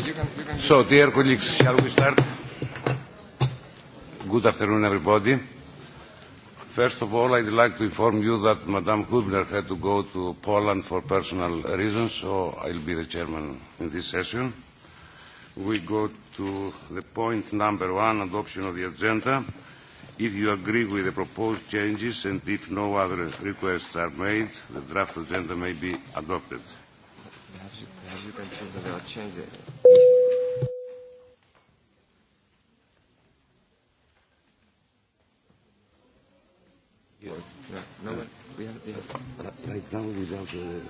you can, you can... So, dear colleagues, shall we start? Good afternoon, everybody. First of all, I'd like to inform you that Madame Hubner had to go to Poland for personal reasons, so I'll be the chairman in this session. We go to the point number one, adoption of the agenda. If you agree with the proposed changes and if no other requests are made, the draft agenda may be adopted have you control the layout change the list? Yeah. No, no one. We have, we have. Right now, without. Uh,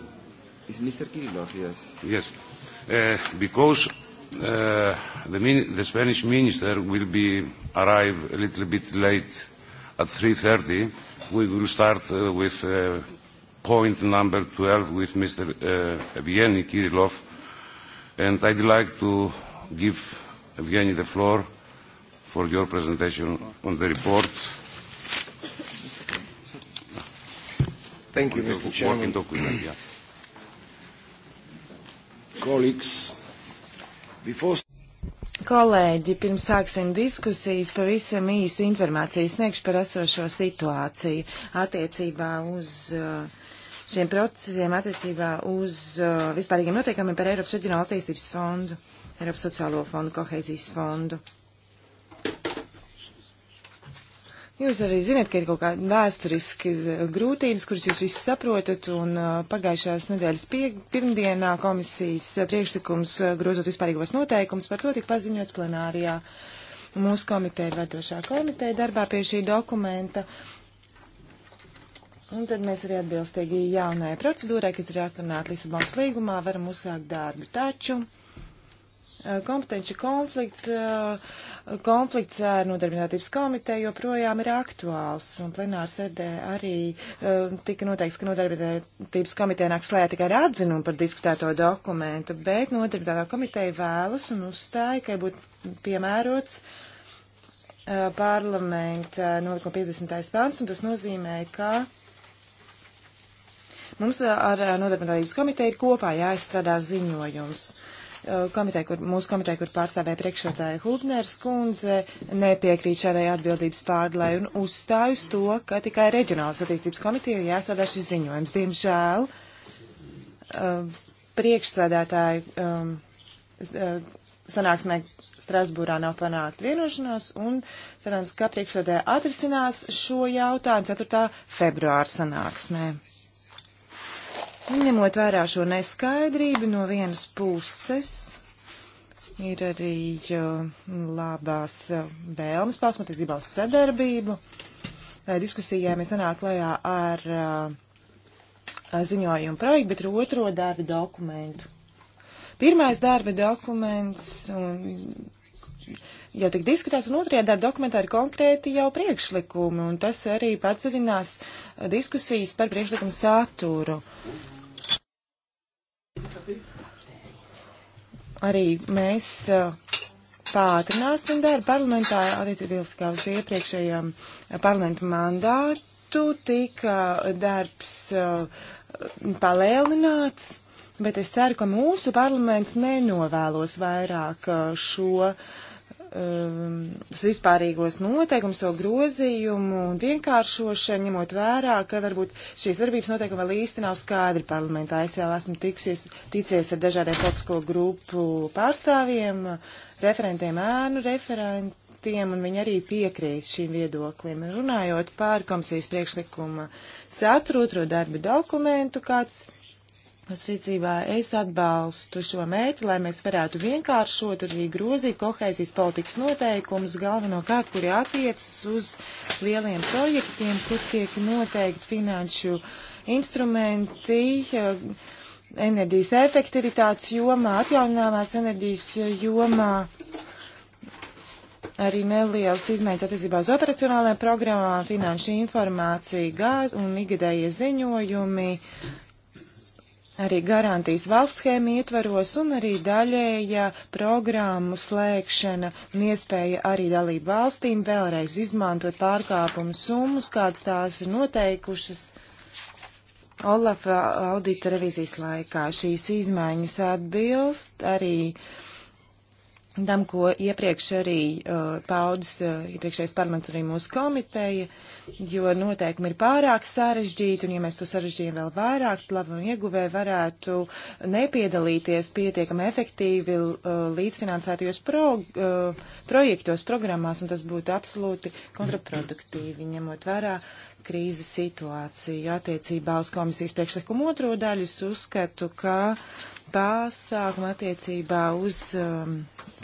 Is Mr. Kirillov? Yes. Yes, uh, because uh, the, min- the Spanish minister will be arrive a little bit late at 3:30. We will start uh, with. Uh, point number 12 with Mr. Uh, Evgeny Kirillov, and I'd like to give Evgeny the floor for your presentation on the report. Thank you, Mr. Chairman. Document, yeah. Colleagues, before... Kolēģi, pirms sāksim diskusijas, pavisam īsu informāciju sniegšu par esošo situāciju attiecībā uz uh, šiem procesiem attiecībā uz uh, vispārīgiem noteikumiem par Eiropas reģionālo attīstības fondu, Eiropas sociālo fondu, kohēzijas fondu. Jūs arī zināt, ka ir kaut kādi vēsturiski uh, grūtības, kuras jūs visi saprotat, un uh, pagājušās nedēļas pie, pirmdienā komisijas uh, priekšlikums uh, grozot vispārīgos noteikumus par to tika paziņots plenārijā. Mūsu komiteja ir vadošā komiteja darbā pie šī dokumenta, Un tad mēs arī atbilstīgi jaunajai procedūrai, kas ir atrunāta Lisabonas līgumā, varam uzsākt darbu. Taču eh, kompetenci konflikts, eh, konflikts ar nodarbinātības komiteju joprojām ir aktuāls. Un plenārs sēdē arī eh, tika noteikts, ka nodarbinātības komiteja nāks lēt tikai ar atzinumu par diskutēto dokumentu, bet nodarbinātā komiteja vēlas un uzstāja, ka būtu piemērots parlamenta nolikuma 50. pants, un tas nozīmē, ka Mums eh, ar eh, Nodarbinātības komiteju kopā jāizstrādā ziņojums. Eh, komiteja, kur, mūsu komiteja, kur pārstāvēja priekšētāja Hubners kundze, nepiekrīt šādai atbildības pārdalai un uzstājas to, ka tikai reģionālas attīstības komiteja jāstrādā šis ziņojums. Diemžēl priekšsēdētāji um, sanāksmē Strasbūrā nav panākt vienošanās, un cerams, ka priekšsēdē atrisinās šo jautājumu 4. februāra sanāksmē. Ņemot vērā šo neskaidrību no vienas puses, ir arī labās eh, vēlmes pārsmatīt gribās sadarbību. Eh, diskusijā mēs nenāk lajā eh, ar ziņojumu projektu, bet ar otro darba dokumentu. Pirmais darba dokuments un, jau tik diskutēts, un otrajā darba dokumentā ir konkrēti jau priekšlikumi, un tas arī padziļinās diskusijas par priekšlikumu saturu. Uh, arī mēs pātrināsim darbu parlamentā attiecībā uz iepriekšējām parlamentu mandātu. Tika darbs palielināts, bet es ceru, ka mūsu parlaments nenovēlos vairāk šo uh, um, vispārīgos noteikumus, to grozījumu un vienkāršošanu, ņemot vērā, ka varbūt šīs darbības noteikumi vēl īsti nav skaidri parlamentā. Es jau esmu tiksies, ticies ar dažādiem politisko grupu pārstāvjiem, referentiem, ēnu referentiem, un viņi arī piekrīt šīm viedoklim. Runājot par komisijas priekšlikuma saturu, otro darba dokumentu, kāds Es rīcībā es atbalstu šo mērķi, lai mēs varētu vienkāršot un arī grozīt kohēzijas politikas noteikumus, galvenokārt, kuri attiecas uz lieliem projektiem, kur tiek noteikti finanšu instrumenti eh, enerģijas efektivitātes jomā, atjaunināmās enerģijas jomā. Arī nelielas izmaiņas attiecībā uz operacionālajām programmām, finanšu informācija, gāzi un igadējie ziņojumi arī garantijas valsts schēma ietveros un arī daļēja programmu slēgšana un iespēja arī dalību valstīm vēlreiz izmantot pārkāpumu summas, kādas tās ir noteikušas. Olafa audita revizijas laikā šīs izmaiņas atbilst arī uh, tam, ko iepriekš arī uh, paudas uh, iepriekšējais parlaments arī mūsu komiteja, jo noteikumi ir pārāk sarežģīti, un ja mēs to sarežģījām vēl vairāk, labi un ieguvē varētu nepiedalīties pietiekami efektīvi uh, līdzfinansētajos pro, uh, projektos, programmās, un tas būtu absolūti kontraproduktīvi, ņemot vērā krīzes situāciju. Attiecībā uz komisijas priekšlikumu otro daļu es uzskatu, ka pasākumu attiecībā uz um,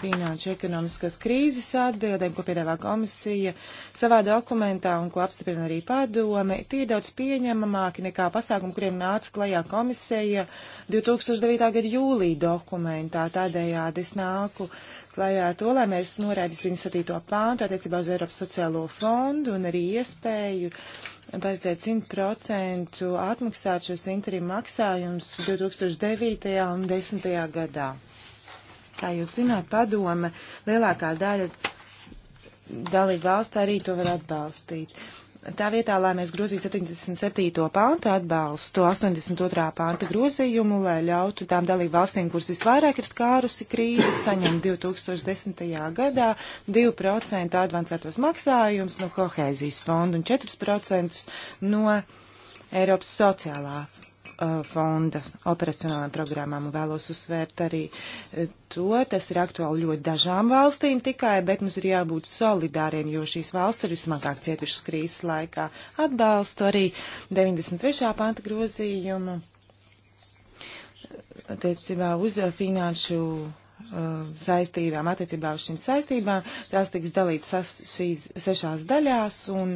finanšu ekonomiskās krīzes atbildēm, ko piedāvā komisija savā dokumentā un ko apstiprina arī padome, tie ir daudz pieņemamāki nekā pasākumi, kuriem nāca klajā komisija 2009. gada jūlija dokumentā. Tādējādi es nāku klajā ar to, lai mēs noraidītu 27. pāntu attiecībā uz Eiropas sociālo fondu un arī iespēju paredzēt 100% atmaksāt šos interim maksājumus 2009. un 2010. gadā. Kā jūs zināt, padome lielākā daļa dalību valsts arī to var atbalstīt. Uh, tā vietā, lai mēs grozītu 77. pāntu atbalstu 82. pānta grozījumu, lai ļautu tām dalību valstīm, kuras visvairāk ir skārusi krīze, saņemt 2010. gadā 2% advancētos maksājumus no kohēzijas fonda un 4% no Eiropas sociālā Uh, fonda operacionālajām programmām. Vēlos uzsvērt arī uh, to, tas ir aktuāli ļoti dažām valstīm tikai, bet mums ir jābūt solidāriem, jo šīs valsts ir vismagāk cietušas krīzes laikā. Atbalstu arī 93. panta grozījumu uh, attiecībā uz finanšu saistībām, attiecībā uz šīm saistībām. Tās tiks dalīts sas, šīs sešās daļās, un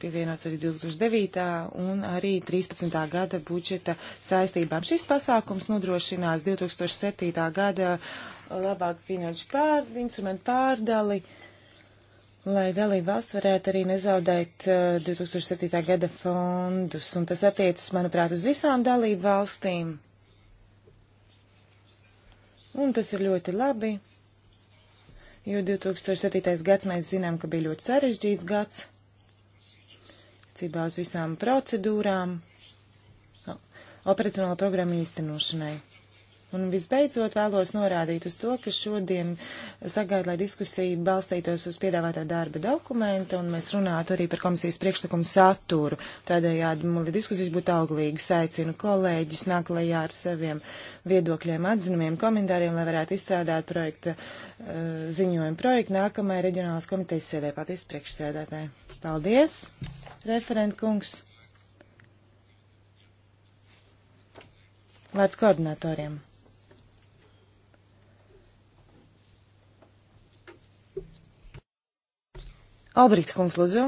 pievienots arī 2009. un arī 13. gada budžeta saistībām. Šis pasākums nodrošinās 2007. gada labāku finanšu pār, instrumentu pārdali, lai dalībvalsts varētu arī nezaudēt uh, 2007. gada fondus. Un tas attiecas, manuprāt, uz visām dalību valstīm. Un tas ir ļoti labi, jo 2007. gads mēs zinām, ka bija ļoti sarežģīts gads cībā uz visām procedūrām, operacionāla programma īstenošanai. Un visbeidzot vēlos norādīt uz to, ka šodien sagaidu, lai diskusija balstītos uz piedāvātā darba dokumenta, un mēs runātu arī par komisijas priekšlikumu saturu. Tādējādi, lai diskusijas būtu auglīgas, aicinu kolēģis nāk lejā ar saviem viedokļiem, atzinumiem, komentāriem, lai varētu izstrādāt projekta eh, ziņojumu projektu nākamajai reģionālās komitejas sēdē. Paldies, priekšsēdētāji! Paldies! referentkungs. Vārds koordinatoriem. Albrīta kungs, lūdzu.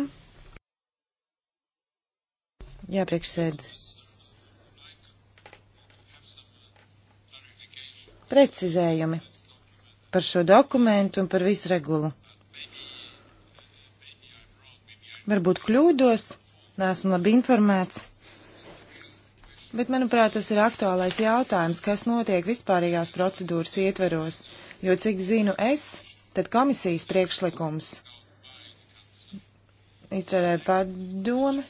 Jā, priekšsēd. Precizējumi par šo dokumentu un par visu regulu. Varbūt kļūdos, neesmu labi informēts. Bet, manuprāt, tas ir aktuālais jautājums, kas notiek vispārīgās procedūras ietveros, jo, cik zinu es, tad komisijas priekšlikums izstrādāja padome,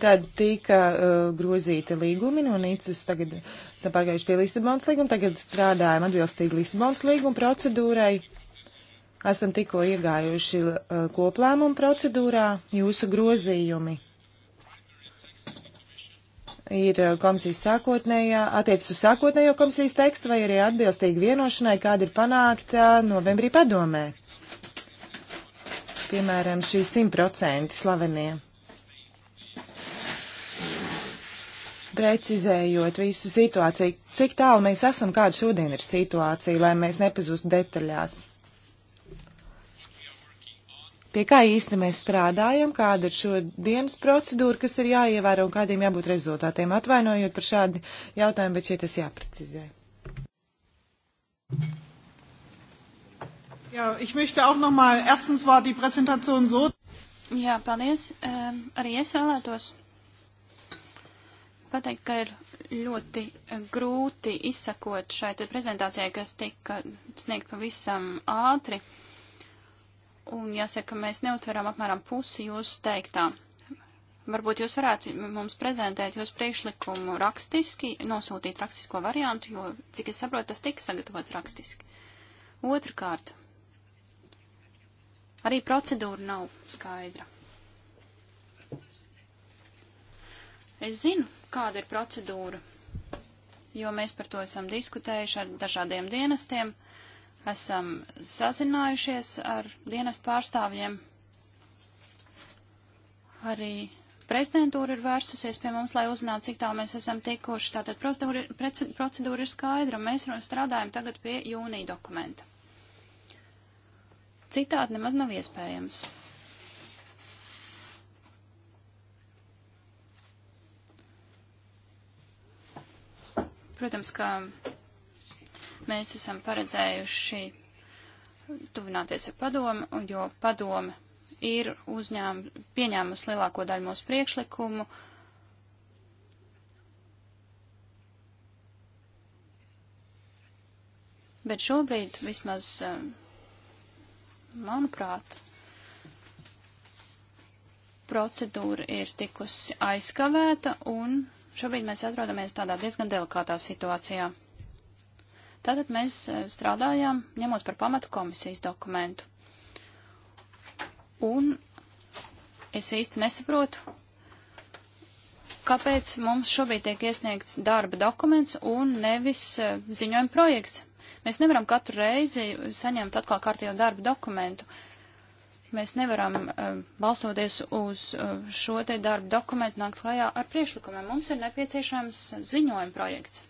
tad tika uh, grozīti līgumi no Nīcas, tagad esam pārgājuši pie Lisabonas līguma, tagad strādājam atbilstīgi Lisabonas līguma procedūrai. Esam tikko iegājuši uh, koplēmumu procedūrā. Jūsu grozījumi ir uh, komisijas sākotnējā, attiecas uz sākotnējo komisijas tekstu vai arī atbilstīgi vienošanai, kāda ir panākta novembrī padomē. Piemēram, šī 100% slavenie. Precizējot visu situāciju, cik tālu mēs esam, kāda šodien ir situācija, lai mēs nepazustu detaļās pie kā īsti mēs strādājam, kāda ir šo dienas procedūra, kas ir jāievēro un kādiem jābūt rezultātiem. Atvainojot par šādu jautājumu, bet šeit tas jāprecizē. Jā, ich möchte auch noch mal, erstens war die Präsentation so. Jā, paldies. Um, arī es vēlētos pateikt, ka ir ļoti grūti izsakot šai prezentācijai, kas tika sniegt pavisam ātri. Uh, un jāsaka, mēs neutveram apmēram pusi jūsu teiktā. Varbūt jūs varētu mums prezentēt jūsu priekšlikumu rakstiski, nosūtīt rakstisko variantu, jo, cik es saprotu, tas tika sagatavots rakstiski. Otrakārt, arī procedūra nav skaidra. Es zinu, kāda ir procedūra, jo mēs par to esam diskutējuši ar dažādiem dienestiem esam sazinājušies ar dienas pārstāvjiem. Arī prezidentūra ir vērsusies pie mums, lai uzzinātu, cik tālu mēs esam tikuši. Tātad procedūra, procedūra ir skaidra, un mēs strādājam tagad pie jūnija dokumenta. Citādi nemaz nav iespējams. Protams, ka mēs esam paredzējuši tuvināties ar padomu, jo padome ir uzņēm, pieņēmusi lielāko daļu mūsu priekšlikumu. Bet šobrīd, vismaz, eh, manuprāt, procedūra ir tikusi aizkavēta un šobrīd mēs atrodamies tādā diezgan delikātā situācijā. Tātad mēs e, strādājām, ņemot par pamatu komisijas dokumentu. Un es īsti nesaprotu, kāpēc mums šobrīd tiek iesniegts darba dokuments un nevis e, ziņojuma projekts. Mēs nevaram katru reizi saņemt atkal kārtējo darba dokumentu. Mēs nevaram, e, balstoties uz šo te darba dokumentu, nākt klajā ar priekšlikumiem. Mums ir nepieciešams ziņojuma projekts.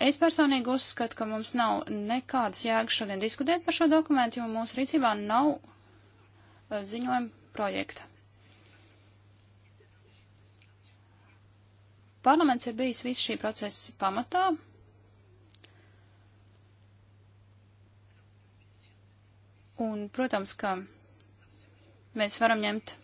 Es personīgi uzskatu, ka mums nav nekādas jēgas šodien diskutēt par šo dokumentu, jo mūsu rīcībā nav e, ziņojuma projekta. Parlaments ir bijis visu šī procesa pamatā. Un, protams, ka mēs varam ņemt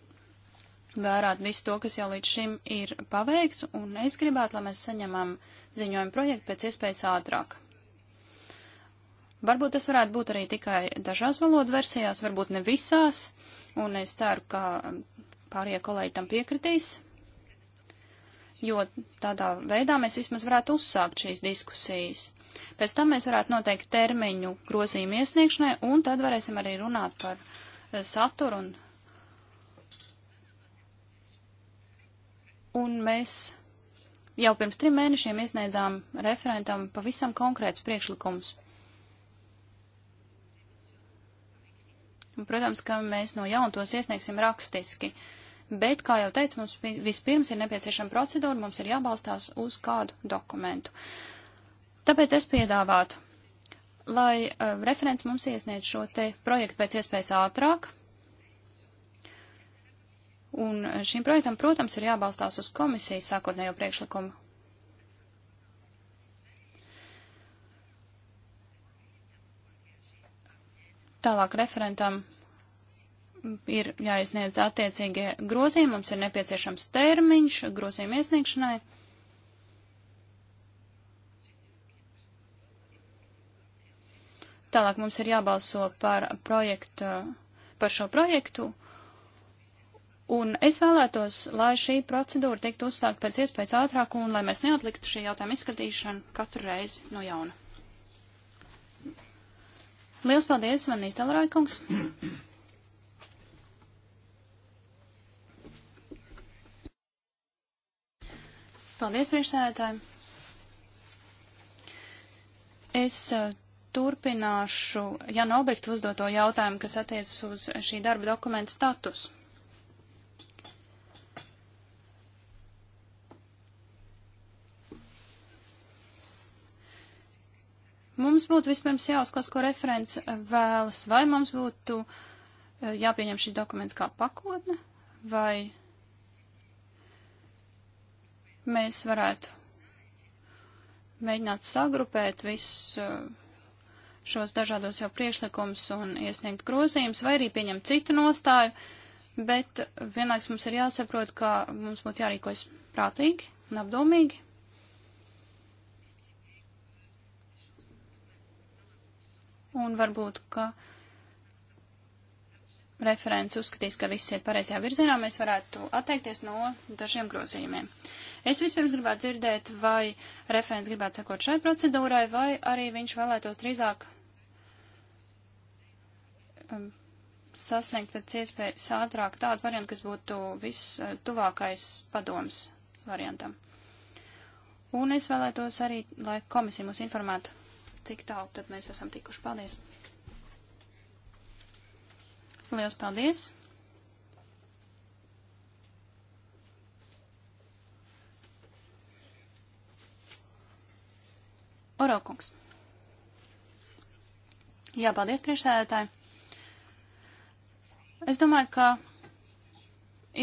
vērāt visu to, kas jau līdz šim ir paveikts, un es gribētu, lai mēs saņemam ziņojumu projektu pēc iespējas ātrāk. Varbūt tas varētu būt arī tikai dažās valodu versijās, varbūt ne visās, un es ceru, ka pārējie kolēģi tam piekritīs, jo tādā veidā mēs vismaz varētu uzsākt šīs diskusijas. Pēc tam mēs varētu noteikt termiņu grozījumu iesniegšanai, un tad varēsim arī runāt par eh, saturu un un mēs jau pirms trim mēnešiem iesniedzām referentam pavisam konkrēts priekšlikums. Un, protams, ka mēs no jauna tos iesniegsim rakstiski, bet, kā jau teicu, mums vispirms ir nepieciešama procedūra, mums ir jābalstās uz kādu dokumentu. Tāpēc es piedāvātu, lai uh, referents mums iesniedz šo te projektu pēc iespējas ātrāk, Un šim projektam, protams, ir jābalstās uz komisijas sākotnējo priekšlikumu. Tālāk referentam ir jāizniedz attiecīgie grozījumi, mums ir nepieciešams termiņš grozījumu iesniegšanai. Tālāk mums ir jābalso par, projektu, par šo projektu Un es vēlētos, lai šī procedūra tiktu uzsākt pēc iespējas ātrāk un lai mēs neatliktu šī jautājuma izskatīšanu katru reizi no jauna. Liels paldies, Vanīs Delarājkungs! Paldies, priekšsēdētāji! Es uh, turpināšu Jana Obrikta uzdoto jautājumu, kas attiecas uz šī darba dokumenta statusu. Mums būtu vispirms jāuzklās, ko referents vēlas, vai mums būtu eh, jāpieņem šis dokuments kā pakotne, vai mēs varētu mēģināt sagrupēt visus eh, šos dažādos jau priekšlikumus un iesniegt grozījumus, vai arī pieņemt citu nostāju, bet vienlaiks mums ir jāsaprot, ka mums būtu jārīkojas prātīgi un apdomīgi. un varbūt, ka referents uzskatīs, ka viss iet pareizajā virzienā, mēs varētu atteikties no dažiem grozījumiem. Es vispirms gribētu dzirdēt, vai referents gribētu sekot šai procedūrai, vai arī viņš vēlētos drīzāk um, sasniegt pēc iespējas ātrāk tādu variantu, kas būtu viss tuvākais padoms variantam. Un es vēlētos arī, lai komisija mūs informētu cik tālu tad mēs esam tikuši. Paldies! Lielas paldies! Orokungs. Jā, paldies priekšsēdētāji. Es domāju, ka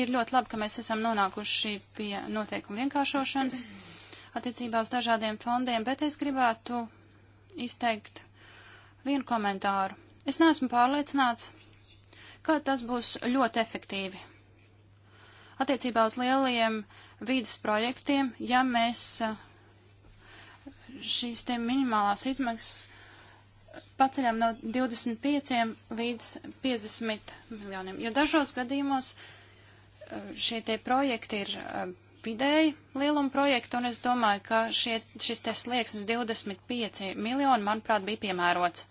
ir ļoti labi, ka mēs esam nonākuši pie noteikumu vienkāršošanas attiecībā uz dažādiem fondiem, bet es gribētu izteikt vienu komentāru. Es neesmu pārliecināts, ka tas būs ļoti efektīvi. Attiecībā uz lieliem vīdas projektiem, ja mēs eh, šīs te minimālās izmaksas paceļam no 25 līdz 50 miljoniem, jo dažos gadījumos eh, šie te projekti ir eh, vidēji lieluma projektu, un es domāju, ka šie, šis te slieksnis 25 miljoni, manuprāt, bija piemērots.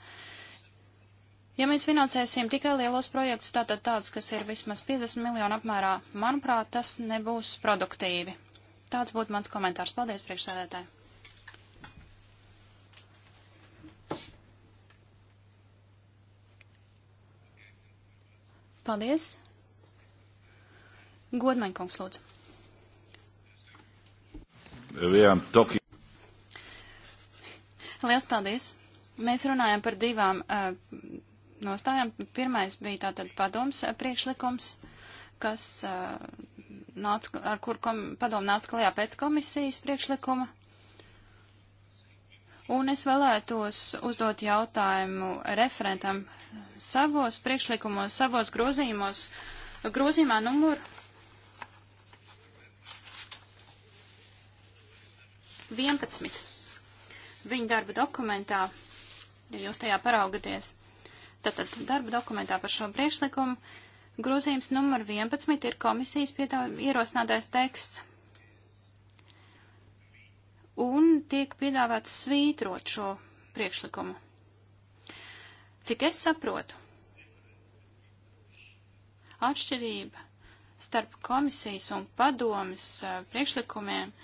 Ja mēs finansēsim tikai lielos projektus, tātad tādus, kas ir vismaz 50 miljonu apmērā, manuprāt, tas nebūs produktīvi. Tāds būtu mans komentārs. Paldies, priekšsēdētāji! Paldies! Godmaņkungs, lūdzu. Liels paldies! Mēs runājam par divām uh, nostājām. Pirmais bija tātad padoms eh, priekšlikums, kas uh, nāca, ar kur kom, padomu nāca klajā pēc komisijas priekšlikuma. Un es vēlētos uzdot jautājumu referentam savos priekšlikumos, savos grozījumos, grozījumā numur 11. Viņa darba dokumentā, ja jūs tajā paraugaties, tātad darba dokumentā par šo priekšlikumu, grozījums numur 11 ir komisijas ierosinātais teksts. Un tiek piedāvāts svītrot šo priekšlikumu. Cik es saprotu, atšķirība starp komisijas un padomas eh, priekšlikumiem uh,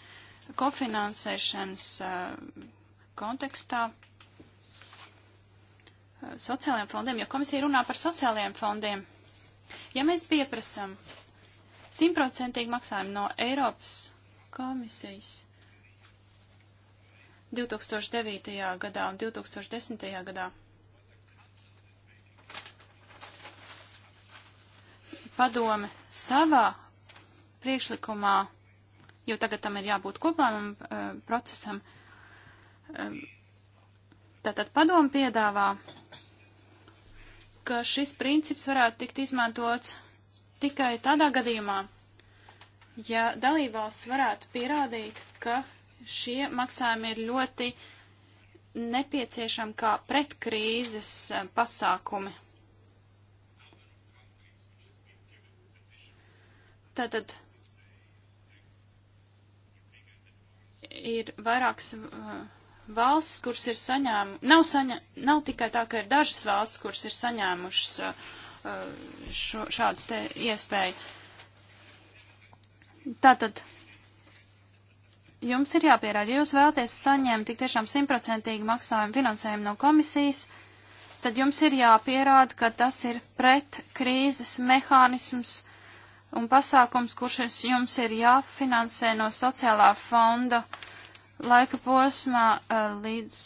kofinansēšanas uh, kontekstā uh, sociālajiem fondiem, jo komisija runā par sociālajiem fondiem. Ja mēs pieprasam simtprocentīgi maksājumu no Eiropas komisijas 2009. gadā un 2010. gadā, padome savā priekšlikumā jo tagad tam ir jābūt koplēmam uh, eh, procesam. Um, tātad padomu piedāvā, ka šis princips varētu tikt izmantots tikai tādā gadījumā, ja dalībvalsts varētu pierādīt, ka šie maksājumi ir ļoti nepieciešami kā pretkrīzes eh, pasākumi. Tātad ir vairākas uh, valsts, kuras ir saņēmušas, nav, saņa, nav tikai tā, ka ir dažas valsts, kuras ir saņēmušas uh, uh, šo, šādu te iespēju. Tātad jums ir jāpierāda, ja jūs vēlaties saņemt tik tiešām simtprocentīgi maksājumu finansējumu no komisijas, tad jums ir jāpierāda, ka tas ir pret krīzes mehānisms, un pasākums, kurš jums ir jāfinansē no sociālā fonda laika posmā eh, līdz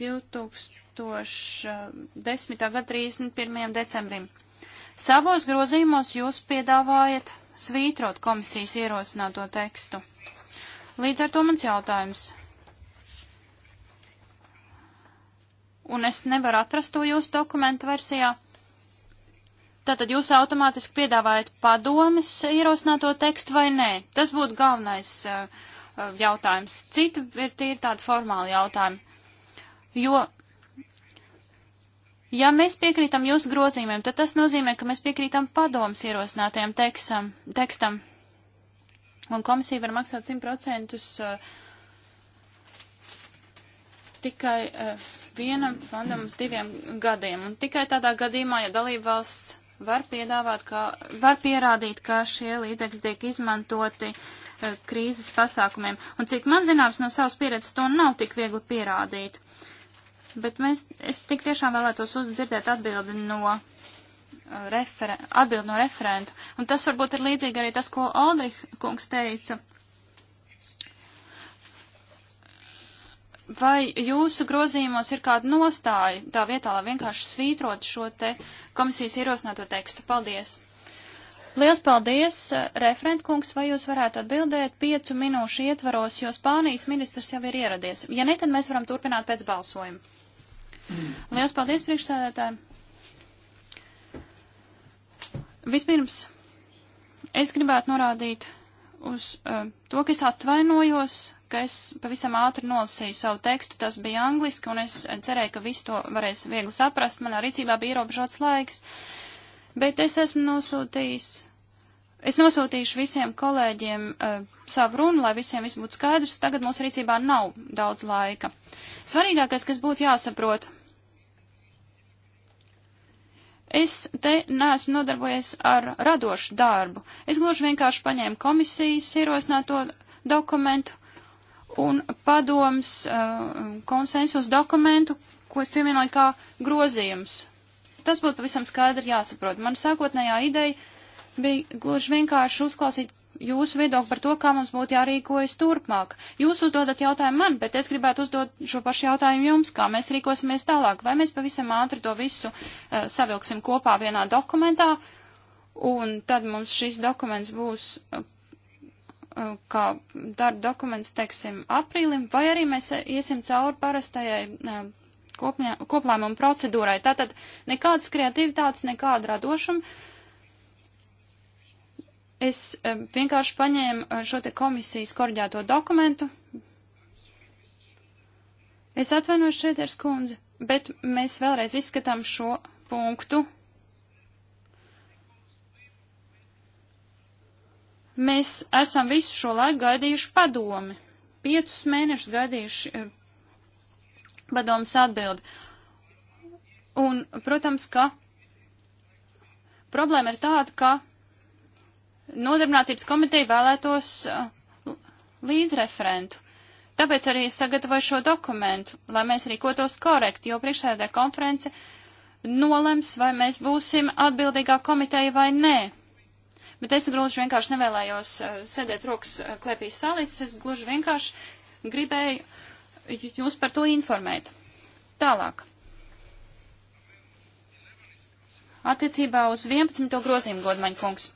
2010. gada 31. decembrim. Savos grozījumos jūs piedāvājat svītrot komisijas ierosināto tekstu. Līdz ar to mans jautājums. Un es nevaru atrast to jūsu dokumentu versijā. Tātad jūs automātiski piedāvājat padomis ierosināto tekstu vai nē? Tas būtu galvenais uh, jautājums. Cita ir tīri tāda formāla jautājuma. Jo, ja mēs piekrītam jūsu grozījumiem, tad tas nozīmē, ka mēs piekrītam padomus ierosinātajam teksam, tekstam. Un komisija var maksāt 100% uh, eh, tikai uh, vienam fondam uz diviem gadiem. Un tikai tādā gadījumā, ja dalība valsts var piedāvāt, ka var pierādīt, ka šie līdzekļi tiek izmantoti uh, krīzes pasākumiem. Un cik man zināms no savas pieredzes, to nav tik viegli pierādīt. Bet mēs, es tik tiešām vēlētos uzdzirdēt atbildi no, eh, referen, atbildi no referenta. Un tas varbūt ir līdzīgi arī tas, ko Aldrich kungs teica Vai jūsu grozījumos ir kāda nostāja tā vietā, lai vienkārši svītrot šo te komisijas ierosināto tekstu? Paldies! Liels paldies, referentkungs, vai jūs varētu atbildēt piecu minūšu ietvaros, jo Spānijas ministrs jau ir ieradies. Ja ne, tad mēs varam turpināt pēc balsojuma. Liels paldies, priekšsēdētāji! Vispirms, es gribētu norādīt uz uh, to, ka es atvainojos ka es pavisam ātri nolasīju savu tekstu, tas bija angliski, un es cerēju, ka visu to varēs viegli saprast, manā rīcībā bija ierobežots laiks, bet es esmu nosūtījis. Es nosūtīšu visiem kolēģiem uh, savu runu, lai visiem viss būtu skaidrs. Tagad mūsu rīcībā nav daudz laika. Svarīgākais, kas būtu jāsaprot, Es te neesmu nodarbojies ar radošu darbu. Es gluži vienkārši paņēmu komisijas ierosināto dokumentu un padoms uh, konsensus dokumentu, ko es pieminoju kā grozījums. Tas būtu pavisam skaidri jāsaprot. Man sākotnējā ideja bija gluži vienkārši uzklausīt jūsu viedokli par to, kā mums būtu jārīkojas turpmāk. Jūs uzdodat jautājumu man, bet es gribētu uzdot šo pašu jautājumu jums, kā mēs rīkosimies tālāk. Vai mēs pavisam ātri to visu uh, savilksim kopā vienā dokumentā, un tad mums šis dokuments būs uh, kā darba dokuments, teiksim, aprīlim, vai arī mēs iesim cauri parastajai koplēmumu procedūrai. Tātad nekādas kreativitātes, nekāda radošuma. Es vienkārši paņēmu šo te komisijas korģēto dokumentu. Es atvainojos šeit, Erskundze, bet mēs vēlreiz izskatām šo punktu Mēs esam visu šo laiku gaidījuši padomi, piecus mēnešus gaidījuši eh, padomas atbildi. Un, protams, ka problēma ir tāda, ka nodarbinātības komiteja vēlētos eh, līdzreferentu. Tāpēc arī sagatavoju šo dokumentu, lai mēs rīkotos korekti, jo priekšsēdē konference nolems, vai mēs būsim atbildīgā komiteja vai nē bet es gluži vienkārši nevēlējos eh, sēdēt rokas eh, klēpīs salīdzes, es gluži vienkārši gribēju jūs par to informēt. Tālāk. Attiecībā uz 11. grozījumu, godmaņa kungs.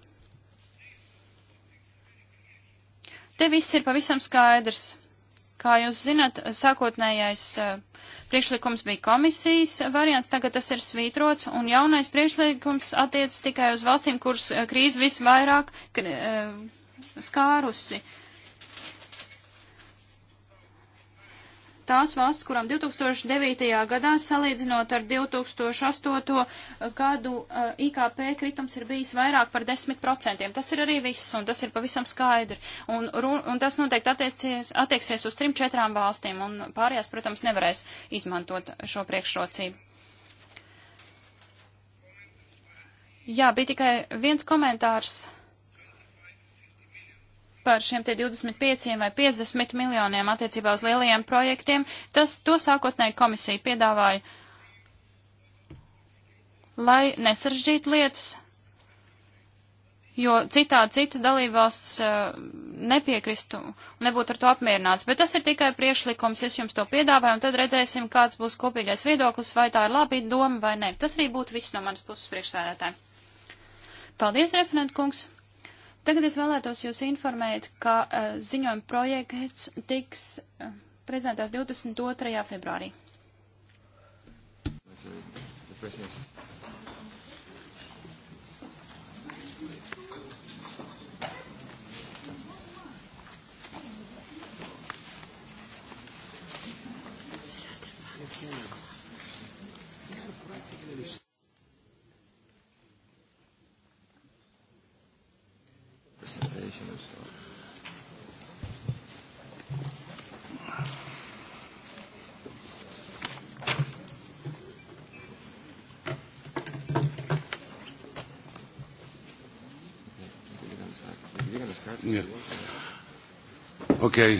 Te viss ir pavisam skaidrs. Kā jūs zināt, sākotnējais eh, priekšlikums bija komisijas variants, tagad tas ir svītrots, un jaunais priekšlikums attiecas tikai uz valstīm, kuras eh, krīze visvairāk eh, skārusi. Uh, tās valsts, kurām 2009. gadā salīdzinot ar 2008. gadu eh, IKP kritums ir bijis vairāk par 10%. Tas ir arī viss, un tas ir pavisam skaidri. Un, un tas noteikti attiecies, attieksies uz trim, četrām valstīm, un pārējās, protams, nevarēs izmantot šo priekšrocību. Jā, bija tikai viens komentārs par šiem tie 25 vai 50 miljoniem attiecībā uz lielajiem projektiem, tas to sākotnēji komisija piedāvāja, lai nesaržģītu lietas, jo citādi citas dalībvalsts uh, eh, nepiekristu un nebūtu ar to apmierināts. Bet tas ir tikai priekšlikums, es jums to piedāvāju, un tad redzēsim, kāds būs kopīgais viedoklis, vai tā ir labi doma vai nē. Tas arī būtu viss no manas puses priekšstādātāji. Paldies, referent kungs! Tagad es vēlētos jūs informēt, ka uh, ziņojuma projekts tiks uh, prezentēts 22. februārī. The, the Yeah. Okay.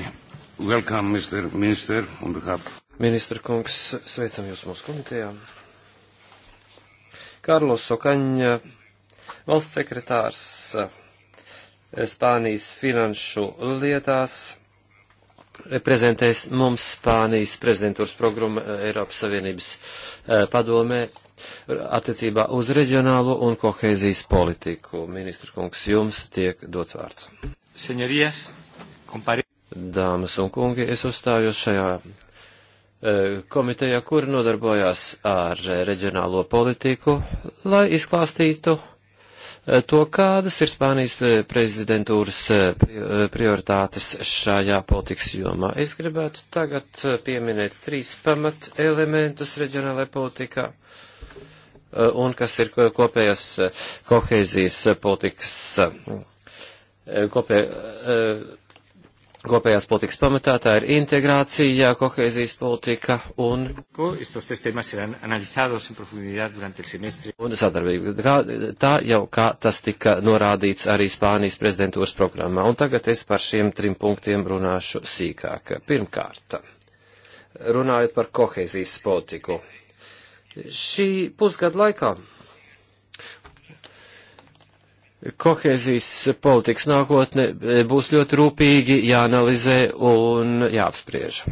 Welcome, Mr. Minister, on behalf. Ministra kungs, sveicam jūs mūsu komitejā. Karlos Sokaņa, valsts sekretārs Spānijas finanšu lietās, prezentēs mums Spānijas prezidentūras programmu eh, Eiropas Savienības eh, padomē attiecībā uz reģionālo un kohēzijas politiku. Ministra kungs, jums tiek dots vārds. Señorías, compare... Dāmas un kungi, es uzstājos šajā e, komitejā, kur nodarbojās ar reģionālo politiku, lai izklāstītu e, to, kādas ir Spānijas prezidentūras e, prioritātes šajā politikas jomā. Es gribētu tagad pieminēt trīs pamat elementus reģionālajā politikā un kas ir kopējas kohēzijas politikas kopē, e, kopējās politikas pamatā, tā ir integrācija, kohēzijas politika un, un sadarbība. Tā jau kā tas tika norādīts arī Spānijas prezidentūras programmā. Un tagad es par šiem trim punktiem runāšu sīkāk. Pirmkārt, runājot par kohēzijas politiku. Šī pusgada laikā kohēzijas politikas nākotne e, būs ļoti rūpīgi jāanalizē un jāapspriež.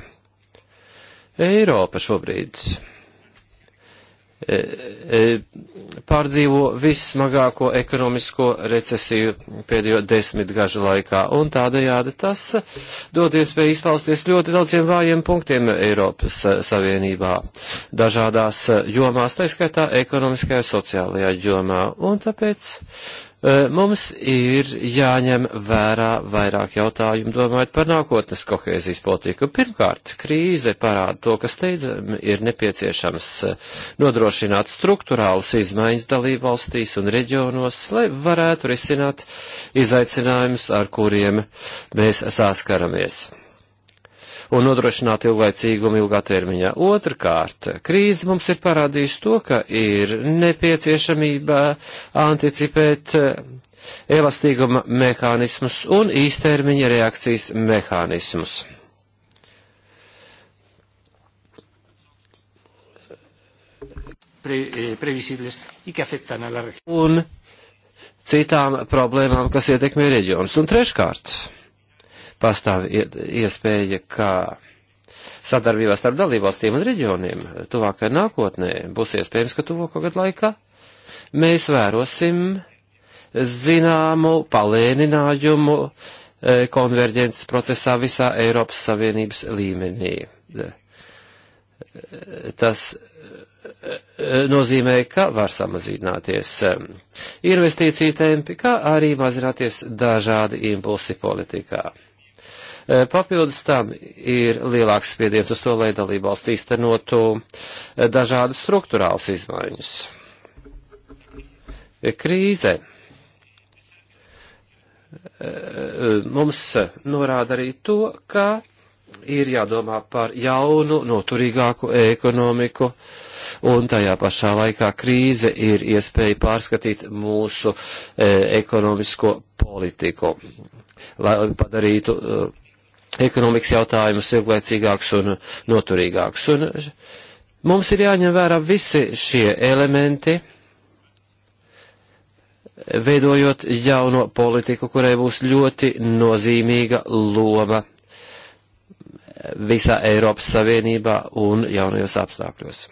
Eiropa šobrīd e, e, pārdzīvo vissmagāko ekonomisko recesiju pēdējo desmitgažu laikā, un tādējādi tas dod iespēju izpausties ļoti daudziem vājiem punktiem Eiropas Savienībā dažādās jomās, taiskaitā ekonomiskajā sociālajā jomā, un tāpēc Mums ir jāņem vērā vairāk jautājumu domājot par nākotnes kohēzijas politiku. Pirmkārt, krīze parāda to, ka steidzami ir nepieciešams nodrošināt struktūrālas izmaiņas dalībvalstīs un reģionos, lai varētu risināt izaicinājumus, ar kuriem mēs saskaramies un nodrošināt ilglaicīgumu ilgā termiņā. Otrkārt, krīze mums ir parādījusi to, ka ir nepieciešamība anticipēt eh, elastīguma mehānismus un īstermiņa reakcijas mehānismus. Pre, eh, previsibles y que afectan a la región. Un citām problēmām, kas ietekmē reģionus. Un treškārt, pastāv iespēja, ka sadarbībā starp dalībvalstīm un reģioniem tuvākajā nākotnē būs iespējams, ka tuvāko gadu laikā mēs vērosim zināmu palēninājumu e, konverģences procesā visā Eiropas Savienības līmenī. E, tas e, nozīmē, ka var samazināties investīcija tempi, kā arī mazināties dažādi impulsi politikā. E, papildus tam ir lielāks spiediens uz to, lai dalībvalsts īstenotu e, dažādas struktūrāls izmaiņas. E, krīze mums norāda arī to, ka ir jādomā par jaunu, noturīgāku ekonomiku, un tajā pašā laikā krīze ir iespēja pārskatīt mūsu e, ekonomisko politiku, lai padarītu e, ekonomikas jautājumus ilglaicīgāks un noturīgāks. Un mums ir jāņem vērā visi šie elementi, veidojot jauno politiku, kurai būs ļoti nozīmīga loma visā Eiropas Savienībā un jaunajos apstākļos.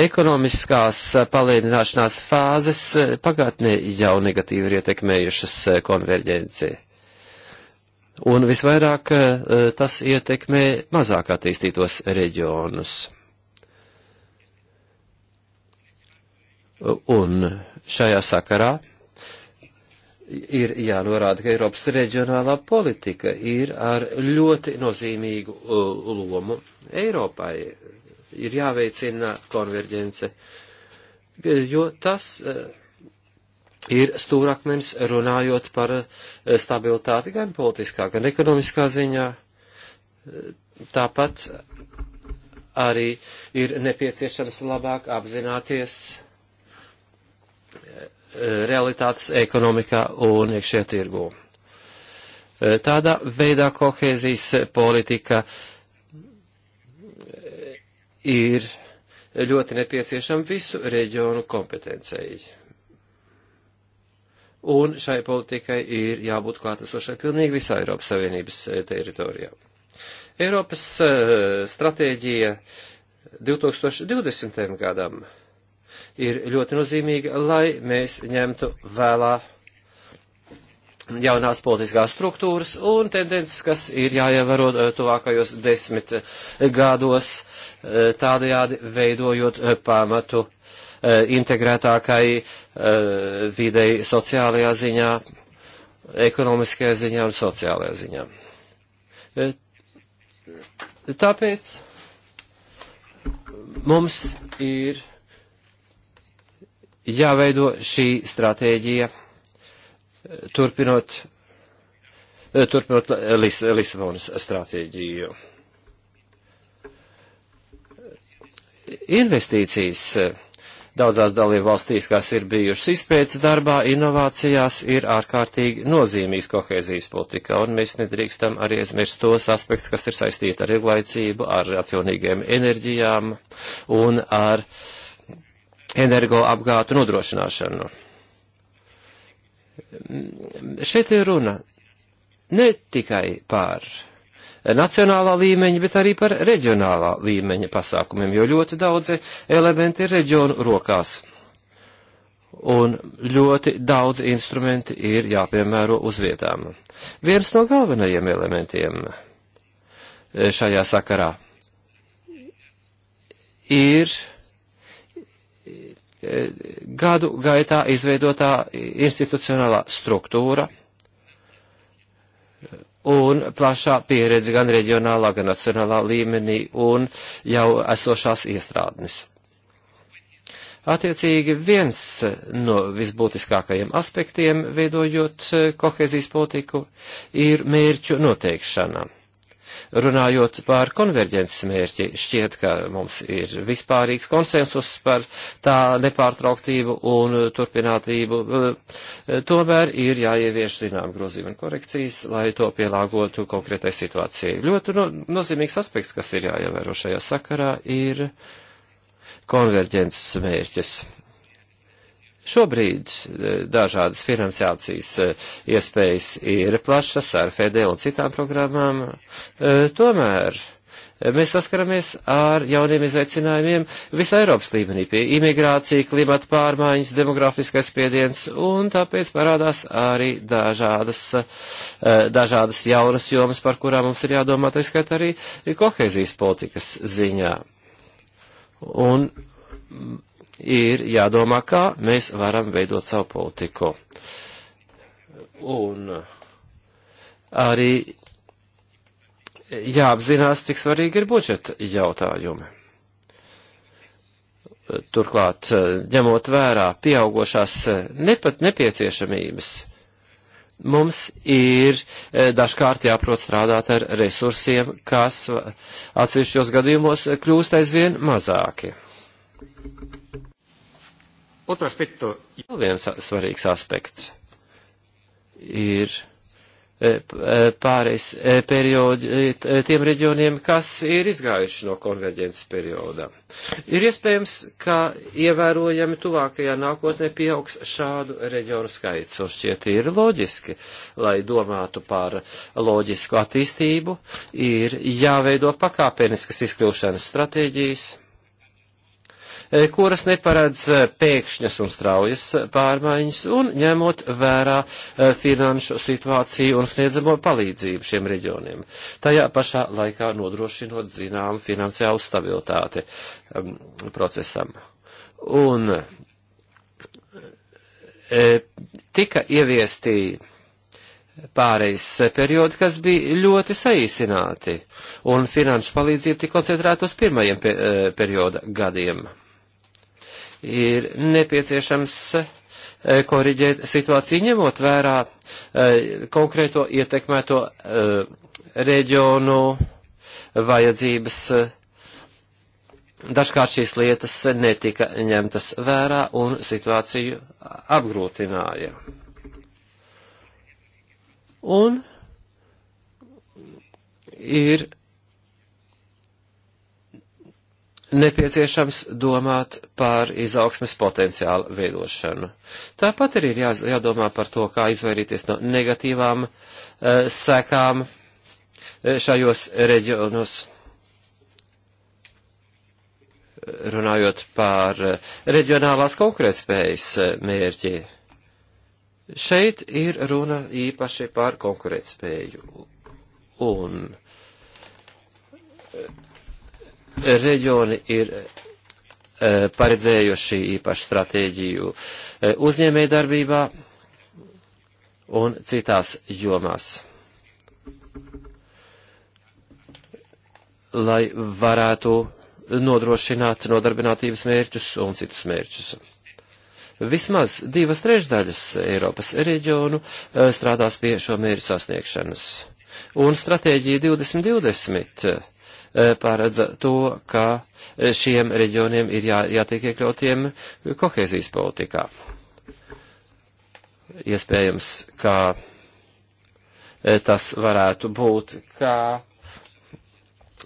Ekonomiskās palēnināšanās fāzes pagātnē jau negatīvi ir ietekmējušas konverģenciju Un visvairāk eh, eh, tas ietekmē mazāk attīstītos reģionus. Un šajā sakarā ir jānorāda, ka Eiropas reģionālā politika ir ar ļoti nozīmīgu eh, lomu Eiropai. Ir jāveicina konverģence, jo tas ir stūrakmens runājot par eh, stabilitāti gan politiskā, gan ekonomiskā ziņā. Eh, tāpat arī ir nepieciešams labāk apzināties eh, realitātes ekonomikā un iekšē tirgū. Tādā veidā kohēzijas politika ir ļoti nepieciešama visu reģionu kompetenceji un šai politikai ir jābūt klātesošai pilnīgi visā Eiropas Savienības eh, teritorijā. Eiropas eh, stratēģija 2020. gadam ir ļoti nozīmīga, lai mēs ņemtu vēlā jaunās politiskās struktūras un tendences, kas ir jāievēro eh, tuvākajos desmit gados, tādējādi veidojot pamatu Eh, integrētākai eh, videi sociālajā ziņā, ekonomiskajā ziņā un sociālajā ziņā. Eh, tāpēc mums ir jāveido šī stratēģija, turpinot, turpinot Lis, Lisabonas stratēģiju. Investīcijas daudzās dalību valstīs, kas ir bijušas izpētes darbā, inovācijās ir ārkārtīgi nozīmīgs kohēzijas politika, un mēs nedrīkstam arī aizmirst tos aspektus, kas ir saistīti ar ilglaicību, ar atjaunīgiem enerģijām un ar energoapgātu nodrošināšanu. Šeit ir runa ne tikai par nacionālā līmeņa, bet arī par reģionālā līmeņa pasākumiem, jo ļoti daudzi elementi ir reģionu rokās. Un ļoti daudz instrumenti ir jāpiemēro uz vietām. Viens no galvenajiem elementiem e, šajā sakarā ir e, gadu gaitā izveidotā institucionālā struktūra, un plašā pieredze gan reģionālā, gan nacionālā līmenī un jau esošās iestrādnes. Attiecīgi viens no visbūtiskākajiem aspektiem, veidojot kohēzijas politiku, ir mērķu noteikšana runājot par konverģences mērķi, šķiet, ka mums ir vispārīgs konsensus par tā nepārtrauktību un turpinātību. Eh, tomēr ir jāievieš zinām grozījumi un korekcijas, lai to pielāgotu konkrētai situācijai. Ļoti no, nozīmīgs aspekts, kas ir jāievēro šajā sakarā, ir konverģences mērķis Šobrīd e, dažādas finansācijas e, iespējas ir plašas ar FED un citām programmām. E, tomēr mēs saskaramies ar jauniem izaicinājumiem visā Eiropas līmenī pie imigrācija, klimata pārmaiņas, demografiskais spiediens, un tāpēc parādās arī dažādas, dažādas jaunas jomas, par kurām mums ir jādomā, tā skait arī kohēzijas politikas ziņā. Un ir jādomā, kā mēs varam veidot savu politiku. Un arī jāapzinās, cik svarīgi ir budžeta jautājumi. Turklāt, ņemot vērā pieaugošās nepat nepieciešamības, mums ir eh, dažkārt jāprot strādāt ar resursiem, kas atsevišķos gadījumos kļūst aizvien mazāki. Otru aspektu. Vēl viens svarīgs aspekts ir e, e, pāris e, periodi tiem reģioniem, kas ir izgājuši no konverģences perioda. Ir iespējams, ka ievērojami tuvākajā nākotnē pieaugs šādu reģionu skaits, un šķiet ir loģiski, lai domātu par loģisku attīstību, ir jāveido pakāpeniskas izkļūšanas stratēģijas E, kuras neparedz e, pēkšņas un straujas e, pārmaiņas un ņemot vērā finanšu situāciju un sniedzamo palīdzību šiem reģioniem. Tajā pašā laikā nodrošinot zināmu finansiālu stabilitāti um, procesam. Un e, tika ieviesti pārejas periodi, kas bija ļoti saīsināti, un finanšu palīdzība tika koncentrēta uz pirmajiem pe perioda gadiem ir nepieciešams eh, koriģēt situāciju, ņemot vērā eh, konkrēto ietekmēto eh, reģionu vajadzības. Dažkārt šīs lietas netika ņemtas vērā un situāciju apgrūtināja. Un ir nepieciešams domāt par izaugsmes potenciālu veidošanu. Tāpat arī ir jā, jādomā par to, kā izvairīties no negatīvām uh, sekām eh, šajos reģionos. Runājot par eh, reģionālās konkurētspējas mērķi, šeit ir runa īpaši par konkurētspēju. Un reģioni ir e, paredzējuši īpašu stratēģiju e, uzņēmēju darbībā un citās jomās, lai varētu nodrošināt nodarbinātības mērķus un citus mērķus. Vismaz divas trešdaļas Eiropas reģionu e, strādās pie šo mērķu sasniegšanas. Un stratēģija 2020 E, paredz to, ka šiem reģioniem ir jā, jātiek iekļautiem kohēzijas politikā. Iespējams, ka e, tas varētu būt kā,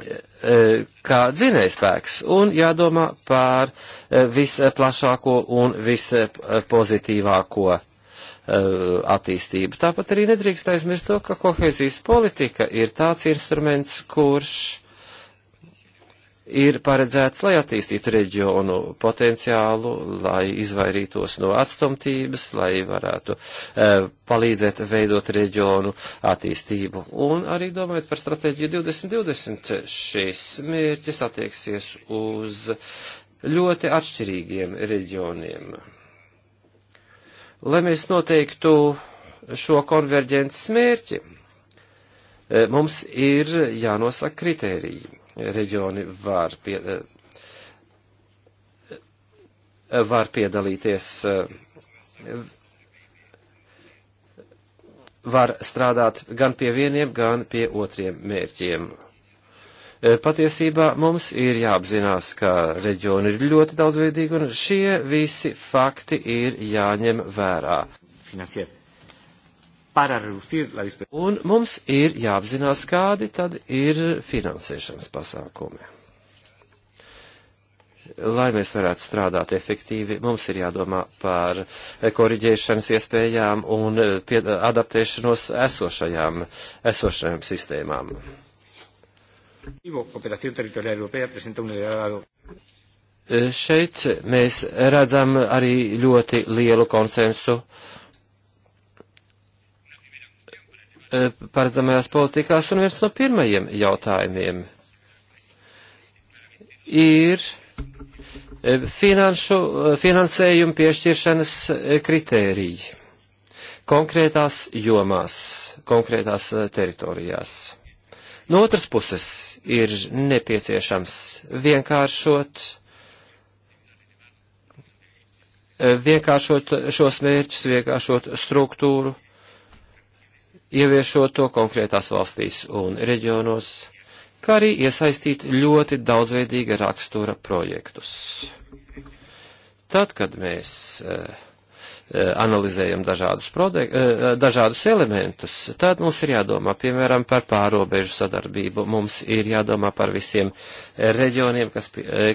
e, kā dzinējspēks un jādomā par visplašāko un vispozitīvāko attīstību. Tāpat arī nedrīkst aizmirst to, ka kohēzijas politika ir tāds instruments, kurš ir paredzēts, lai attīstītu reģionu potenciālu, lai izvairītos no atstumtības, lai varētu e, palīdzēt veidot reģionu attīstību. Un arī domājot par stratēģiju 2020, šis mērķis attieksies uz ļoti atšķirīgiem reģioniem. Lai mēs noteiktu šo konverģences mērķi, e, mums ir jānosaka kritēriji reģioni var, pie, eh, var piedalīties, eh, var strādāt gan pie vieniem, gan pie otriem mērķiem. Eh, patiesībā mums ir jāapzinās, ka reģioni ir ļoti daudzveidīgi, un šie visi fakti ir jāņem vērā. Finansiet para reducir la dispersión. Un mums ir jāapzinās, kādi tad ir finansēšanas pasākumi. Lai mēs varētu strādāt efektīvi, mums ir jādomā par koriģēšanas iespējām un eh, adaptēšanos esošajām, esošajām sistēmām. Eh, šeit mēs redzam arī ļoti lielu konsensu uh, E, paredzamajās politikās, un viens no pirmajiem jautājumiem ir e, finanšu, e, finansējuma piešķiršanas kritēriji konkrētās jomās, konkrētās teritorijās. No otras puses ir nepieciešams vienkāršot, vienkāršot šos mērķus, vienkāršot struktūru, ieviešot to konkrētās valstīs un reģionos, kā arī iesaistīt ļoti daudzveidīga rakstura projektus. Tad, kad mēs eh, eh, analizējam dažādus, produk, eh, dažādus elementus, tad mums ir jādomā, piemēram, par pārobežu sadarbību. Mums ir jādomā par visiem reģioniem, kas,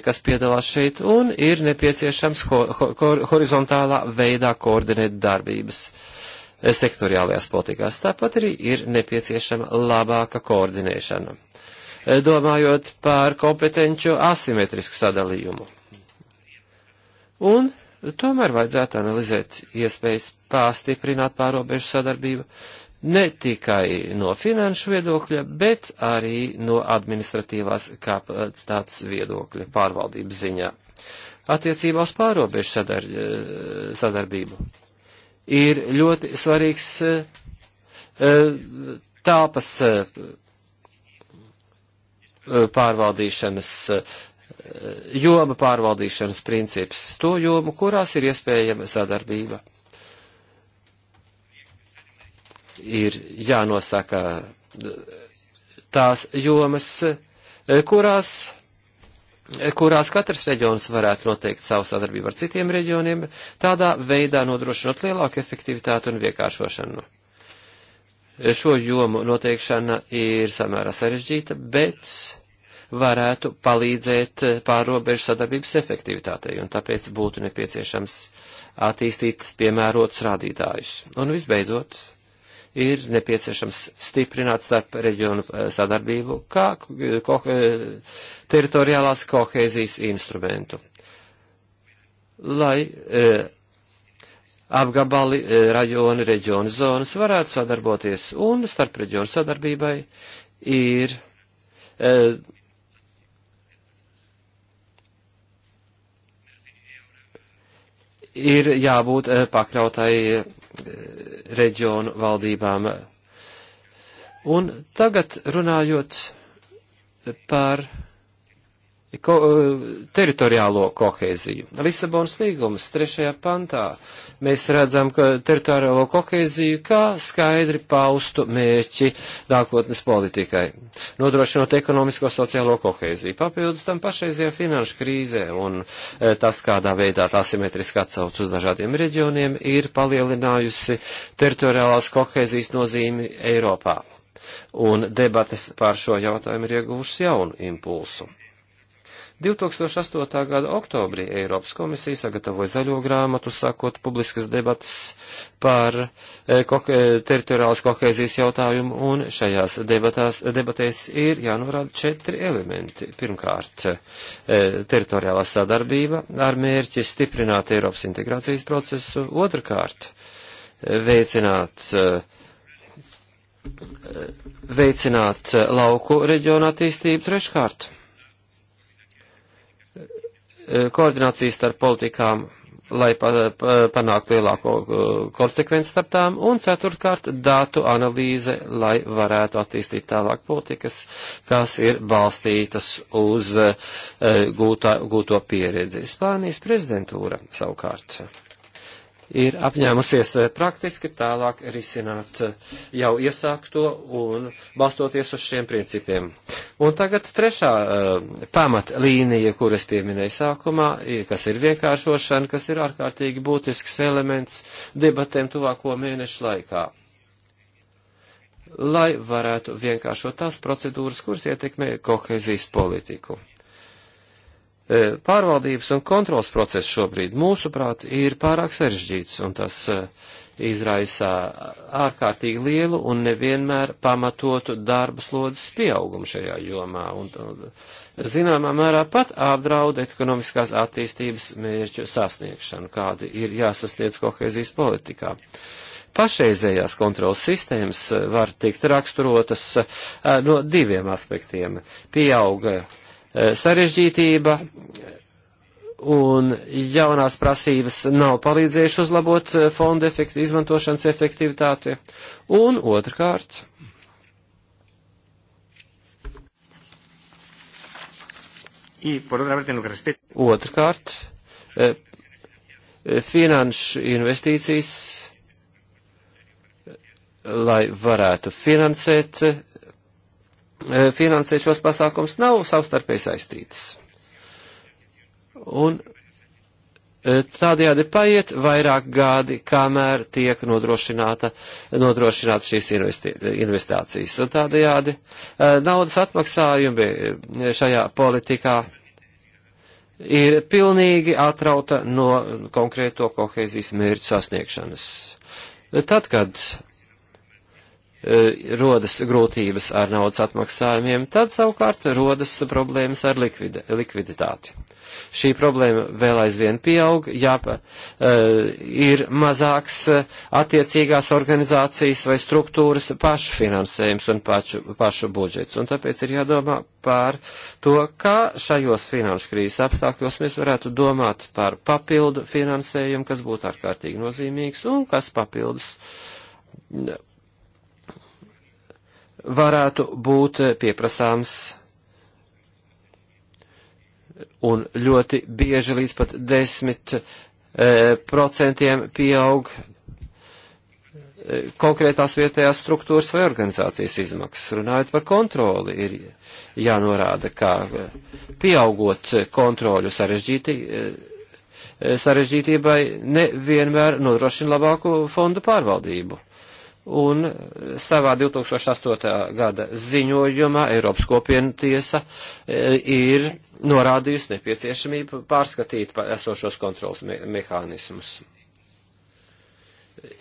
kas piedalās šeit, un ir nepieciešams ho, ho, horizontālā veidā koordinēt darbības. Uh, sektoriālajās politikās. Tāpat arī ir nepieciešama labāka koordinēšana. Domājot par kompetenču asimetrisku sadalījumu. Un tomēr vajadzētu analizēt iespējas pāstiprināt pārobežu sadarbību ne tikai no finanšu viedokļa, bet arī no administratīvās kapacitātes viedokļa pārvaldības ziņā. Attiecībā uz pārobežu sadar eh, sadarbību ir ļoti svarīgs eh, eh, telpas eh, pārvaldīšanas joma pārvaldīšanas princips, to jomu, kurās ir iespējama sadarbība. Ir jānosaka tās jomas, kurās kurās katrs reģions varētu noteikt savu sadarbību ar citiem reģioniem, tādā veidā nodrošinot lielāku efektivitātu un vienkāršošanu. Šo jomu noteikšana ir samērā sarežģīta, bet varētu palīdzēt pārobežu sadarbības efektivitātei, un tāpēc būtu nepieciešams attīstīt piemērotus rādītājus. Un visbeidzot, ir nepieciešams stiprināt starp reģionu eh, sadarbību kā ko, eh, teritoriālās kohēzijas instrumentu, lai e, apgabali, e, rajoni, reģionu zonas varētu sadarboties, un starp reģionu sadarbībai ir e, ir jābūt pakļautai reģionu valdībām. Un tagad runājot par ko, uh, teritoriālo kohēziju. Lisabonas līgumas trešajā pantā mēs redzam, ka teritoriālo kohēziju kā skaidri paustu mērķi nākotnes politikai, nodrošinot ekonomisko sociālo kohēziju. Papildus tam pašreizajā finanšu krīzē un e, tas, kādā veidā tā simetriski atsauc uz dažādiem reģioniem, ir palielinājusi teritoriālās kohēzijas nozīmi Eiropā. Un debates pār šo jautājumu ir iegūšas jaunu impulsu. 2008. gada oktobrī Eiropas komisija sagatavoja zaļo grāmatu, sākot publiskas debatas par e, teritoriālas kohēzijas jautājumu, un šajās debatās, debatēs ir jānorāda četri elementi. Pirmkārt, e, teritoriālā sadarbība ar mērķi stiprināt Eiropas integrācijas procesu. Otrkārt, e, veicināt veicināt lauku reģionu attīstību treškārt Eh, koordinācijas starp politikām, lai pa, pa, panāktu lielāko eh, konsekvenci starp tām, un ceturtkārt datu analīze, lai varētu attīstīt tālāk politikas, kas ir balstītas uz eh, gūtā, gūto pieredzi. Spānijas prezidentūra savukārt ir apņēmusies eh, praktiski tālāk risināt eh, jau iesākto un balstoties uz šiem principiem. Un tagad trešā uh, pamatlīnija, kuras pieminēju sākumā, kas ir vienkāršošana, kas ir ārkārtīgi būtisks elements debatēm tuvāko mēnešu laikā lai varētu vienkāršot tās procedūras, kuras ietekmē kohēzijas politiku. E, pārvaldības un kontrols process šobrīd, mūsuprāt, ir pārāk sarežģīts, un tas e, izraisa ārkārtīgi lielu un nevienmēr pamatotu darba slodzes pieaugumu šajā jomā, un, un zināmā mērā pat apdraud ekonomiskās attīstības mērķu sasniegšanu, kādi ir jāsasniedz kohēzijas politikā pašreizējās kontrolas sistēmas var tikt raksturotas e, no diviem aspektiem. Pieauga Eh, sarežģītība un jaunās prasības nav palīdzējuši uzlabot eh, fonda efekti, izmantošanas efektivitāti. Un otrkārt. Otrkārt, eh, finanšu investīcijas, lai varētu finansēt E, finansēt šos pasākums, nav savstarpēji saistītas. Un e, tādējādi paiet vairāk gadi, kamēr tiek nodrošināta, nodrošināta šīs investi investācijas. Un tādējādi e, naudas atmaksājumi šajā politikā ir pilnīgi atrauta no konkrēto kohēzijas mērķu sasniegšanas. Tad, kad Eh, rodas grūtības ar naudas atmaksājumiem, tad savukārt rodas problēmas ar likvide, likviditāti. Šī problēma vēl aizvien pieaug, ja uh, eh, ir mazāks eh, attiecīgās organizācijas vai struktūras pašfinansējums un pašu, pašu budžets. Un tāpēc ir jādomā par to, kā šajos finanšu krīzes apstākļos mēs varētu domāt par papildu finansējumu, kas būtu ārkārtīgi nozīmīgs un kas papildus varētu būt pieprasāms un ļoti bieži līdz pat desmit e, procentiem pieaug e, konkrētās vietējās struktūras vai organizācijas izmaksas. Runājot par kontroli, ir jānorāda, ka pieaugot kontroļu sarežģīti, e, sarežģītībai nevienmēr nodrošina labāku fondu pārvaldību. Un savā 2008. gada ziņojumā Eiropas kopienu tiesa e, ir norādījusi nepieciešamību pārskatīt esošos kontrols me mehānismus.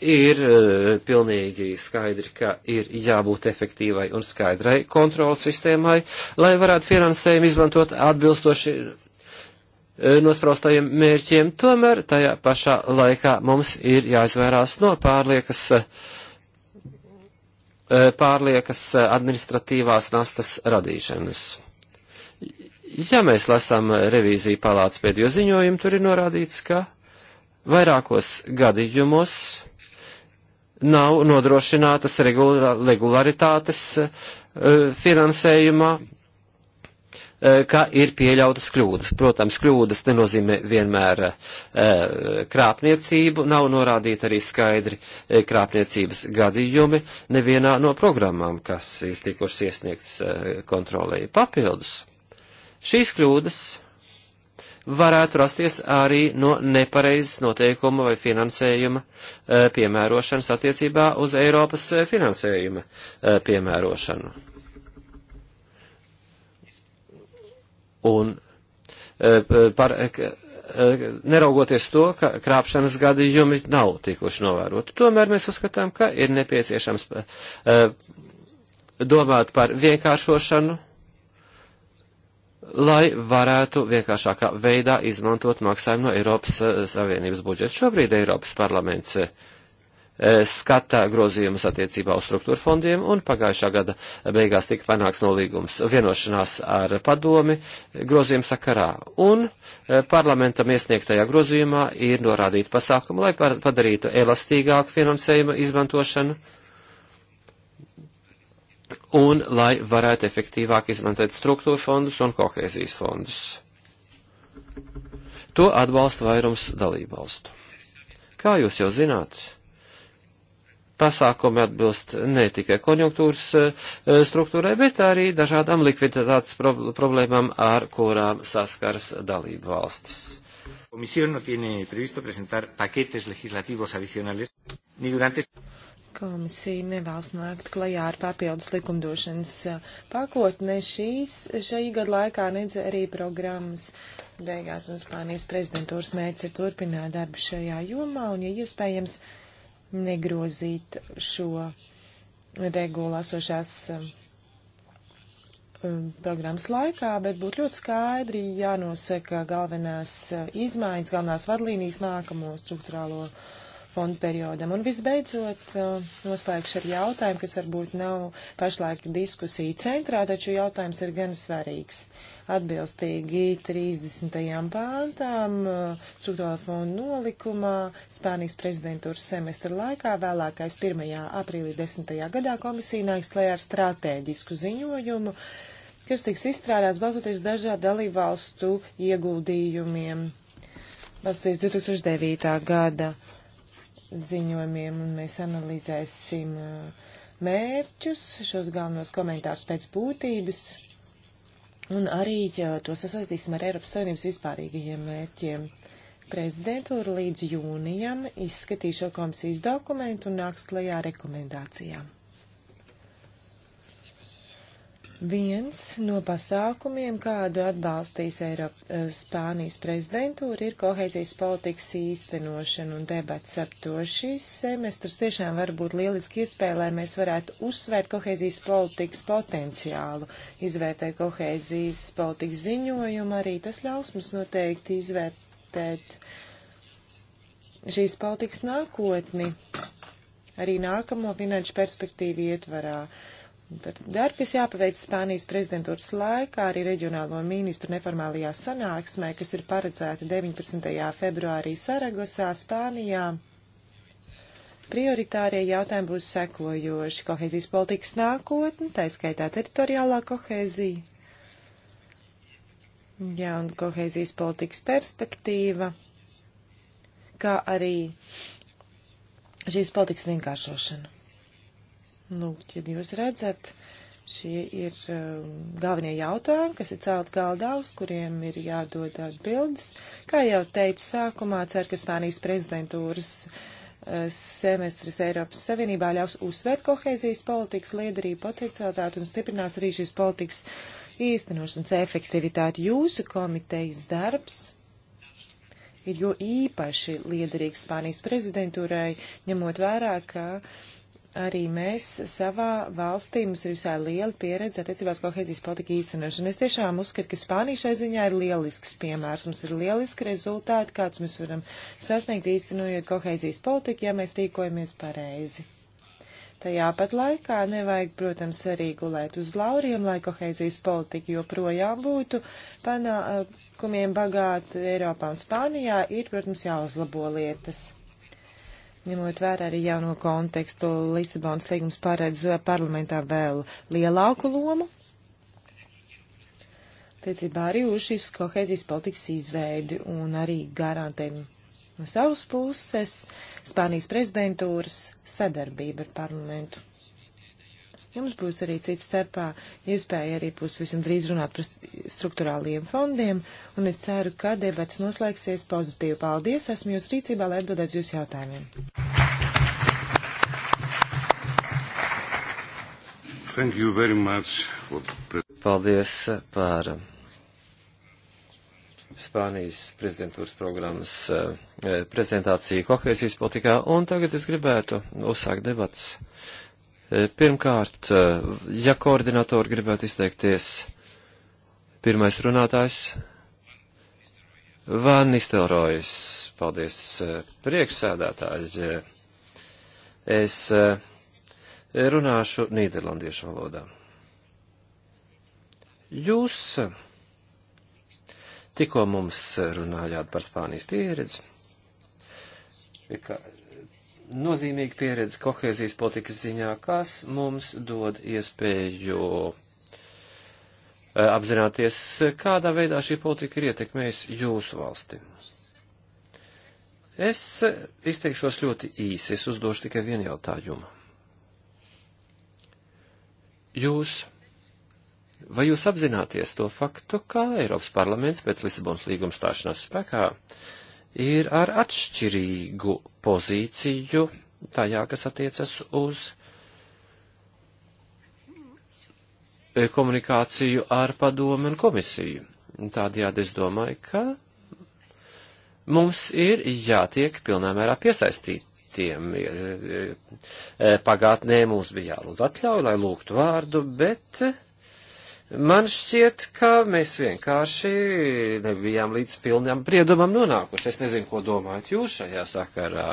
Ir e, pilnīgi skaidri, ka ir jābūt efektīvai un skaidrai kontrols sistēmai, lai varētu finansējumu izmantot atbilstoši e, nospraustajiem mērķiem. Tomēr tajā pašā laikā mums ir jāizvairās no pārliekas uh, Eh, pārliekas eh, administratīvās nastas radīšanas. Ja mēs lasām eh, revīziju palātas pēdējo ziņojumu, tur ir norādīts, ka vairākos gadījumos nav nodrošinātas regularitātes finansējumā Eh, ka ir pieļautas kļūdas. Protams, kļūdas nenozīmē vienmēr eh, krāpniecību, nav norādīti arī skaidri eh, krāpniecības gadījumi nevienā no programmām, kas ir tikušas iesniegtas kontrolē papildus. Šīs kļūdas varētu rasties arī no nepareizes noteikuma vai finansējuma piemērošanas attiecībā uz Eiropas finansējuma piemērošanu. Un e, par, e, e, neraugoties to, ka krāpšanas gadījumi nav tikuši novēroti. Tomēr mēs uzskatām, ka ir nepieciešams domāt par vienkāršošanu, lai varētu vienkāršākā veidā izmantot maksājumu no Eiropas Savienības budžeta. Šobrīd Eiropas parlaments uh, E, skata grozījumus attiecībā uz struktūra fondiem, un pagājušā gada beigās tika panāks nolīgums vienošanās ar padomi grozījumu sakarā. Un e, parlamentam iesniegtajā grozījumā ir norādīta pasākuma, lai padarītu elastīgāku finansējumu izmantošanu un lai varētu efektīvāk izmantot struktūra fondus un kohēzijas fondus. To atbalsta vairums dalībvalstu. Kā jūs jau zināt, pasākumi atbilst ne tikai konjunktūras e, e, struktūrai, bet arī dažādām likviditātes problēmām, ar kurām saskars dalību valstis. Komisija no tiene previsto presentar paketes legislatīvos adicionales, ni durante komisija nevēlas nākt klajā ar papildus likumdošanas e, pakotne šīs, šī gada laikā nedz arī programmas beigās un Spānijas prezidentūras mērķis ir turpināt darbu šajā jomā un, ja iespējams, ja negrozīt šo regulu esošās um, um, programmas laikā, bet būtu ļoti skaidri jānosaka galvenās uh, izmaiņas, galvenās vadlīnijas nākamo struktūrālo uh, fondu periodam. Un visbeidzot, uh, noslēgšu ar jautājumu, kas varbūt nav pašlaik diskusiju centrā, taču jautājums ir gan svarīgs. Atbilstīgi 30. pāntām uh, struktūra fondu nolikumā Spānijas prezidentūras semestra laikā vēlākais 1. aprīlī 10. gadā komisija nāks klajā ar stratēģisku ziņojumu, kas tiks izstrādāts balstoties dažādu dalībvalstu ieguldījumiem. Balstoties 2009. gada ziņojumiem, un mēs analizēsim uh, mērķus, šos galvenos komentārus pēc būtības, un arī to sasaistīsim ar Eiropas Savienības vispārīgajiem mērķiem. Prezidentūra līdz jūnijam izskatīšo komisijas dokumentu un nāks klajā rekomendācijām. Viens no pasākumiem, kādu atbalstīs Eiropa, eh, Spānijas prezidentūra, ir kohēzijas politikas īstenošana un debats ap to. Šis semestrs tiešām var būt lieliski iespēja, lai mēs varētu uzsvērt kohēzijas politikas potenciālu, izvērtēt kohēzijas politikas ziņojumu, arī tas ļaus mums noteikti izvērtēt šīs politikas nākotni, arī nākamo finanšu perspektīvu ietvarā. Uh, darbu, kas jāpaveic Spānijas prezidentūras laikā, arī reģionālo ministru neformālajā sanāksmē, kas ir paredzēta 19. februārī Saragosā, Spānijā. Prioritārie jautājumi būs sekojoši - kohēzijas politikas nākotne, tā skaitā teritoriālā kohēzija, jā, un kohēzijas politikas perspektīva, kā arī šīs politikas vienkāršošana. Lūk, ja jūs redzat, šie ir um, galvenie jautājumi, kas ir celt galdā, uz kuriem ir jādod atbildes. Kā jau teicu sākumā, ceru, ka Spānijas prezidentūras uh, semestris Eiropas Savienībā ļaus uzsvērt kohēzijas politikas liederību potenciālitāti un stiprinās arī šīs politikas īstenošanas efektivitāti. Jūsu komitejas darbs ir jo īpaši liederīgs Spānijas prezidentūrai, ņemot vērā, ka uh, arī mēs savā valstī, mums ir visai liela pieredze attiecībās kohēzijas politika īstenošana. Es tiešām uzskatu, ka Spānija šai ziņā ir lielisks piemērs. Mums ir lieliski rezultāti, kāds mēs varam sasniegt īstenojot kohēzijas politiku, ja mēs rīkojamies pareizi. Tajā pat laikā nevajag, protams, arī gulēt uz lauriem, lai kohēzijas politika joprojām būtu panākumiem bagāta Eiropā un Spānijā, ir, protams, jāuzlabo lietas. Ņemot vērā arī jauno kontekstu, Lisabonas līgums paredz parlamentā vēl lielāku lomu. Tiecībā arī uz šīs kohēzijas politikas izveidi un arī garantējumu no savas puses Spānijas prezidentūras sadarbība ar parlamentu. Jums būs arī cits starpā iespēja arī būs visam drīz runāt par struktūrāliem fondiem, un es ceru, ka debats noslēgsies pozitīvi. Paldies, esmu jūs rīcībā, lai atbildētu jūs jautājumiem. For... Paldies par Spānijas prezidentūras programmas eh, prezentāciju kohēzijas politikā, un tagad es gribētu uzsākt debats Pirmkārt, eh, ja koordinatori gribētu izteikties, pirmais runātājs Van Nistelrojas. Paldies, eh, priekšsēdētāji. Es eh, runāšu nīderlandiešu valodā. Jūs tikko mums runājāt par Spānijas pieredzi. Ka nozīmīga pieredze kohēzijas politikas ziņā, kas mums dod iespēju eh, apzināties, kādā veidā šī politika ir ietekmējusi jūsu valsti. Es eh, izteikšos ļoti īsi, es uzdošu tikai vienu jautājumu. Jūs, vai jūs apzināties to faktu, kā Eiropas parlaments pēc Lisabonas līguma stāšanās spēkā ir ar atšķirīgu pozīciju tajā, kas attiecas uz e, komunikāciju ar padomu un komisiju. Tādējādi es domāju, ka mums ir jātiek pilnā mērā piesaistītiem. E, e, pagātnē mums bija jālūdz atļauj, lai lūgtu vārdu, bet Man šķiet, ka mēs vienkārši nebijām līdz pilnām briedumam nonākuši. Es nezinu, ko domājat jūs šajā sakarā.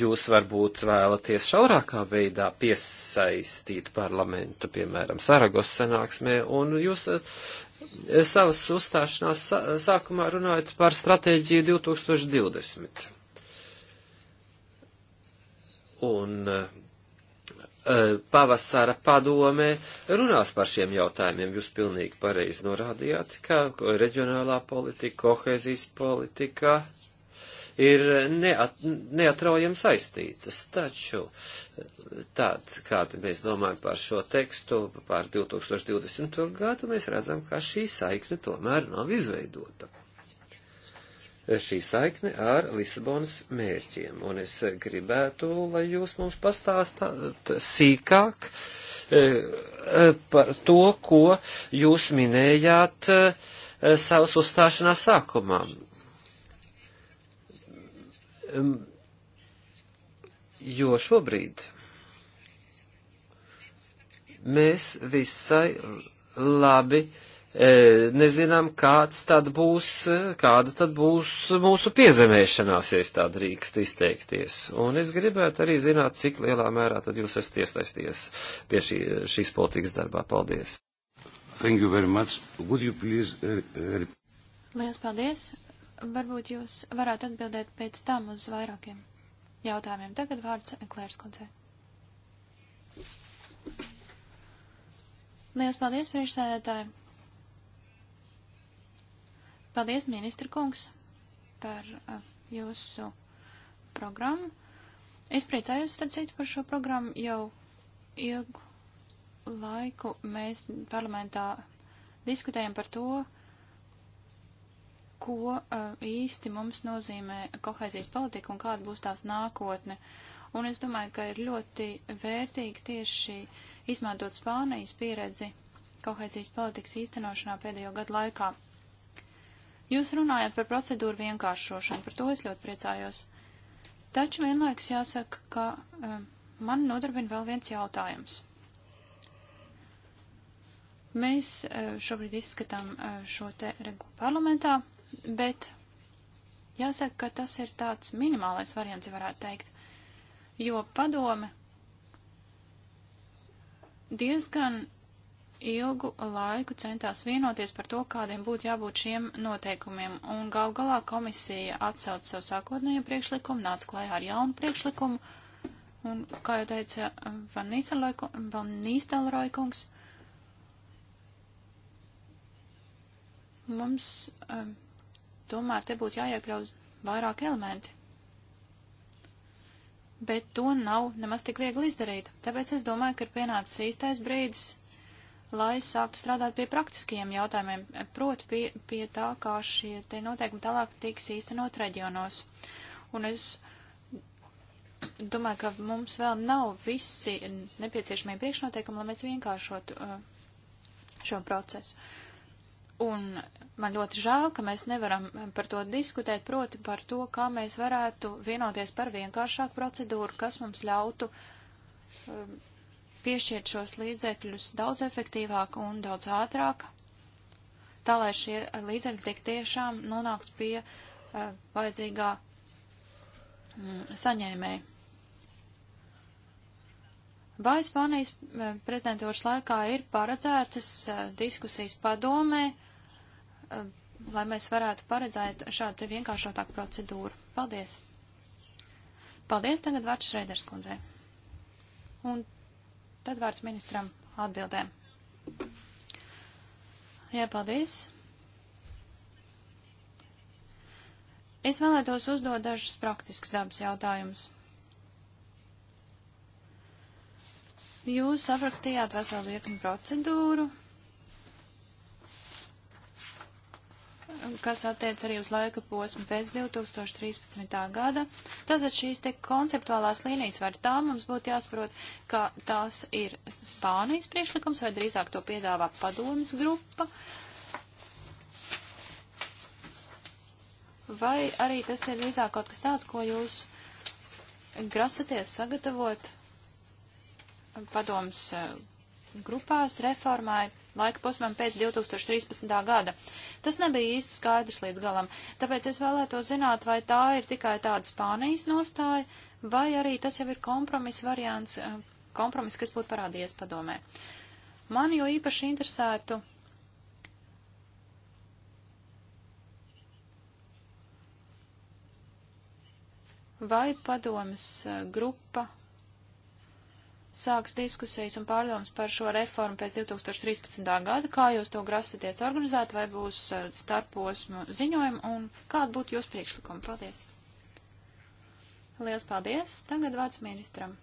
Jūs varbūt vēlaties šaurākā veidā piesaistīt parlamentu, piemēram, Saragos sanāksmē, un jūs eh, savas uzstāšanās sākumā runājat par stratēģiju 2020. Un uh, Eh, pavasara padomē runās par šiem jautājumiem. Jūs pilnīgi pareizi norādījāt, ka reģionālā politika, kohēzijas politika ir neat, neatraujami saistītas. Taču eh, tāds, kāda mēs domājam par šo tekstu, par 2020. gadu, mēs redzam, ka šī saikne tomēr nav izveidota šī saikne ar Lisabonas mērķiem. Un es gribētu, lai jūs mums pastāstāt sīkāk e, e, par to, ko jūs minējāt e, savas uzstāšanās sākumā. Jo šobrīd mēs visai labi uh, E, nezinām, kāds tad būs, kāda tad būs mūsu piezemēšanās, ja es tādu drīkstu izteikties. Un es gribētu arī zināt, cik lielā mērā tad jūs esat iesaistījies pie šī, šīs politikas darbā. Paldies! Thank you very much. Would you please... Uh, uh, Liels paldies! Varbūt jūs varētu atbildēt pēc tam uz vairākiem jautājumiem. Tagad vārds Klērs kundzei. Liels paldies, priekšsēdētāji! Paldies, ministra kungs, par uh, jūsu programmu. Es priecājos, starp citu, par šo programmu jau ilgu laiku mēs parlamentā diskutējam par to, ko uh, īsti mums nozīmē kohēzijas politika un kāda būs tās nākotne. Un es domāju, ka ir ļoti vērtīgi tieši izmantot Spānijas pieredzi kohēzijas politikas īstenošanā pēdējo gadu laikā. Jūs runājat par procedūru vienkāršošanu, par to es ļoti priecājos. Taču vienlaiks jāsaka, ka uh, man nodarbina vēl viens jautājums. Mēs uh, šobrīd izskatām uh, šo te regu parlamentā, bet jāsaka, ka tas ir tāds minimālais variants, ja varētu teikt, jo padome diezgan ilgu laiku centās vienoties par to, kādiem būtu jābūt šiem noteikumiem, un gal galā komisija atsauca savu sākotnējo priekšlikumu, nāca klajā ar jaunu priekšlikumu, un, kā jau teica eh, Van Nīstelroja kungs, mums um, tomēr te būs jāiekļaut vairāk elementi. Bet to nav nemaz tik viegli izdarīt, tāpēc es domāju, ka ir pienācis īstais brīdis lai sāktu strādāt pie praktiskajiem jautājumiem, proti pie, pie tā, kā šie te noteikumi tālāk tiks īstenot reģionos. Un es domāju, ka mums vēl nav visi nepieciešamie priekšnoteikumi, lai mēs vienkāršotu uh, šo procesu. Un man ļoti žēl, ka mēs nevaram par to diskutēt, proti par to, kā mēs varētu vienoties par vienkāršāku procedūru, kas mums ļautu um, piešķirt šos līdzekļus daudz efektīvāk un daudz ātrāk, tā lai šie līdzekļi tik tiešām nonāktu pie uh, vajadzīgā mm, saņēmēja. Vai Spānijas eh, prezidentūras laikā ir paredzētas uh, diskusijas padomē, uh, lai mēs varētu paredzēt šādu vienkāršotāku procedūru? Paldies! Paldies tagad Vārts Šreiders kundzei. Un Tad vārds ministram atbildēm. Jā, paldies. Es vēlētos uzdot dažus praktiskus dabas jautājumus. Jūs aprakstījāt veselu virkni procedūru, kas attiec arī uz laika posmu pēc 2013. gada. Tātad šīs te konceptuālās līnijas var tā, mums būtu jāsaprot, ka tās ir Spānijas priekšlikums, vai drīzāk to piedāvā padomas grupa, vai arī tas ir drīzāk kaut kas tāds, ko jūs grasaties sagatavot padomas eh, grupās reformai laika posmam pēc 2013. gada. Tas nebija īsti skaidrs līdz galam, tāpēc es vēlētos zināt, vai tā ir tikai tāda Spānijas nostāja, vai arī tas jau ir kompromiss variants, eh, kompromiss, kas būtu parādījies padomē. Man jau īpaši interesētu vai padomas eh, grupa sāks diskusijas un pārdomas par šo reformu pēc 2013. gada, kā jūs to grasaties organizēt, vai būs eh, starposmu ziņojumi un kāda būtu jūsu priekšlikuma. Paldies! Liels paldies! Tagad vārds ministram.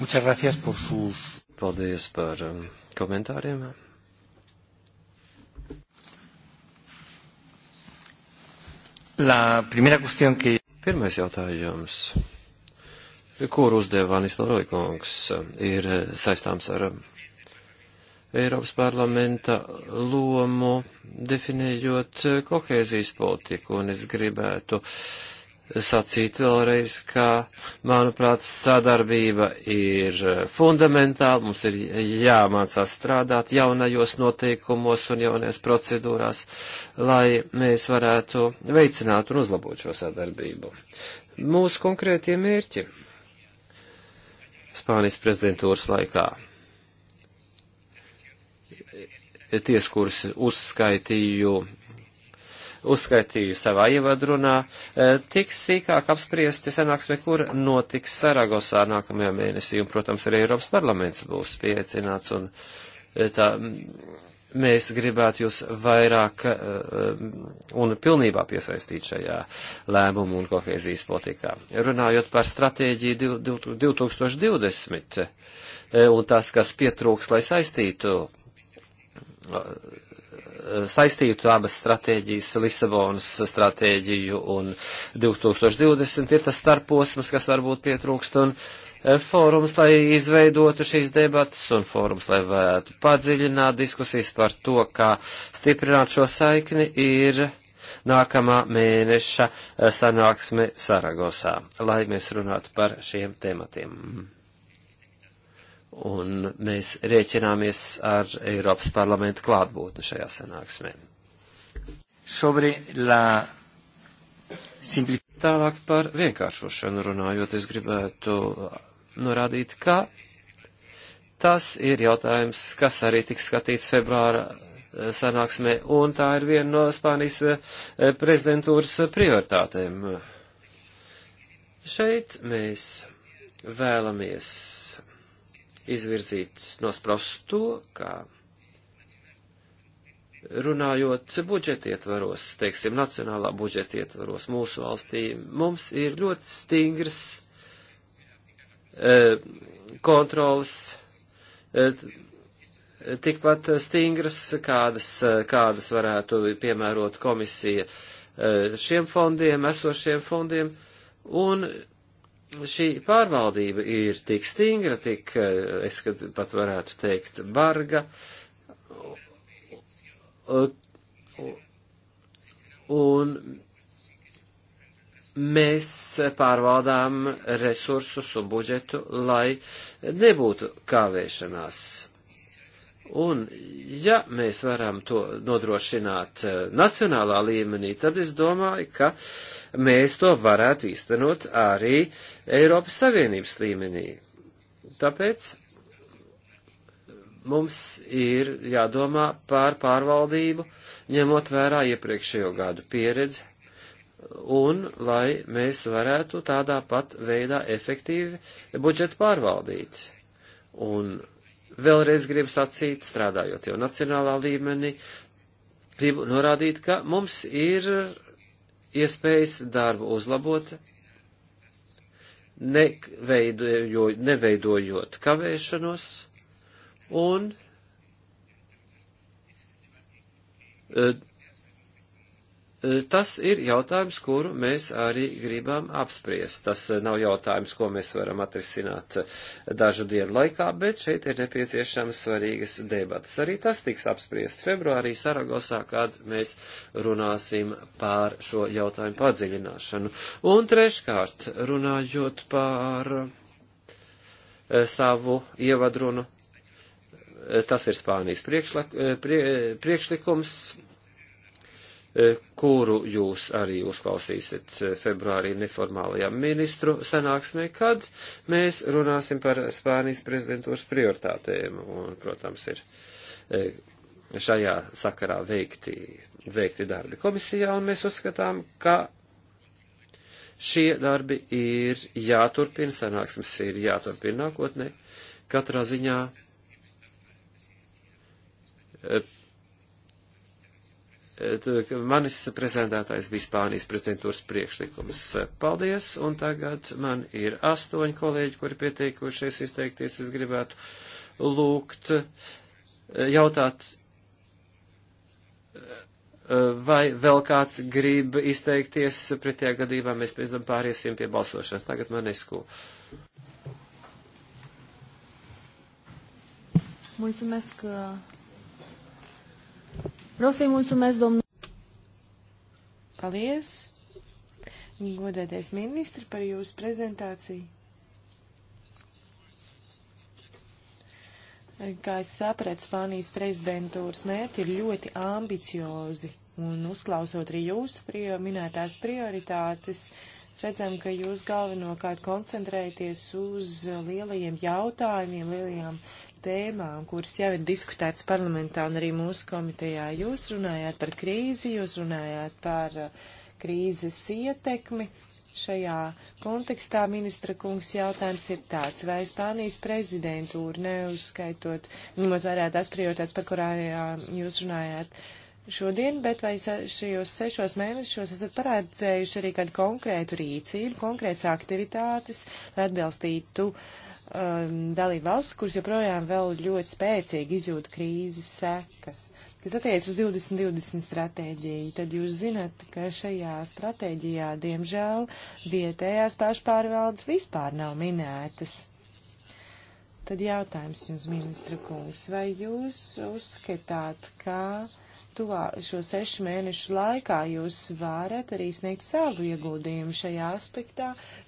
Muchas gracias por sus. Paldies par um, komentāriem. La primera cuestión que... Pirmais jautājums, kuru uzdeva Vanis Loroikungs, ir saistāms ar Eiropas parlamenta lomu definējot kohēzijas politiku, un es gribētu uh, sacīt vēlreiz, ka, manuprāt, sadarbība ir fundamentāla, mums ir jāmācās strādāt jaunajos noteikumos un jaunajās procedūrās, lai mēs varētu veicināt un uzlabot šo sadarbību. Mūsu konkrētie mērķi Spānijas prezidentūras laikā ties, kurus uzskaitīju uzskaitīju savā ievadrunā, e, tiks sīkāk apspriesti sanāksme, kur notiks Saragosā nākamajā mēnesī, un, protams, arī Eiropas parlaments būs pieecināts, un e, tā, mēs gribētu jūs vairāk e, un pilnībā piesaistīt šajā lēmumu un kohēzijas politikā. Runājot par stratēģiju 2020 un tas, kas pietrūks, lai saistītu saistītu abas stratēģijas, Lisabonas stratēģiju un 2020 ir tas starposms, kas varbūt pietrūkst, un e, fórums, lai izveidotu šīs debatas, un fórums, lai varētu padziļināt diskusijas par to, kā stiprināt šo saikni, ir nākamā mēneša e, sanāksme Saragosā, lai mēs runātu par šiem tematiem un mēs rēķināmies ar Eiropas parlamenta klātbūtni šajā sanāksmē. La... Simpli... Tālāk par vienkāršošanu runājot, es gribētu norādīt, ka tas ir jautājums, kas arī tiks skatīts februāra eh, sanāksmē, un tā ir viena no Spānijas eh, prezidentūras prioritātēm. Šeit mēs vēlamies izvirzīts nospraust to, ka runājot budžeta ietvaros, teiksim, nacionālā budžeta ietvaros mūsu valstī, mums ir ļoti stingrs e, kontrols, e, tikpat stingras, kādas, kādas varētu piemērot komisija e, šiem fondiem, esošiem fondiem, un šī pārvaldība ir tik stingra, tik, eh, es pat varētu teikt, barga. Un mēs pārvaldām resursus un budžetu, lai nebūtu kāvēšanās Un, ja mēs varam to nodrošināt eh, nacionālā līmenī, tad es domāju, ka mēs to varētu īstenot arī Eiropas Savienības līmenī. Tāpēc mums ir jādomā par pārvaldību, ņemot vērā iepriekšējo gadu pieredzi, un lai mēs varētu tādā pat veidā efektīvi budžetu pārvaldīt. Un vēlreiz gribu sacīt, strādājot jau nacionālā līmenī, gribu norādīt, ka mums ir iespējas darbu uzlabot, neveidojo, neveidojot kavēšanos un eh, Tas ir jautājums, kuru mēs arī gribam apspriest. Tas eh, nav jautājums, ko mēs varam atrisināt eh, dažu dienu laikā, bet šeit ir nepieciešams svarīgas debatas. Arī tas tiks apspriests februārī Saragosā, kad mēs runāsim pār šo jautājumu padziļināšanu. Un treškārt, runājot pār eh, savu ievadrunu, tas ir Spānijas priekšlikums E, kuru jūs arī uzklausīsiet e, februārī neformālajā ministru sanāksmē, kad mēs runāsim par Spānijas prezidentūras prioritātēm. Un, protams, ir e, šajā sakarā veikti, veikti darbi komisijā, un mēs uzskatām, ka šie darbi ir jāturpina, sanāksmes ir jāturpina nākotnē. Katrā ziņā manis prezentētais bija Spānijas prezidentūras priekšlikums. Paldies, un tagad man ir astoņi kolēģi, kuri pieteikušies izteikties. Es gribētu lūgt, eh, jautāt, eh, vai vēl kāds grib izteikties, pretējā gadījumā mēs pēc tam pāriesim pie balsošanas. Tagad man esku. Mulțumesc Vreau să-i mulțumesc, domnul. Paldies! Godēties ministri par jūsu prezentāciju. Kā es sapratu, Spānijas prezidentūras mērķi ir ļoti ambiciozi, un uzklausot arī jūsu prio, minētās prioritātes, redzam, ka jūs galvenokārt koncentrēties uz lielajiem jautājumiem, lielajām tēmām, kuras jau ir diskutētas parlamentā un arī mūsu komitejā. Jūs runājāt par krīzi, jūs runājāt par uh, krīzes ietekmi. Šajā kontekstā ministra kungs jautājums ir tāds, vai Spānijas prezidentūra neuzskaitot, ņemot vērā tās prioritātes, par kurām jūs runājāt šodien, bet vai šajos sešos mēnešos esat parādzējuši arī kādu konkrētu rīcību, konkrētas aktivitātes, lai atbalstītu uh, um, dalība valsts, kuras joprojām vēl ļoti spēcīgi izjūta krīzes sekas. Kas attiecas uz 2020 stratēģiju, tad jūs zinat, ka šajā stratēģijā, diemžēl, vietējās pašpārvaldes vispār nav minētas. Tad jautājums jums, ministra kungs, vai jūs uzskatāt, ka. Kā tuvā šo sešu mēnešu laikā jūs varat arī sniegt savu ieguldījumu šajā aspektā,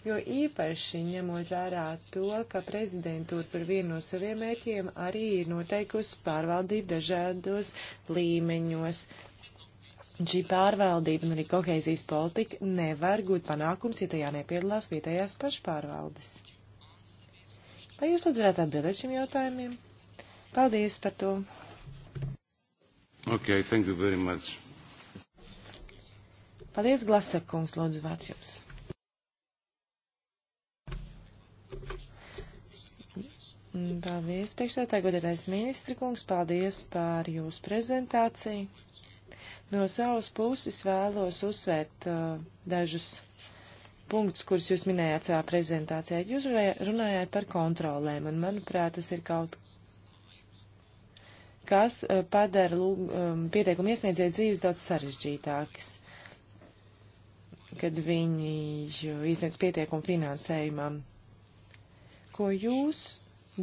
jo īpaši ņemot vērā to, ka prezidentūra par vienu no saviem mērķiem arī ir noteikusi pārvaldību dažādos līmeņos. Šī pārvaldība un arī kohēzijas politika nevar gūt panākums, ja tajā nepiedalās vietējās pašpārvaldes. Vai jūs lūdzu varētu atbildēt šiem jautājumiem? Paldies par to! Ok, thank you very much. Paldies, Glasakungs, lūdzu vārds jums. Paldies, priekšsētāji, godētais ministri kungs, paldies par jūsu prezentāciju. No savas puses vēlos uzsvērt uh, dažus punktus, kurus jūs minējāt savā prezentācijā. Jūs runājāt par kontrolēm, un manuprāt, tas ir kaut kas eh, padara lūg, um, pieteikumu iesniedzēju dzīves daudz sarežģītākas, kad viņi iesniedz pieteikumu finansējumam. Ko jūs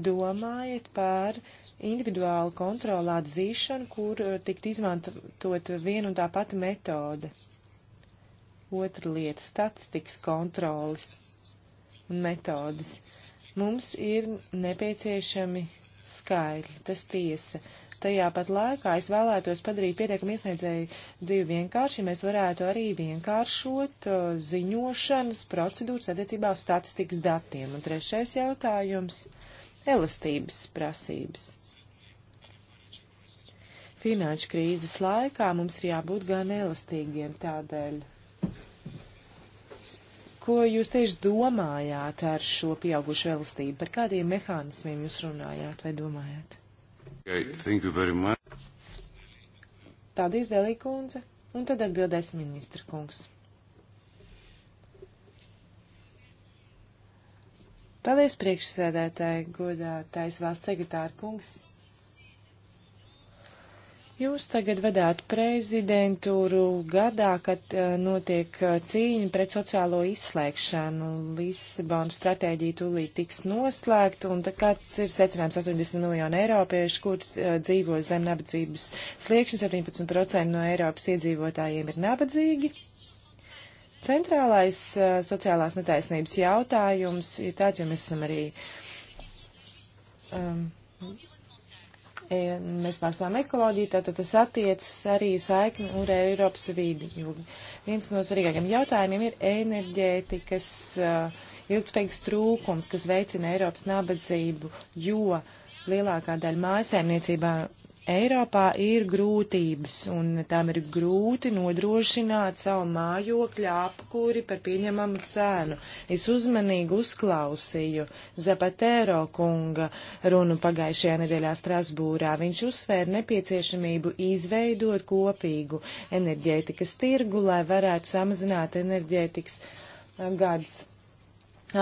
domājat par individuālu kontrolu atzīšanu, kur eh, tikt izmantot viena un tā pati metode. Otra lieta - statistikas kontrolas un metodas. Mums ir nepieciešami skaidri, tas tiesa, Tajā pat laikā es vēlētos padarīt pietiekami iesniedzēju dzīvi vienkārši, mēs varētu arī vienkāršot uh, ziņošanas procedūras attiecībā statistikas datiem. Un trešais jautājums - elastības prasības. Finanšu krīzes laikā mums ir jābūt gan elastīgiem tādēļ ko jūs tieši domājāt ar šo pieaugušu elastību? Par kādiem mehānismiem jūs runājāt vai domājāt? Okay, Paldies, Delī kundze, un tad atbildēs ministra kungs. Paldies, priekšsēdētāji, godātais valsts sekretāra kungs. Jūs tagad vedāt prezidentūru gadā, kad eh, notiek eh, cīņa pret sociālo izslēgšanu. Lisabona stratēģija tūlīt tiks noslēgta, un tad kāds ir secinājums 80 miljonu eiropiešu, kurš eh, dzīvo zem nabadzības sliekšņa, 17% no Eiropas iedzīvotājiem ir nabadzīgi. Centrālais uh, sociālās netaisnības jautājums ir tāds, jo mēs esam arī um, E, mēs pārstāvam ekoloģiju, tātad tas attiecas arī saikni un Eiropas vīdi. Viens no svarīgākiem jautājumiem ir enerģētikas uh, ilgspējīgs trūkums, kas veicina Eiropas nabadzību, jo lielākā daļa mājasēmniecībā Eiropā ir grūtības, un tām ir grūti nodrošināt savu mājokļu apkuri par pieņemamu cēnu. Es uzmanīgi uzklausīju Zapatēro kunga runu pagājušajā nedēļā Strasbūrā. Viņš uzsvēra nepieciešamību izveidot kopīgu enerģētikas tirgu, lai varētu samazināt enerģētikas eh, gads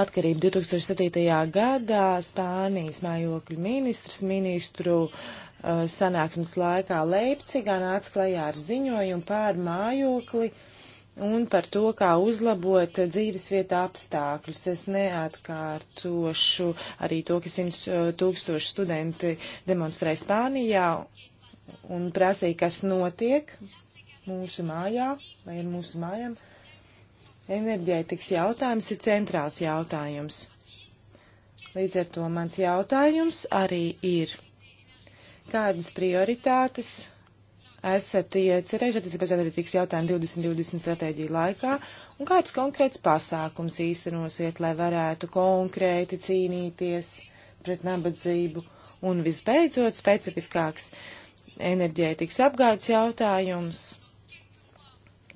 atkarību 2007. gadā Spānijas mājokļu ministrs ministru Uh, sanāksmes laikā Leipcigā nāca klajā ar ziņojumu pār mājokli un par to, kā uzlabot dzīvesvieta apstākļus. Es neatkārtošu arī to, ka 100 uh, tūkstoši studenti demonstrē Spānijā un prasīja, kas notiek mūsu mājā vai ir mūsu mājām. Enerģētikas jautājums ir centrāls jautājums. Līdz ar to mans jautājums arī ir Kādas prioritātes esat iecerējuši attiecībās enerģētikas jautājumu 2020 stratēģiju laikā un kāds konkrēts pasākums īstenosiet, lai varētu konkrēti cīnīties pret nabadzību un visbeidzot specifiskāks enerģētikas apgādes jautājums.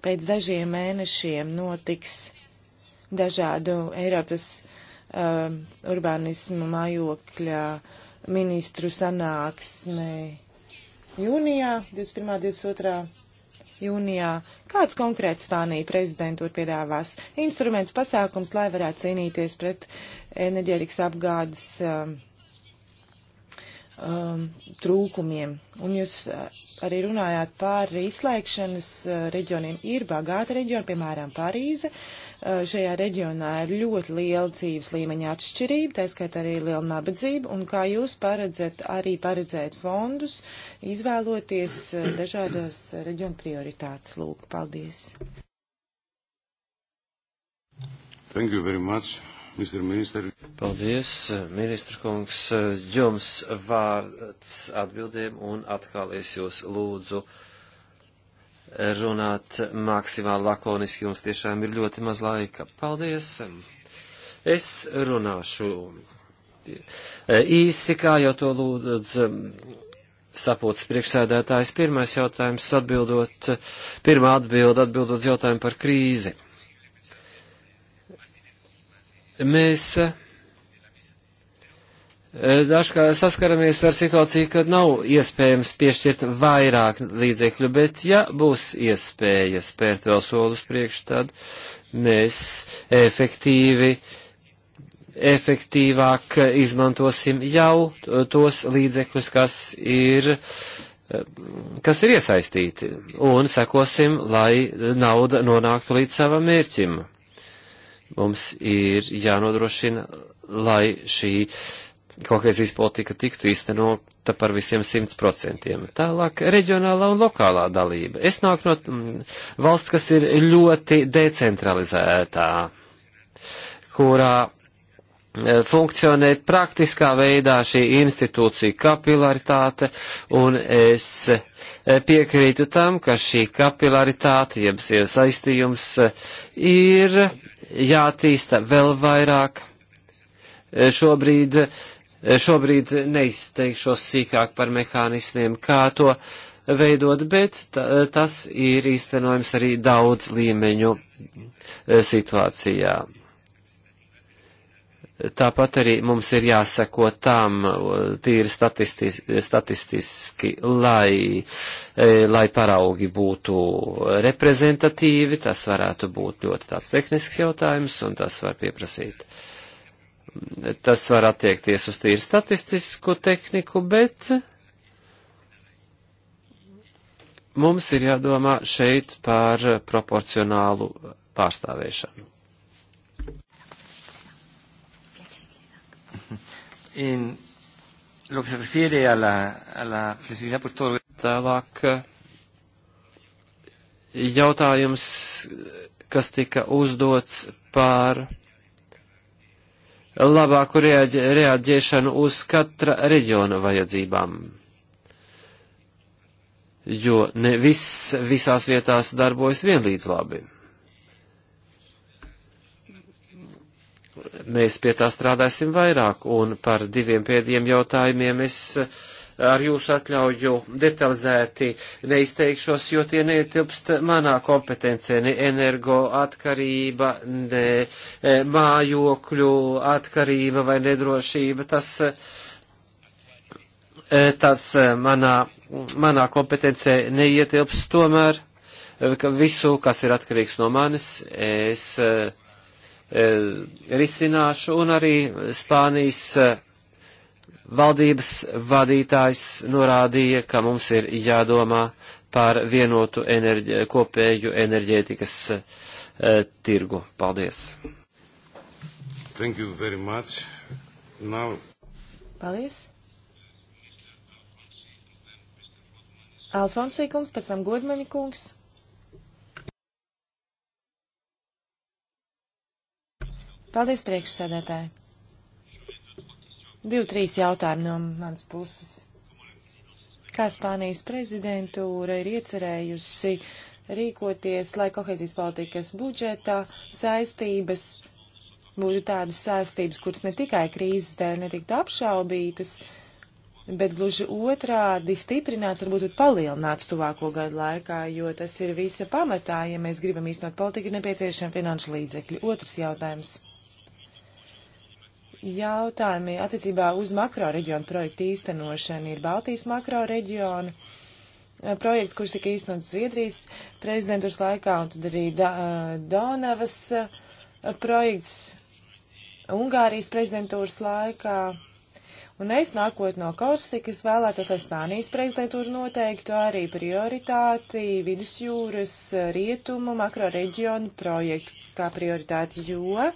Pēc dažiem mēnešiem notiks dažādu Eiropas uh, um, urbānismu mājokļa uh, ministru sanāksmē jūnijā, 21. 22 jūnijā. Kāds konkrēts Spānija prezidentūra piedāvās instruments pasākums, lai varētu cīnīties pret enerģētikas apgādes um, um, trūkumiem? Un jūs uh, arī runājāt par izslēgšanas eh, reģioniem. Ir bagāta reģiona, piemēram, Parīze. Eh, šajā reģionā ir ļoti liela dzīves līmeņa atšķirība, tā skaitā arī liela nabadzība. Un kā jūs paredzat arī paredzēt fondus, izvēloties eh, dažādas reģiona prioritātes? Lūk, paldies. Thank you very much. Paldies, ministra kungs. Jums vārds atbildēm un atkal es jūs lūdzu runāt maksimāli lakoniski. Jums tiešām ir ļoti maz laika. Paldies. Es runāšu īsi, kā jau to lūdzu sapulces priekšsēdētājs. Pirmais jautājums atbildot, pirmā atbilda atbildot jautājumu par krīzi Mēs eh, dažkārt saskaramies ar situāciju, kad nav iespējams piešķirt vairāk līdzekļu, bet ja būs iespēja spērt vēl solus priekš, tad mēs efektīvi, efektīvāk izmantosim jau tos līdzekļus, kas ir eh, kas ir iesaistīti, un sekosim, lai nauda nonāktu līdz savam mērķim. Mums ir jānodrošina, lai šī kohēzijas politika tiktu īstenota par visiem simts procentiem. Tālāk reģionālā un lokālā dalība. Es nāku no mm, valsts, kas ir ļoti decentralizētā, kurā e, funkcionē praktiskā veidā šī institūcija kapilaritāte, un es e, piekrītu tam, ka šī kapilaritāte, jeb saistījums, e, ir jātīsta vēl vairāk. Eh, šobrīd, eh, šobrīd neizteikšos sīkāk par mehānismiem, kā to veidot, bet eh, tas ir īstenojams arī daudz līmeņu situācijā. Tāpat arī mums ir jāsako tam tīri statistiski, statistiski lai, e, lai paraugi būtu reprezentatīvi. Tas varētu būt ļoti tāds tehnisks jautājums, un tas var pieprasīt. Tas var attiekties uz tīri statistisku tehniku, bet mums ir jādomā šeit par proporcionālu pārstāvēšanu. en lo que se refiere a la, a la flexibilidad, pues todo. Tālāk jautājums, kas tika uzdots par labāku reaģ, reaģēšanu uz katra reģiona vajadzībām. Jo ne viss visās vietās darbojas vienlīdz labi. mēs pie tā strādāsim vairāk, un par diviem pēdējiem jautājumiem es eh, ar jūsu atļauju detalizēti neizteikšos, jo tie neietilpst manā kompetencē, ne energo atkarība, ne eh, mājokļu atkarība vai nedrošība. Tas, eh, tas manā, manā kompetencē neietilpst tomēr. Visu, kas ir atkarīgs no manis, es uh, E, risināšu, un arī Spānijas e, valdības vadītājs norādīja, ka mums ir jādomā par vienotu enerģi, kopēju enerģētikas e, tirgu. Paldies! Thank you very much. Now... Paldies! Alfonsī kungs, pēc tam Godmaņa kungs. Paldies, priekšsēdētāji. Divi, trīs jautājumi no manas puses. Kā Spānijas prezidentūra ir iecerējusi rīkoties, lai kohēzijas politikas budžetā saistības būtu tādas saistības, kuras ne tikai krīzes dēļ netiktu apšaubītas, bet gluži otrādi stiprināts, varbūt pat palielināts tuvāko gadu laikā, jo tas ir visa pamatā, ja mēs gribam īstenot politiku, ir nepieciešami finanšu līdzekļi. Otrs jautājums jautājumi attiecībā uz makroreģionu projektu īstenošanu. Ir Baltijas makroreģiona eh, projekts, kurš tika īstenots Zviedrijas prezidentūras laikā, un tad arī da, eh, Donavas eh, projekts Ungārijas prezidentūras laikā. Un es nākot no Korsikas vēlētos, lai Spānijas prezidentūra noteiktu arī prioritāti vidusjūras rietumu makroreģionu projektu kā prioritāti, jo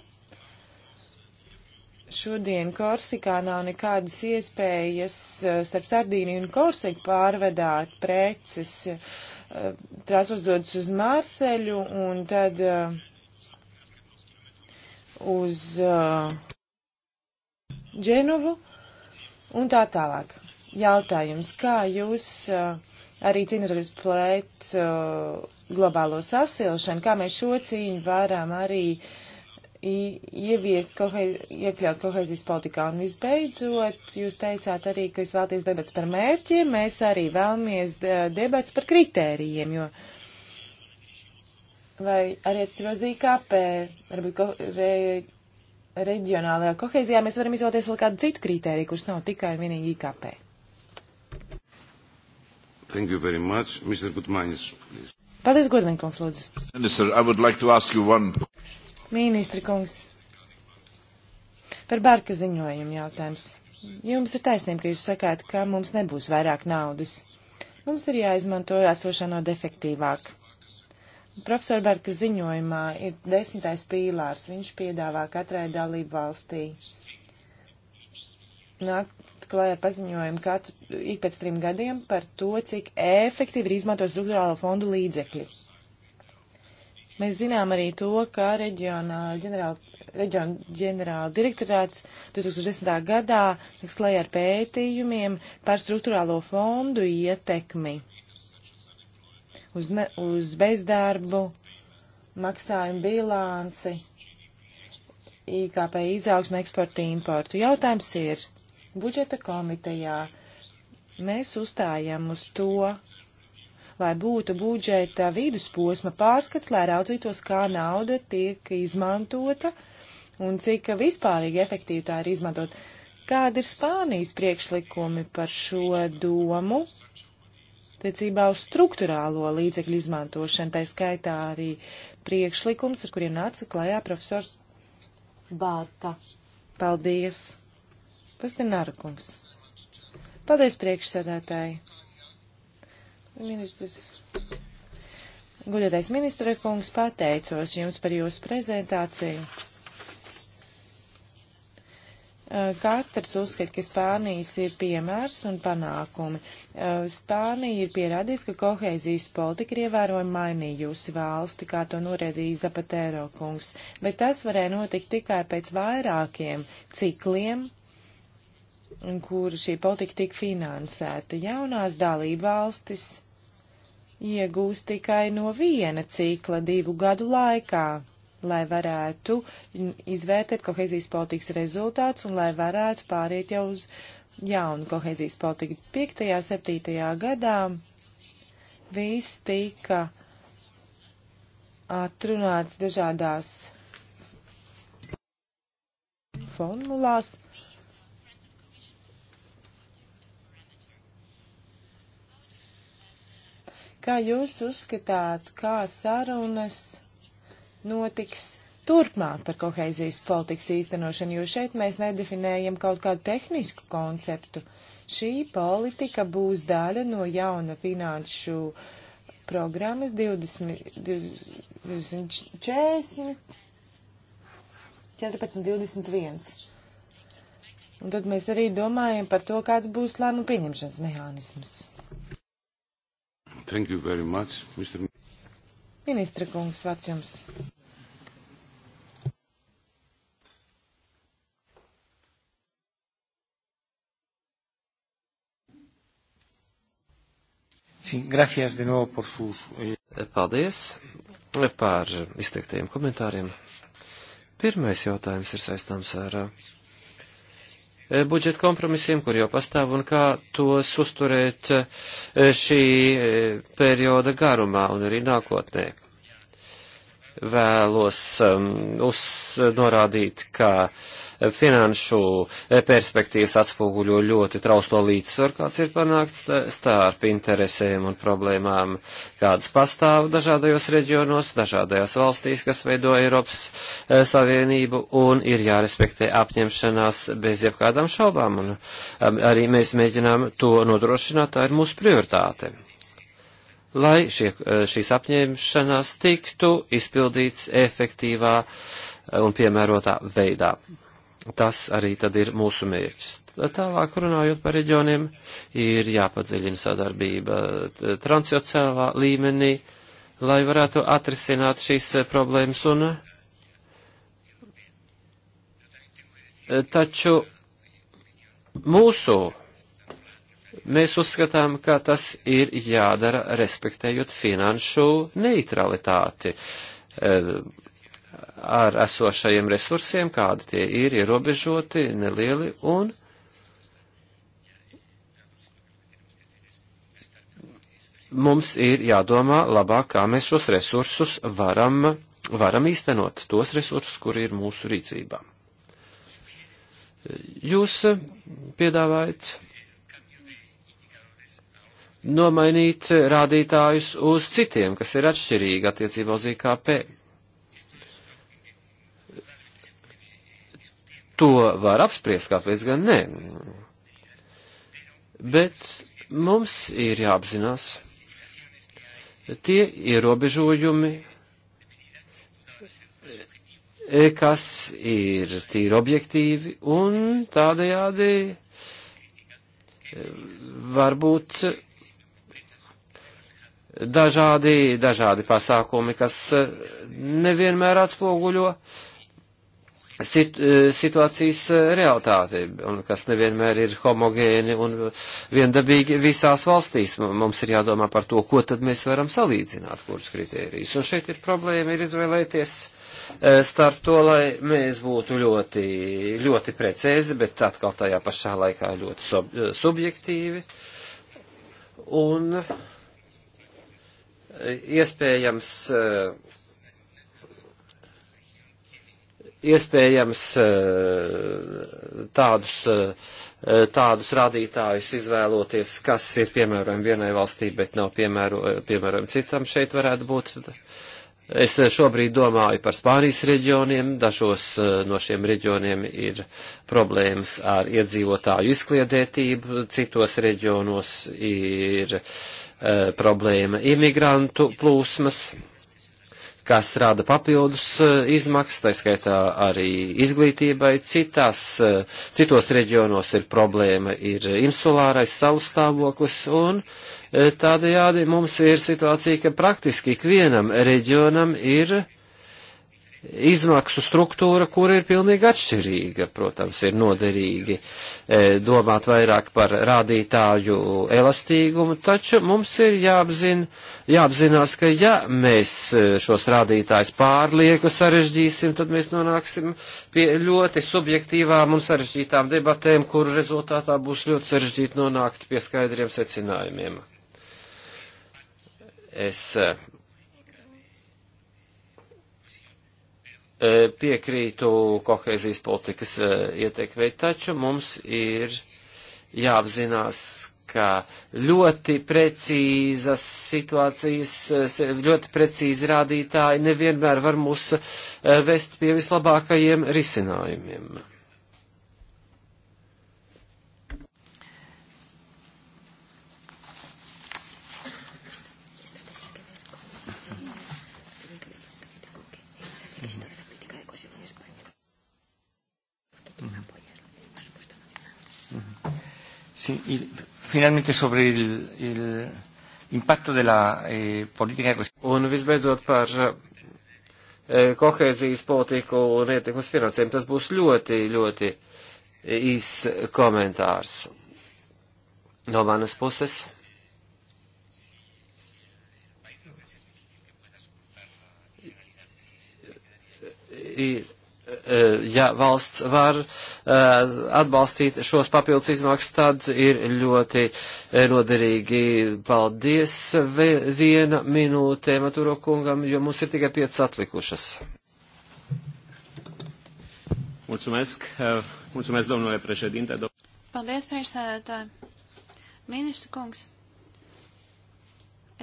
Šodien Korsikā nav nekādas iespējas eh, starp Sardīniju un Korsiku pārvedāt preces. Eh, tās uzdodas uz Mārseļu un tad eh, uz Dženuvu un tā tālāk. Jautājums, kā jūs arī cīnāties pret globālo sasilšanu, kā mēs šo cīņu varam arī uh, ieviest, kohaiz, iekļaut kohēzijas politikā. Un visbeidzot, jūs teicāt arī, ka jūs vēlaties debats par mērķiem, mēs arī vēlamies debats par kritērijiem, jo vai arī atcībā uz IKP, varbūt ko, re, reģionālajā kohēzijā mēs varam izvēlēties vēl kādu citu kritēriju, kurš nav tikai un vienīgi IKP. Thank you very much. Mr. Gutmanis, please. Paldies, Godvinkungs, lūdzu. Minister, I would like to ask you one Ministri kungs, par barka ziņojumu jautājums. Jums ir taisnība, ka jūs sakāt, ka mums nebūs vairāk naudas. Mums ir jāizmanto esošā no defektīvāk. Profesora Barka ziņojumā ir desmitais pīlārs. Viņš piedāvā katrai dalību valstī nākt klājā ar paziņojumu katru ik pēc trim gadiem par to, cik efektīvi ir izmanto struktūrālo fondu līdzekļi. Mēs zinām arī to, ka reģionā ģenerāla, reģiona ģenerāla direktorāts 2010. gadā tiks klajā ar pētījumiem par struktūrālo fondu ietekmi uz, ne, uz bezdarbu, maksājumu bilanci, IKP izaugsmu, eksportu, importu. Jautājums ir budžeta komitejā. Mēs uzstājam uz to, lai būtu budžeta vidusposma pārskats, lai raudzītos, kā nauda tiek izmantota un cik vispārīgi efektīvi tā ir izmantot. Kāda ir Spānijas priekšlikumi par šo domu? Tiecībā uz struktūrālo līdzekļu izmantošanu, tā skaitā arī priekšlikums, ar kuriem nāca klajā profesors Bārta. Paldies! Pastināra kungs. Paldies priekšsēdētāji. Ministrs. Guļotais ministra kungs, pateicos jums par jūsu prezentāciju. Katrs uzskata, ka Spānijas ir piemērs un panākumi. Spānija ir pierādījusi, ka kohēzijas politika ir ievērojami mainījusi valsti, kā to norēdīja Zapatero kungs, bet tas varēja notikt tikai pēc vairākiem cikliem, kur šī politika tika finansēta. Jaunās dalība valstis iegūs tikai no viena cikla divu gadu laikā, lai varētu izvērtēt kohezijas politikas rezultāts un lai varētu pāriet jau uz jaunu kohezijas politiku. 5. 7. gadā viss tika atrunāts dažādās formulās. Kā jūs uzskatāt, kā sarunas notiks turpmāk par koheizijas politikas īstenošanu, jo šeit mēs nedefinējam kaut kādu tehnisku konceptu. Šī politika būs daļa no jauna finanšu programmas 20, 20 40, 14, 21. Un tad mēs arī domājam par to, kāds būs lēmu pieņemšanas mehānisms. Thank you very much, Mr. Ministra kungs, vārds jums. Sí, gracias de nuevo por sus... Eh, Paldies par izteiktajiem komentāriem. Pirmais jautājums ir saistāms ar uh, Eh, budžeta kompromisiem, kur jau pastāv un kā tos uzturēt eh, šī eh, perioda garumā un arī nākotnē vēlos um, uz, norādīt, ka finanšu perspektīvas atspoguļo ļoti trauslo līdzsvaru, kāds ir panākts starp interesēm un problēmām, kādas pastāv dažādajos reģionos, dažādajās valstīs, kas veido Eiropas e, Savienību, un ir jārespektē apņemšanās bez jebkādām šaubām, un um, arī mēs mēģinām to nodrošināt, tā ir mūsu prioritāte lai šie, eh, šīs apņēmšanās tiktu izpildīts efektīvā eh, un piemērotā veidā. Tas arī tad ir mūsu mērķis. Tālāk runājot par reģioniem, ir jāpadziļina sadarbība eh, transjocēlā līmenī, lai varētu atrisināt šīs problēmas un taču mūsu Mēs uzskatām, ka tas ir jādara respektējot finanšu neutralitāti e, ar esošajiem resursiem, kādi tie ir, ierobežoti, nelieli un. Mums ir jādomā labāk, kā mēs šos resursus varam, varam īstenot, tos resursus, kuri ir mūsu rīcībā. Jūs piedāvājat nomainīt rādītājus uz citiem, kas ir atšķirīgi attiecībā uz IKP. To var apspriest, kāpēc gan nē. Bet mums ir jāapzinās tie ierobežojumi, kas ir tīri objektīvi un tādējādi varbūt dažādi, dažādi pasākumi, kas eh, nevienmēr atspoguļo eh, situācijas eh, realitāti, un kas nevienmēr ir homogēni un viendabīgi visās valstīs. Mums ir jādomā par to, ko tad mēs varam salīdzināt, kurus kritērijus. Un šeit ir problēma ir izvēlēties starp to, lai mēs būtu ļoti, ļoti precīzi, bet atkal tajā pašā laikā ļoti sub, subjektīvi. Un uh, iespējams, iespējams tādus, tādus rādītājus izvēloties, kas ir piemērojami vienai valstī, bet nav piemēro, piemērojami citam šeit varētu būt. Es šobrīd domāju par Spānijas reģioniem. Dažos no šiem reģioniem ir problēmas ar iedzīvotāju izkliedētību, citos reģionos ir uh, E, problēma imigrantu plūsmas, kas rada papildus e, izmaksas, tā skaitā arī izglītībai. Citās, e, citos reģionos ir problēma, ir insulārais savstāvoklis, un tādējādi mums ir situācija, ka praktiski ikvienam reģionam ir izmaksu struktūra, kur ir pilnīgi atšķirīga. Protams, ir noderīgi e, domāt vairāk par rādītāju elastīgumu, taču mums ir jāapzin, jāapzinās, ka ja mēs e, šos rādītājus pārlieku sarežģīsim, tad mēs nonāksim pie ļoti subjektīvām un sarežģītām debatēm, kuru rezultātā būs ļoti sarežģīti nonākt pie skaidriem secinājumiem. Es, uh, E, piekrītu kohēzijas politikas e, ietekmei, taču mums ir jāapzinās, ka ļoti precīzas situācijas, e, ļoti precīzi rādītāji nevienmēr var mūs vest pie vislabākajiem risinājumiem. Sí, y finalmente sobre el, el impacto de la eh, política de Un visbeidzot par eh, eh, kohēzijas politiku un ietekmes finansēm, tas būs ļoti, ļoti īs komentārs no manas puses. Ir Eh, ja valsts var eh, atbalstīt šos papildus izmaksas, tad ir ļoti eh, noderīgi. Paldies viena minūte Maturo kungam, jo mums ir tikai piecas atlikušas. Mulțumesc, mulțumesc domnule președinte. Paldies, priekšsēdētāji. Ministra kungs,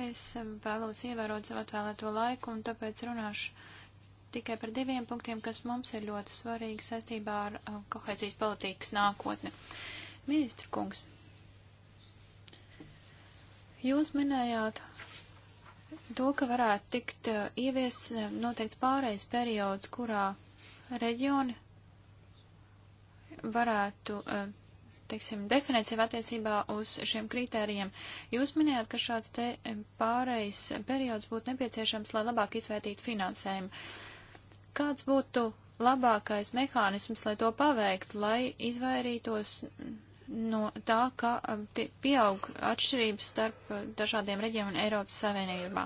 es vēlos ievērot savu atvēlēto laiku un tāpēc runāšu tikai par diviem punktiem, kas mums ir ļoti svarīgi saistībā ar uh, kohēzijas politikas nākotni. Ministra kungs, jūs minējāt to, ka varētu tikt uh, ievies uh, noteikts pārējais periods, kurā reģioni varētu, uh, teiksim, definēt sev attiecībā uz šiem kritērijiem. Jūs minējāt, ka šāds te um, pārejas periods būtu nepieciešams, lai labāk izvērtītu finansējumu. Kāds būtu labākais mehānisms, lai to paveiktu, lai izvairītos no tā, ka um, pieaug atšķirības starp uh, dažādiem reģioniem Eiropas Savienībā?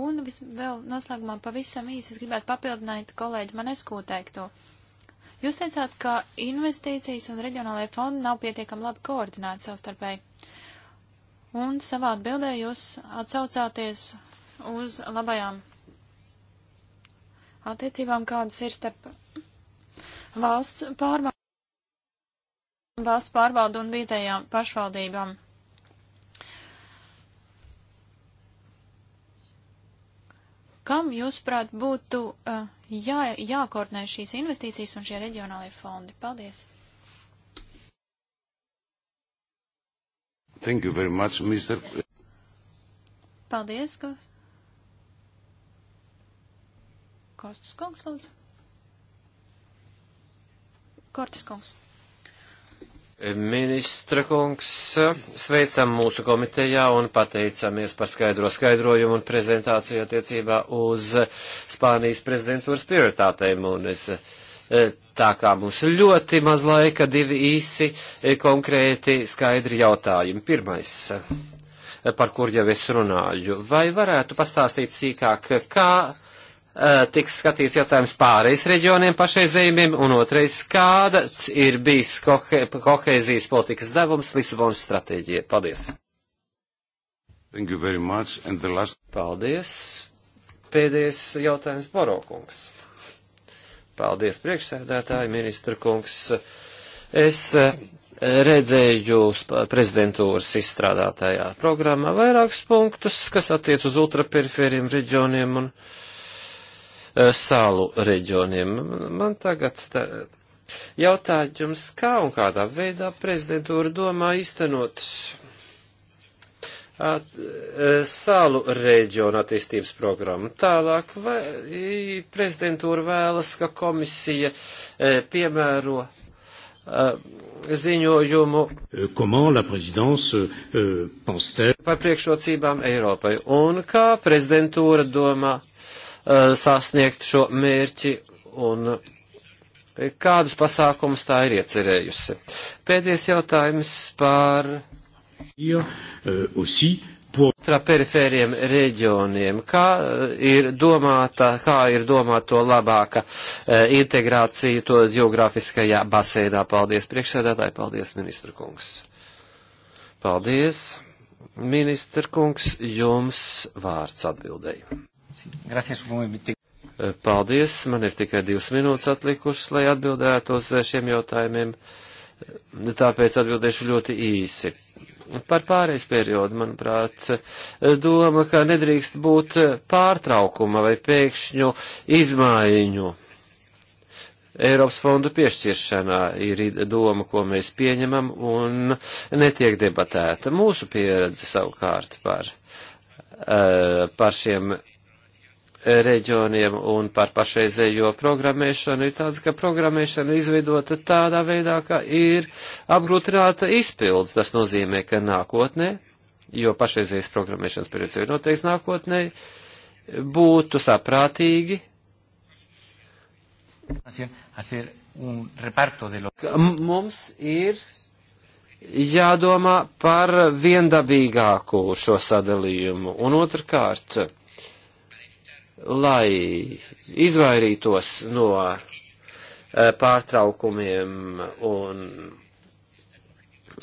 Un vis, vēl noslēgumā pavisam īsi es gribētu papildināt kolēģi Manesku teikto. Jūs teicāt, ka investīcijas un reģionālajie fondi nav pietiekami labi koordinēti savstarpēji. Un savā atbildē jūs atsaucāties uz labajām attiecībām, kādas ir starp valsts pārvaldu, valsts pārvaldu un vietējām pašvaldībām. Kam, jūsuprāt, būtu uh, jā, jākoordinē šīs investīcijas un šie reģionālie fondi? Paldies! Thank you very much, Mr. Paldies, Gus. Kostas kungs, lūdzu. Kortis kungs. Ministra kungs, sveicam mūsu komitejā un pateicamies par skaidro skaidrojumu un prezentāciju attiecībā uz Spānijas prezidentūras prioritātēm. Un es, eh, tā kā mums ļoti maz laika, divi īsi eh, konkrēti skaidri jautājumi. Pirmais, eh, par kur jau es runāju, vai varētu pastāstīt sīkāk, kā Eh, tiks skatīts jautājums pāreiz reģioniem pašreizējumiem, un otrais, kāds ir bijis kohe, kohēzijas politikas devums Lisabonas stratēģijai? Paldies! Last... Paldies! Pēdējais jautājums Borokungs. Paldies, priekšsēdētāji, ministra kungs. Es eh, redzēju prezidentūras izstrādātajā programmā vairākus punktus, kas attiec uz ultraperiferiem reģioniem un. Uh, Eh, salu reģioniem. Man tagad tā, jautājums, kā un kādā veidā prezidentūra domā īstenot at, eh, salu reģionu attīstības programmu. Tālāk vai, prezidentūra vēlas, ka komisija eh, piemēro ziņojumu par priekšrocībām Eiropai un kā prezidentūra domā Uh, sasniegt šo mērķi un kādus pasākumus tā ir iecerējusi. Pēdējais jautājums par ultraperifēriem uh, reģioniem. Kā uh, ir domāta, kā ir domāta to labāka integrācija to geogrāfiskajā basēnā? Paldies priekšsēdētāji, paldies ministra kungs. Paldies, ministra kungs, jums vārds atbildēja. Gracias, Paldies, man ir tikai divas minūtes atlikušas, lai atbildētu uz šiem jautājumiem, tāpēc atbildēšu ļoti īsi. Par pārējais periodu, manuprāt, doma, ka nedrīkst būt pārtraukuma vai pēkšņu izmaiņu. Eiropas fondu piešķiršanā ir doma, ko mēs pieņemam un netiek debatēta. Mūsu pieredze savukārt par, eh, par šiem reģioniem un par pašreizējo programmēšanu ir tāds, ka programmēšana izveidota tādā veidā, ka ir apgrūtināta izpildes. Tas nozīmē, ka nākotnē, jo pašreizējais programmēšanas periods ir noteikts nākotnē, būtu saprātīgi. Mums ir jādomā par viendabīgāku šo sadalījumu. Un otrkārt, lai izvairītos no eh, pārtraukumiem un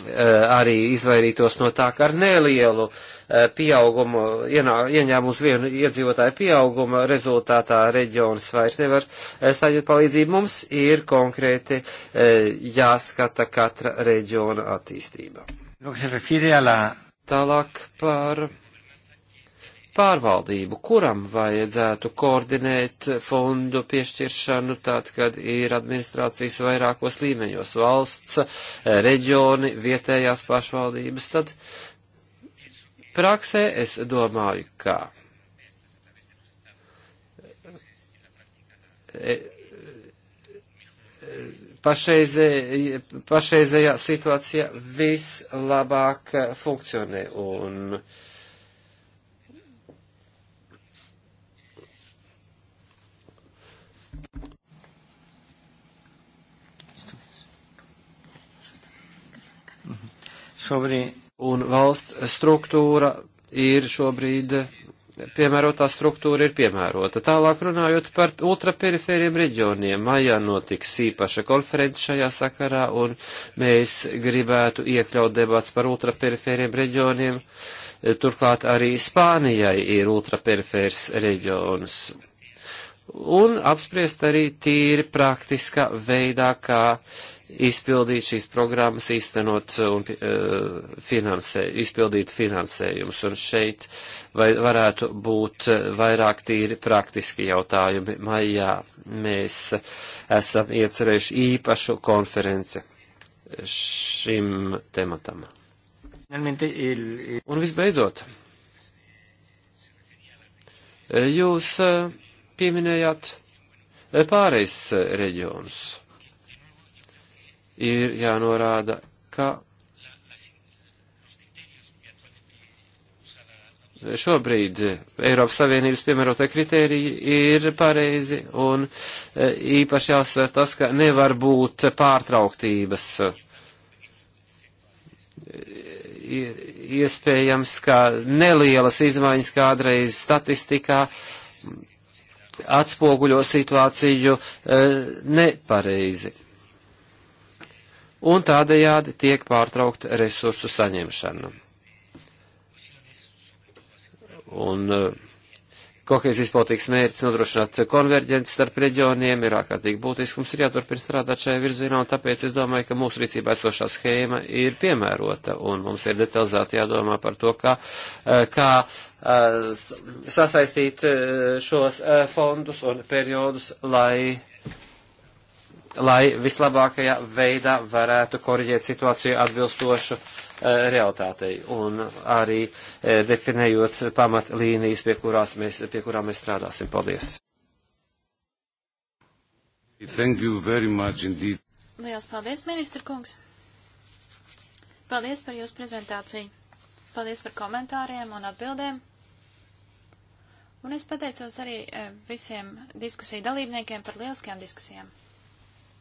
eh, arī izvairītos no tā, ka ar nelielu eh, pieaugumu, ieņēmums vienu iedzīvotāju pieauguma rezultātā reģionas vairs nevar saņemt palīdzību. Mums ir konkrēti jāskata katra reģiona attīstība. Tālāk par pārvaldību, kuram vajadzētu koordinēt fondu piešķiršanu, tad, kad ir administrācijas vairākos līmeņos - valsts, eh, reģioni, vietējās pašvaldības, tad praksē es domāju, kā. Eh, Pašreizē, pašreizējā situācija vislabāk funkcionē un uh, šobrīd, un valsts struktūra ir šobrīd, piemērotā struktūra ir piemērota. Tālāk runājot par ultraperifēriem reģioniem, maijā notiks īpaša konference šajā sakarā, un mēs gribētu iekļaut debats par ultraperifēriem reģioniem. Turklāt arī Spānijai ir ultraperifērs reģions un apspriest arī tīri praktiskā veidā, kā izpildīt šīs programmas, īstenot uh, un uh, finansē, izpildīt finansējums. Un šeit vai, varētu būt uh, vairāk tīri praktiski jautājumi. Maijā mēs esam iecerējuši īpašu konferenci šim tematam. Un visbeidzot, jūs pieminējāt pārejas reģionus ir jānorāda, ka šobrīd Eiropas Savienības piemērotie kriteriji ir pareizi un e, īpaši jāsver tas, ka nevar būt pārtrauktības. Iespējams, ka nelielas izmaiņas kādreiz statistikā atspoguļo situāciju e, nepareizi un tādējādi tiek pārtraukta resursu saņemšana. Un eh, kohēzijas politikas mērķis nodrošināt konverģenci starp reģioniem ir ārkārtīgi būtisks, mums ir jāturpina strādāt šajā virzienā, un tāpēc es domāju, ka mūsu rīcībā esošā schēma ir piemērota, un mums ir detalizēti jādomā par to, kā, eh, kā eh, sasaistīt šos fondus un periodus, lai lai vislabākajā veidā varētu korģēt situāciju atbilstošu e, realitātei un arī e, definējot pamatlīnijas, pie, mēs, pie kurām mēs strādāsim. Paldies! Thank you very much indeed. Liels paldies, ministra kungs! Paldies par jūsu prezentāciju! Paldies par komentāriem un atbildēm! Un es pateicos arī e, visiem diskusiju dalībniekiem par lieliskajām diskusijām.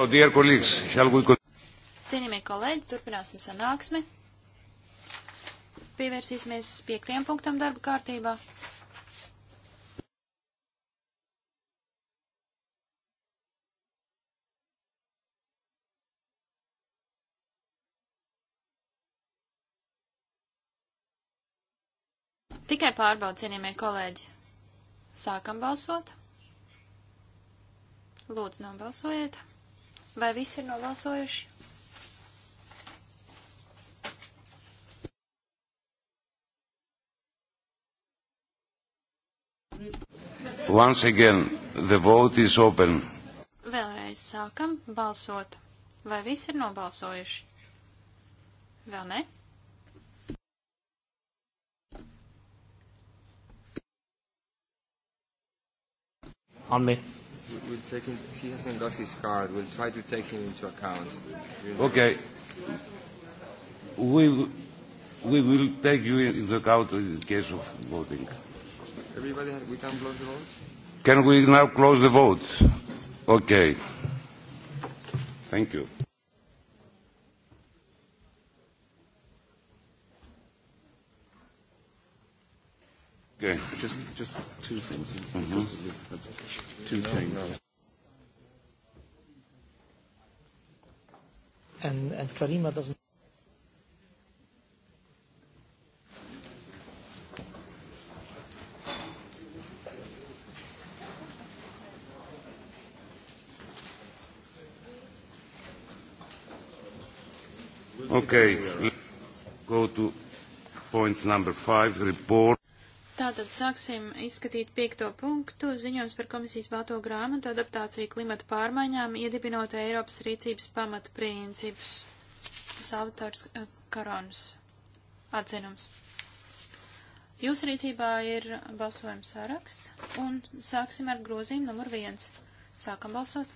Oh, cienījamie kolēģi, turpināsim sanāksmi. Pievērsīsimies piektajam punktam darba kārtībā. Tikai pārbaud, cienījamie kolēģi. Sākam balsot. Lūdzu, nobalsojiet. Vai visi ir nobalsojuši? Once again, the vote is open. Vēlreiz sākam balsot. Vai visi ir nobalsojuši? Vēl ne? On me we'll take him, he hasn't got his card. We'll try to take him into account. Really. Okay. We, we will take you into account in case of voting. Everybody, we can close the vote? Can we now close the vote? Okay. Thank you. Okay. Just, just two things. Mm-hmm. Two things. No, no. And, and Karima doesn't. Okay, go to points number five, report. Tātad sāksim izskatīt piekto punktu - ziņojums par komisijas balto grāmatu adaptāciju klimata pārmaiņām, iedibinot Eiropas rīcības pamatprincipus. Salvators eh, Karonas atzinums. Jūsu rīcībā ir balsojums saraksts, un sāksim ar grozījumu numur viens. Sākam balsot.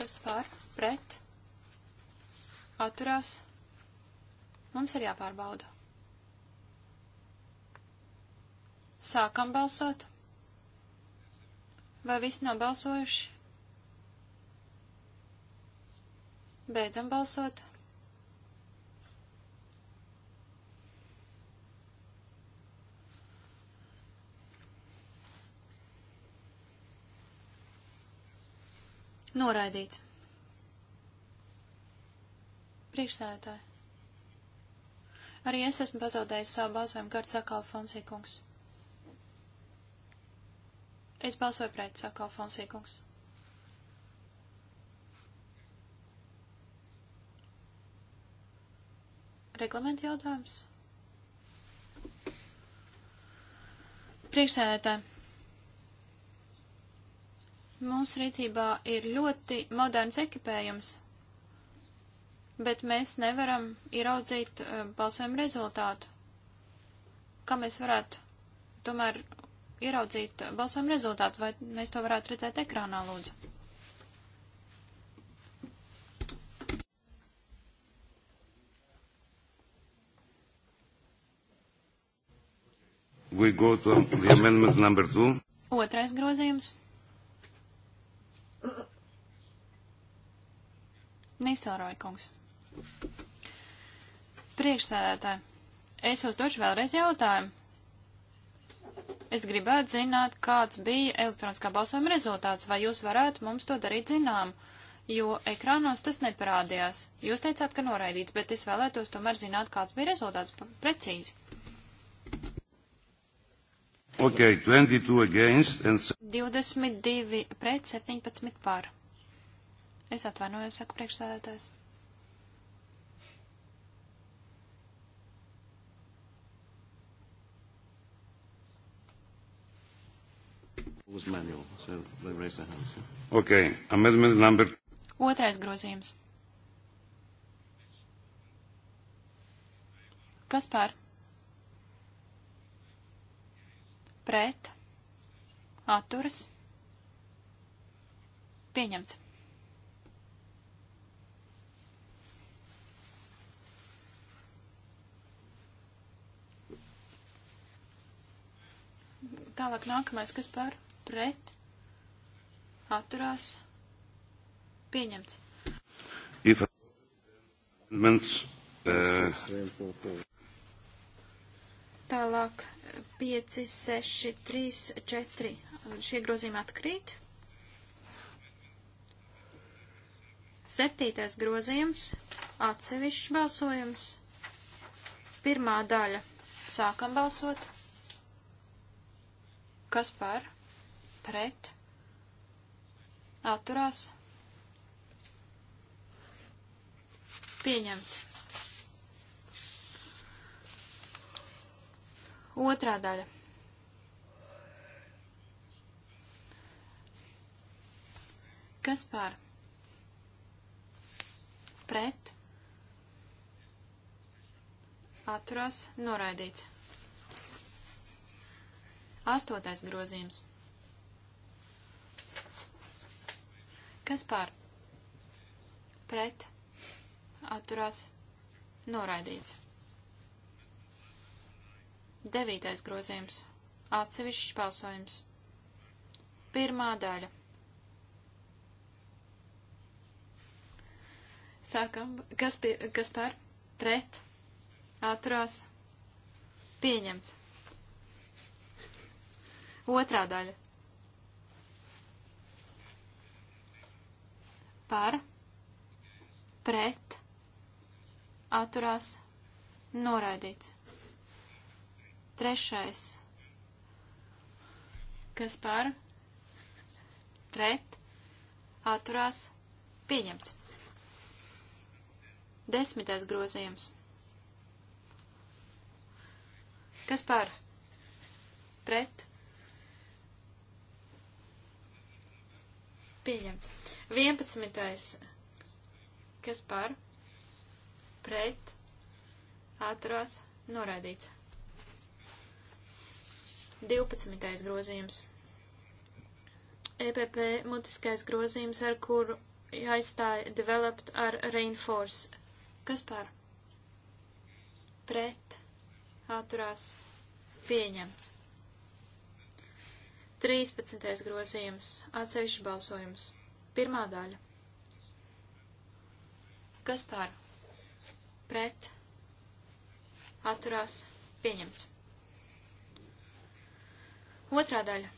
Kas pār? Pret? Atturās? Mums ir jāpārbauda. Sākam balsot. Vai visi nav balsojuši? Beidzam balsot. Noraidīts. Priekšstādātāji. Arī es esmu pazaudējis savu balsojumu kārtu sakālu Fonsīkungs. Es balsoju pret, saka Alfonsīkungs. Reglamenta jautājums. Priekšsēdētāji. Mūsu rīcībā ir ļoti moderns ekipējums, bet mēs nevaram ieraudzīt eh, balsojumu rezultātu. Kā mēs varētu tomēr ieraudzīt balsojumu rezultātu, vai mēs to varētu redzēt ekrānā, lūdzu. We go to the amendment number two. Otrais grozījums. Nīstelroja kungs. Priekšsēdētāji, es uzdošu vēlreiz jautājumu. Es gribētu zināt, kāds bija elektroniskā balsojuma rezultāts, vai jūs varētu mums to darīt zinām, jo ekrānos tas neparādījās. Jūs teicāt, ka noraidīts, bet es vēlētos tomēr zināt, kāds bija rezultāts precīzi. Okay, 22 against and... 22 pret 17 pār. Es atvainojos, saka priekšsēdētājs. was manual, so they raised their hands. Yeah. Okay, amendment number. Otrais grozījums. Kas pār? Pret. Atturas. Pieņemts. Tālāk nākamais, kas pār? pret, atturās, pieņemts. If amendments, uh... Tālāk 5, 6, 3, 4. Šie grozījumi atkrīt. Septītais grozījums - atsevišķs balsojums. Pirmā daļa - sākam balsot. Kas par? pret, atturās, pieņemts. Otrā daļa. Kas pār? Pret. Atturās noraidīts. Astotais grozījums. Kas par? Pret. Atturās. Noraidīts. Devītais grozījums. Atsevišķs balsojums. Pirmā daļa. Sākam, kas, pie, kas par? Pret. Atturās. Pieņemts. Otrā daļa. par pret atturās noraidīts. Trešais, kas par pret atturās pieņemts. Desmitais grozījums. Kas par pret pieņemts. 11. Kas par? Pret. Atturās. Noraidīts. 12. grozījums. EPP mutiskais grozījums, ar kuru aizstāja developed ar reinforce. Kas par? Pret. Atturās. Pieņemts. 13. grozījums. Atsevišķi balsojums. Pirmā daļa. Kas par? Pret. Atturās. Pieņemts. Otrā daļa.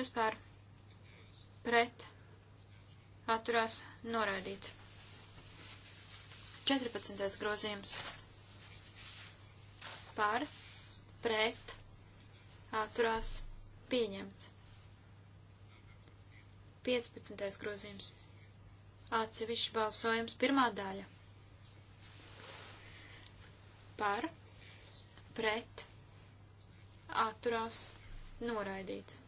Kas par? Pret. Atturās. Noraidīts. 14. grozījums. Par. Pret. Atturās. Pieņemts. 15. grozījums. Atsevišķi balsojums pirmā daļa. Par, pret, atturās, noraidīts.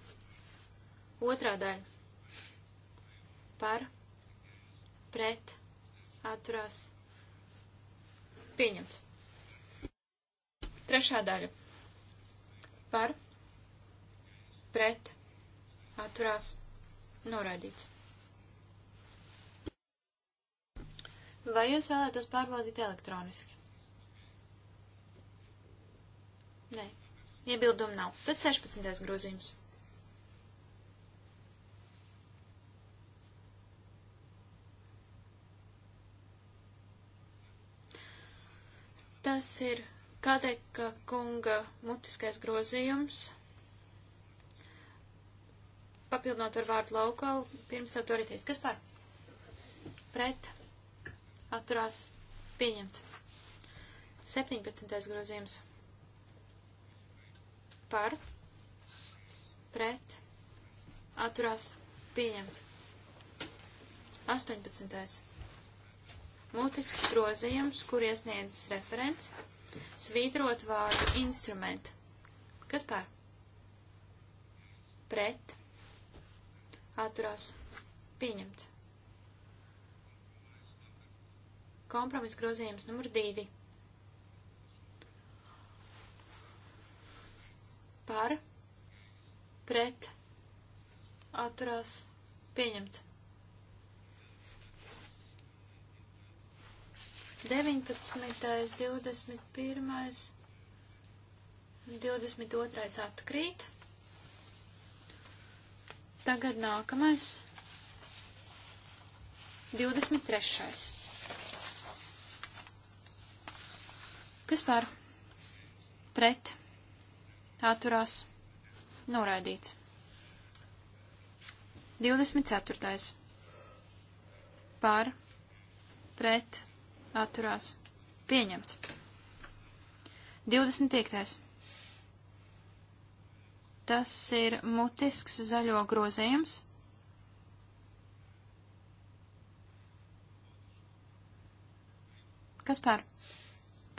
Otrā daļa. Par, pret, atturās, pieņemts. Trešā daļa. Par, pret, atturās, pieņemts Noraidīts. Vai jūs vēlētos pārbaudīt elektroniski? Nē. Iebildumu nav. Tad 16. grozījums. Tas ir Kadeka kunga mutiskais grozījums papildinot ar vārdu local, pirms autorities. Kas par? Pret. Atturās. Pieņemts. 17. grozījums. Par. Pret. Atturās. Pieņemts. 18. Mutisks grozījums, kur iesniedzis referents. Svītrot vārdu instrument. Kas par? Pret atturās pieņemts. Kompromis grozījums numur 2. Par, pret, atturās pieņemts. 19. 21. 22. atkrīt. Tagad nākamais. 23. Kas par? Pret. Atturās. Noraidīts. 24. Par. Pret. Atturās. Pieņemts. 25. Tas ir mutisks zaļo grozījums. Kas par?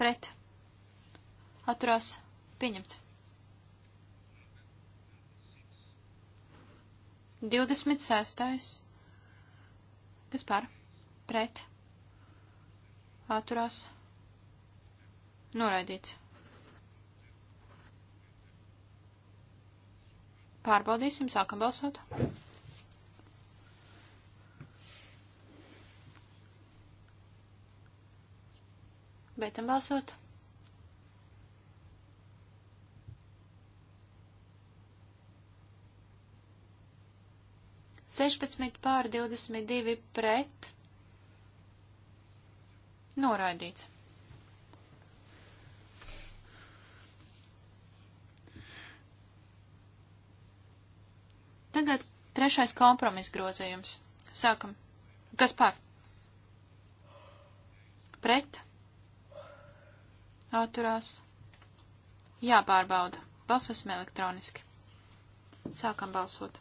Pret. Atturās. Pieņemt. 26. Kas par? Pret. Atturās. Noraidīts. Pārbaudīsim, sākam balsot. Beidzam balsot. Sešpadsmit pār divdesmit divi pret. Noraidīts. Tagad trešais kompromis grozījums. Sākam. Kas par? Pret? Atturās. Jāpārbauda. Balsosim elektroniski. Sākam balsot.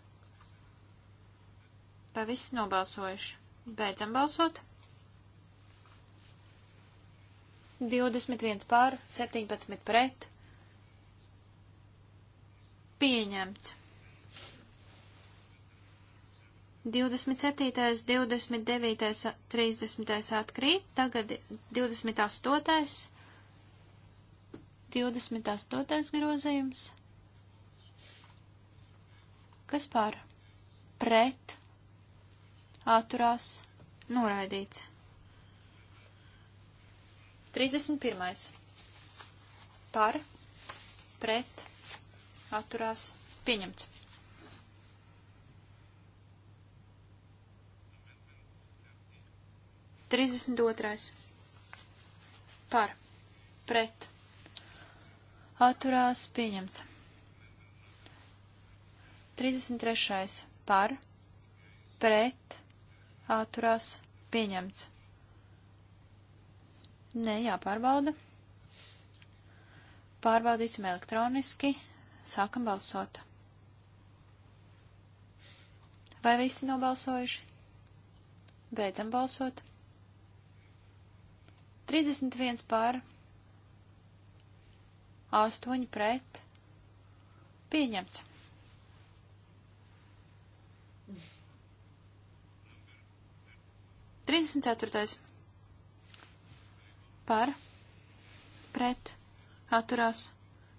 Vai visi nobalsojuši? Beidzam balsot. 21 pār, 17 pret. Pieņemts. 27., 29., 30. atkrīt, tagad 28. 28. grozījums. Kas pār? Pret. Atturās. Noraidīts. 31. Par. Pret. Atturās. Pieņemts. 32. Par. Pret. Atturās pieņemts. 33. Par. Pret. Atturās pieņemts. Nē, jāpārbauda. Pārbaudīsim elektroniski. Sākam balsot. Vai visi nobalsojuši? Beidzam balsot. 31 pār, 8 pret, pieņemts. Trīsdesmit ceturtais par, pret, atturās,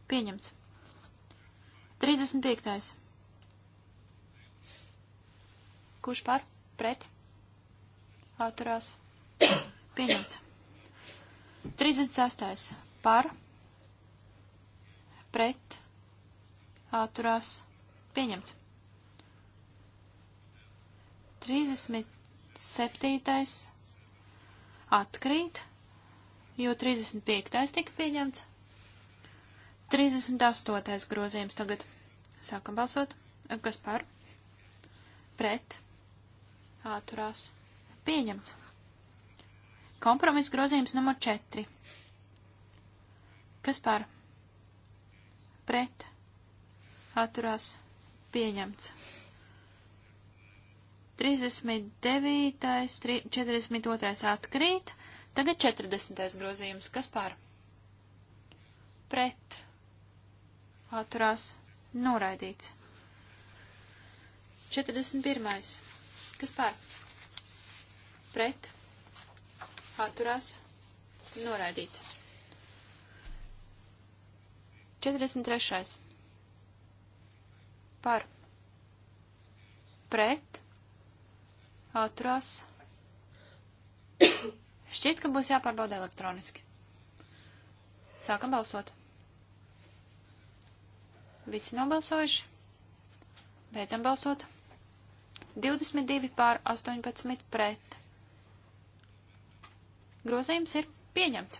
pieņemts. 35. Kurš par, pret, atturās, pieņemts. 36. par, pret, atturās, pieņemts. 37. atkrīt, jo 35. tika pieņemts. 38. grozījums tagad. Sākam balsot. Kas par? Pret. Āturās. Pieņemts. Kompromiss grozījums numur 4. Kas par? Pret. Atturās. Pieņemts. 39. 42. atkrīt. Tagad 40. grozījums. Kas par? Pret. Atturās. Noraidīts. 41. Kas par? Pret atturās, noraidīts. 43. Par, pret, atturās. Šķiet, ka būs jāpārbauda elektroniski. Sākam balsot. Visi nobalsojuši. Beidzam balsot. 22 pār 18 pret. Grozījums ir pieņemts.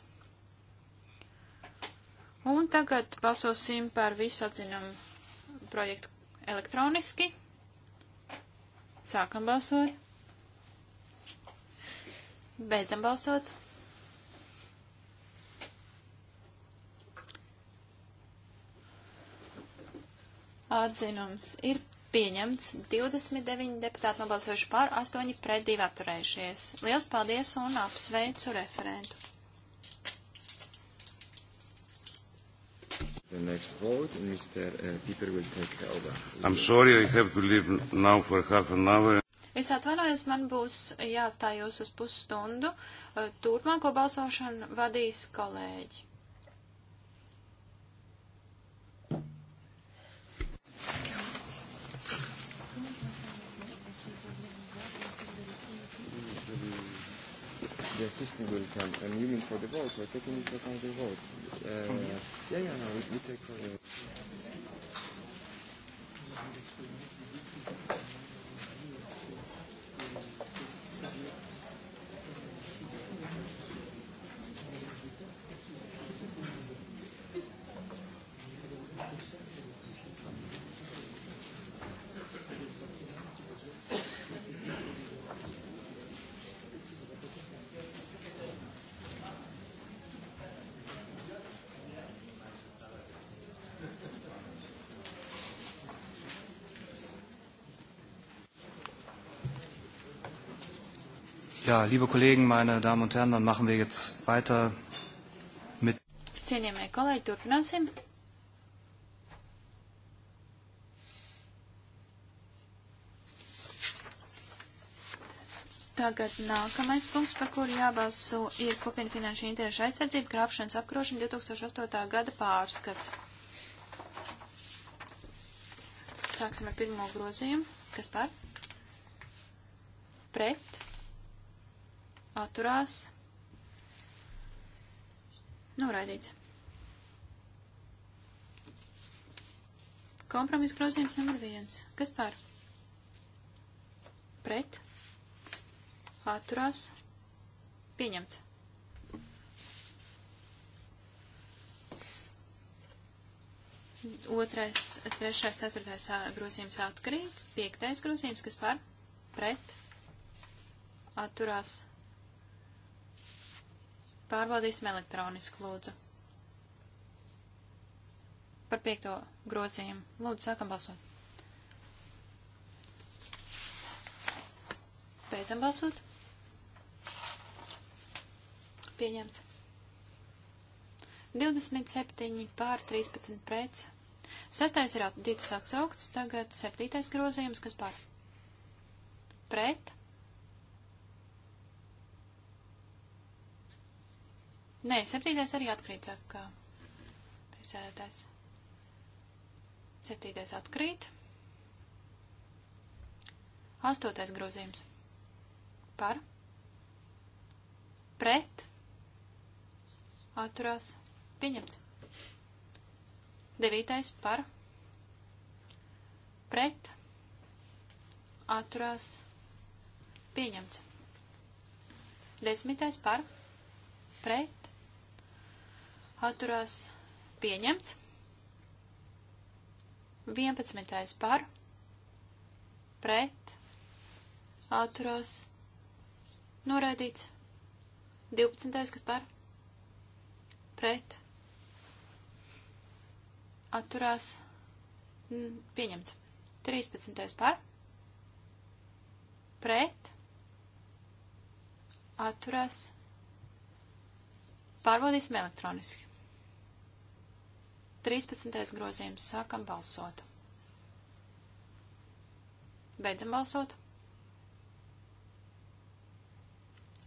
Un tagad balsosim par visu atzinumu projektu elektroniski. Sākam balsot. Beidzam balsot. Atzinums ir pieņemts 29 deputāti nobalsojuši par, 8 pret 2 atturējušies. Liels paldies un apsveicu referentu. The next vote, Mr. Uh, Piper will take over. I'm sorry, I have to leave now for half an hour. Es atvainojos, man būs jāatstāj jūs uz pusstundu. Uh, turpmāko balsošanu vadīs kolēģi. the assistant will come, and you mean for the vote, we're taking into account the vote. Uh, oh, yeah, yeah, no, we, we take for the... Ja, liebe Kollegen, meine Damen un Herren, dann machen wir jetzt weiter mit. Cienījamie kolēģi, turpināsim. Tagad nākamais punkts, par kuru jābalso, ir kopienu finanšu interešu aizsardzība, krāpšanas apkrošana 2008. gada pārskats. Sāksim ar pirmo grozījumu. Kas par? Pret atturās, noraidīts. Kompromiss grozījums numur viens. Kas par? Pret, atturās, pieņemts. Otrais, trešais, ceturtais grozījums atkarīt. Piektais grozījums, kas par? Pret, atturās, pieņemts Pārbaudīsim elektroniski, lūdzu. Par piekto grozījumu. Lūdzu, sākam balsot. Beidzam balsot. Pieņemts. 27 pār 13 pret. Sestais ir atdīts atsaukts, tagad septītais grozījums, kas pār pret Nē, septītais arī atkrīt, saka priekšsēdētājs. Septītais atkrīt. Astotais grozījums. Par. Pret. Atturās. Pieņemts. Devītais par. Pret. Atturās. Pieņemts. Desmitais par. Pret atturās pieņemts. 11. par pret atturās noraidīts. 12. kas par pret atturās pieņemts. 13. par pret atturās pārbaudīsim elektroniski. 13. grozījums. Sākam balsot. Beidzam balsot.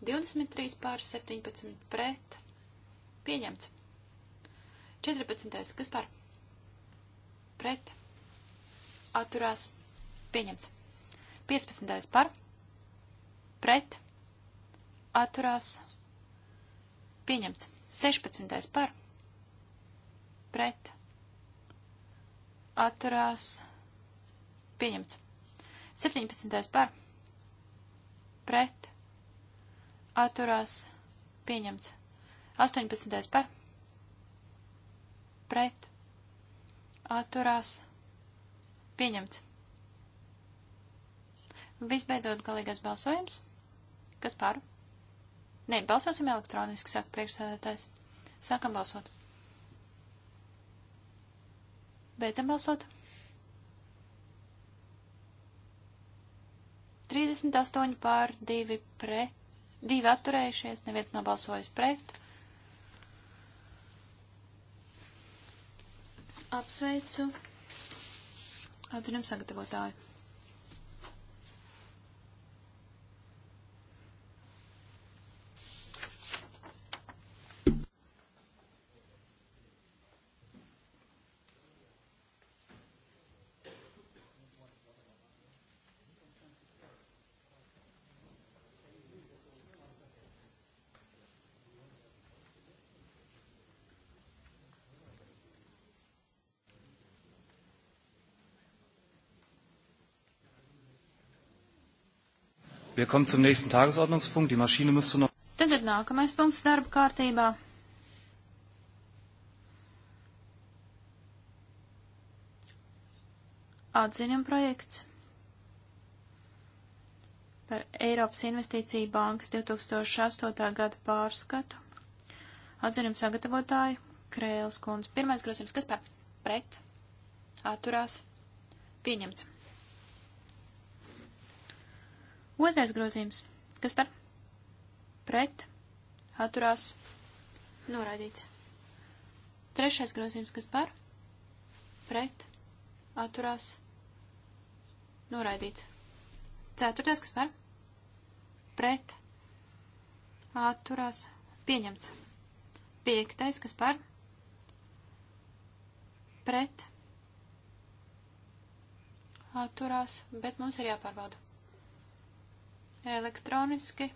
23 pār 17 pret. Pieņemts. 14. Kas par? Pret. Atturās. Pieņemts. 15. par. Pret. Atturās. Pieņemts. 16. par pret, atturās, pieņemts. 17. par, pret, atturās, pieņemts. 18. par, pret, atturās, pieņemts. Visbeidzot, galīgais balsojums. Kas par? Nē, balsosim elektroniski, saka priekšsēdētājs. Sākam balsot. Beidzam balsot. 38 pār 2 pret, 2 atturējušies, neviens nav balsojis pret. Apsveicu atzinumu sagatavotāju. Wir kommen zum nächsten Tagesordnungspunkt. Die Maschine müsste noch. Tad ir nākamais punkts darba kārtībā. Atziņam projekts par Eiropas investīciju bankas 2008. gada pārskatu. Atziņam sagatavotāju Krēls kundze. Pirmais grozījums, kas par pret atturās pieņemts. Otrais grozījums. Kas par? Pret. Atturās. Noraidīts. Trešais grozījums. Kas par? Pret. Atturās. Noraidīts. Ceturtais. Kas par? Pret. Atturās. Pieņemts. Piektais. Kas par? Pret. Atturās. Bet mums ir jāpārbauda elektroniski.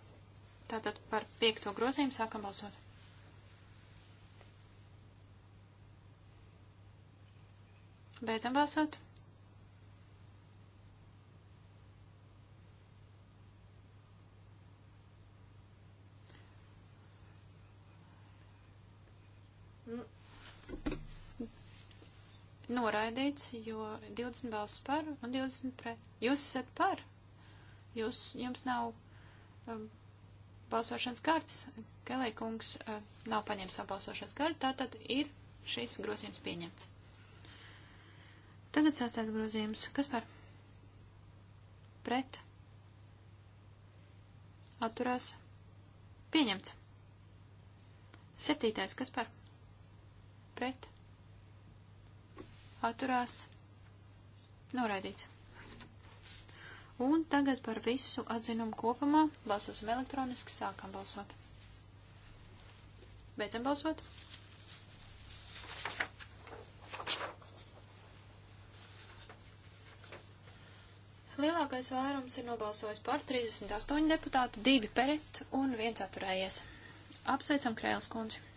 Tātad par piekto grozījumu sākam balsot. Beidzam balsot. Noraidīts, jo 20 balsts par un 20 pret. Jūs esat par? Jūs, jums nav um, balsošanas kartes. Kelī kungs uh, nav paņēmis savu balsošanas karti, tātad ir šis grozījums pieņemts. Tagad sastais grozījums. Kas par? Pret. Atturās. Pieņemts. Septītais. Kas par? Pret. Atturās. Noraidīts. Un tagad par visu atzinumu kopumā balsosim elektroniski, sākam balsot. Beidzam balsot. Lielākais vairums ir nobalsojis par 38 deputātu, 2 pret un 1 atturējies. Apsveicam Krēls kundzi.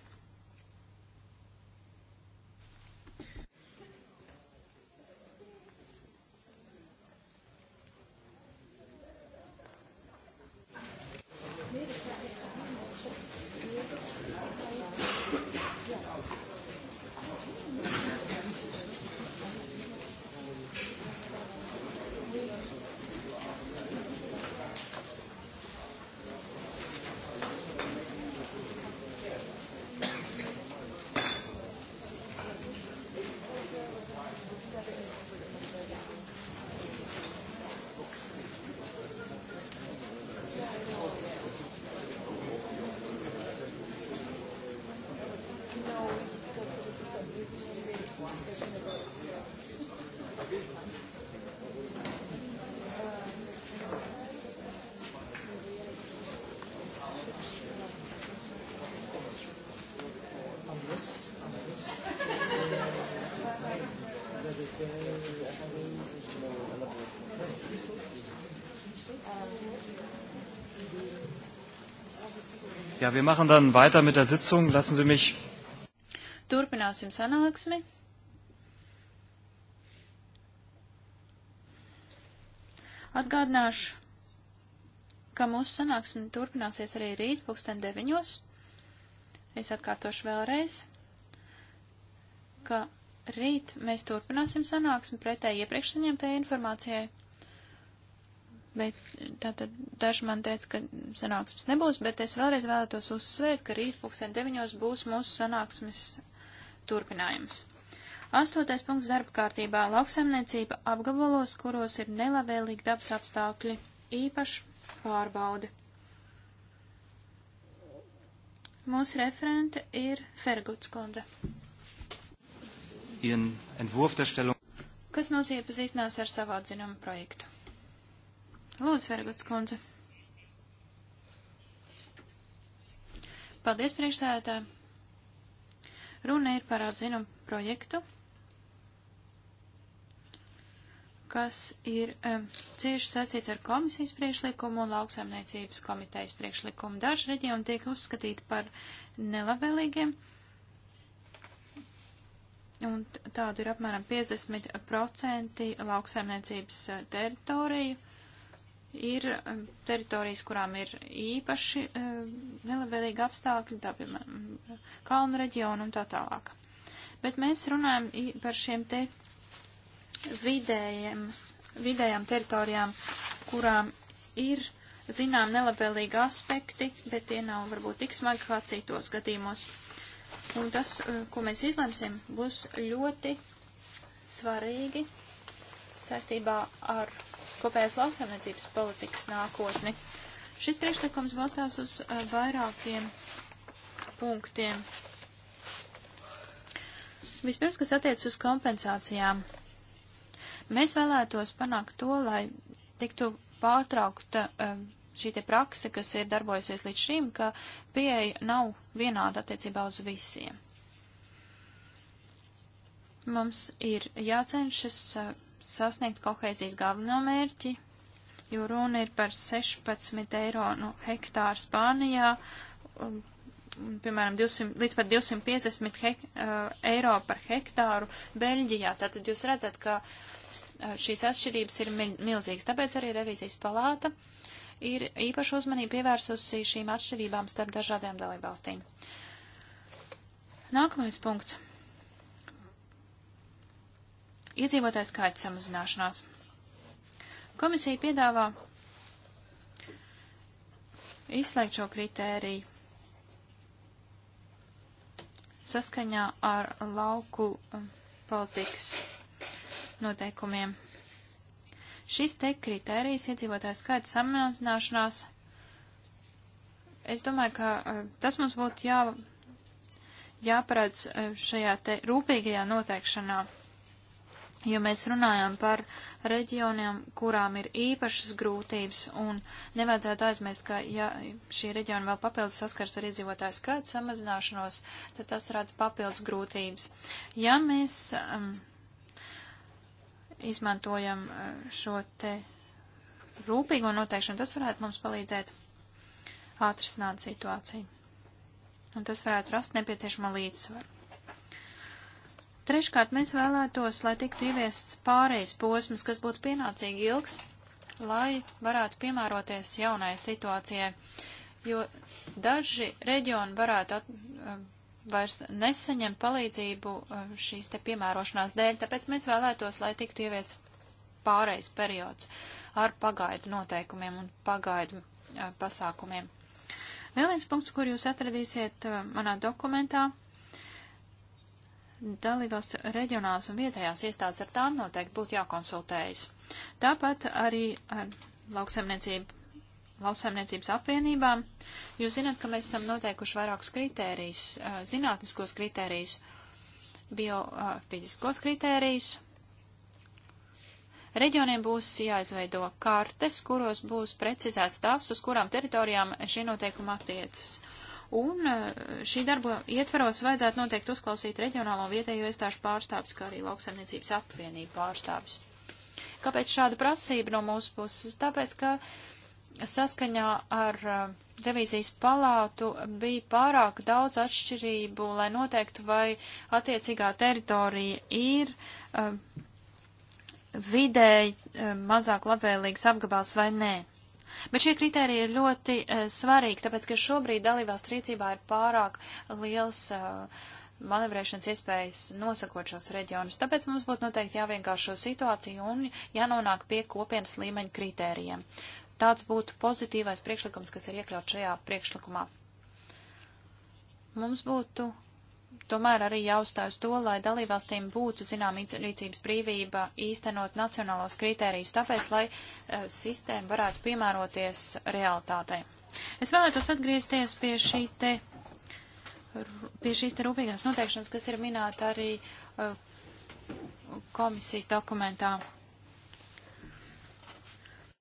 Ja, wir machen dann weiter mit der Sitzung. Lassen Sie mich. Turpināsim sanāksmi. Atgādināšu, ka mūsu sanāksme turpināsies arī rīt, pulksten deviņos. Es atkārtošu vēlreiz, ka rīt mēs turpināsim sanāksmi pretēji iepriekš saņemtajai informācijai. Bet tātad daži man teica, ka sanāksmes nebūs, bet es vēlreiz vēlētos uzsvērt, ka rīt pulksten deviņos būs mūsu sanāksmes turpinājums. Astotais punkts darba kārtībā - lauksaimniecība apgabalos, kuros ir nelabvēlīgi dabas apstākļi, īpaši pārbaude. Mūsu referente ir Ferguts kundze. Kas mūs iepazīstinās ar savu atzinumu projektu? Lūdzu, Ferguts kundze. Paldies, priekšsēdētāji! Runa ir par atzinumu projektu, kas ir um, cieši saistīts ar komisijas priekšlikumu un lauksaimniecības komitejas priekšlikumu. Daži reģioni tiek uzskatīti par nelabvēlīgiem, un tādu ir apmēram 50% lauksaimniecības eh, teritoriju. Uh, ir eh, teritorijas, kurām ir īpaši eh, nelabvēlīgi apstākļi, tā piemēram, kalnu reģionu un tā tālāk. Bet mēs runājam par šiem te vidējiem, vidējām teritorijām, kurām ir zinām nelabvēlīgi aspekti, bet tie nav varbūt tik smagi kā citos gadījumos. Un tas, eh, ko mēs izlemsim, būs ļoti svarīgi saistībā ar kopējās lauksaimniecības politikas nākotni. Šis priekšlikums balstās uz uh, vairākiem punktiem. Vispirms, kas attiec uz kompensācijām. Mēs vēlētos panākt to, lai tiktu pārtraukta um, šī te prakse, kas ir darbojusies līdz šim, ka pieeja nav vienāda attiecībā uz visiem. Mums ir jācenšas uh, sasniegt kohēzijas galveno mērķi, jo runa ir par 16 eiro no nu, hektāra Spānijā, um, un, piemēram, 200, līdz pat 250 hek, uh, eiro par hektāru Beļģijā. Tātad jūs redzat, ka uh, šīs atšķirības ir milzīgas, tāpēc arī revīzijas palāta ir īpaši uzmanību pievērsusi šīm atšķirībām starp dažādām dalībvalstīm. Nākamais punkts iedzīvotāju skaita samazināšanās. Komisija piedāvā izslēgt šo kritēriju saskaņā ar lauku um, politikas noteikumiem. Šis te kritērijs iedzīvotāju skaita samazināšanās, es domāju, ka uh, tas mums būtu jā, jāparedz uh, šajā te rūpīgajā noteikšanā. Ja mēs runājam par reģioniem, kurām ir īpašas grūtības, un nevajadzētu aizmirst, ka ja šī reģiona vēl papildus saskars ar iedzīvotāju skaitu samazināšanos, tad tas rada papildus grūtības. Ja mēs um, izmantojam uh, šo te rūpīgo noteikšanu, tas varētu mums palīdzēt atrisināt situāciju. Un tas varētu rast nepieciešamo līdzsvaru. Treškārt, mēs vēlētos, lai tiktu ieviests pārējais posms, kas būtu pienācīgi ilgs, lai varētu piemēroties jaunai situācijai, jo daži reģioni varētu at, eh, vairs nesaņemt palīdzību eh, šīs te piemērošanās dēļ, tāpēc mēs vēlētos, lai tiktu ieviests pārējais periods ar pagaidu noteikumiem un pagaidu eh, pasākumiem. Vēl viens punkts, kur jūs atradīsiet manā dokumentā, dalībvalstu reģionālās un vietējās iestādes ar tām noteikti būtu jākonsultējas. Tāpat arī ar lauksaimniecību, lauksaimniecības apvienībām. Jūs zināt, ka mēs esam noteikuši vairākus kritērijus, eh, zinātniskos kritērijus, biofiziskos kritērijus. Reģioniem būs jāizveido kartes, kuros būs precizēts tās, uz kurām teritorijām šie noteikumi attiecas. Uh, Un e, šī darba ietvaros vajadzētu noteikti uzklausīt reģionālo vietējo iestāžu pārstāvis, kā arī lauksaimniecības apvienību pārstāvis. Kāpēc šāda prasība no mūsu puses? Tāpēc, ka saskaņā ar e, revīzijas palātu bija pārāk daudz atšķirību, lai noteiktu, vai attiecīgā teritorija ir uh, vidēji uh, mazāk labvēlīgs apgabals vai nē. Bet šie kriteriji ir ļoti uh, svarīgi, tāpēc, ka šobrīd dalībās rīcībā ir pārāk liels. Uh, manevrēšanas iespējas nosakot šos reģionus. Tāpēc mums būtu noteikti jāvienkāršo situāciju un jānonāk pie kopienas līmeņa kritērijiem. Tāds būtu pozitīvais priekšlikums, kas ir iekļauts šajā priekšlikumā. Mums būtu tomēr arī jāuzstājas to, lai dalībvalstīm būtu zinām rīcības brīvība īstenot nacionālos kritērijus, tāpēc, lai uh, sistēma varētu piemēroties realitātei. Es vēlētos atgriezties pie, šī te, pie šīs te rūpīgās noteikšanas, kas ir minēta arī uh, komisijas dokumentā. Uh,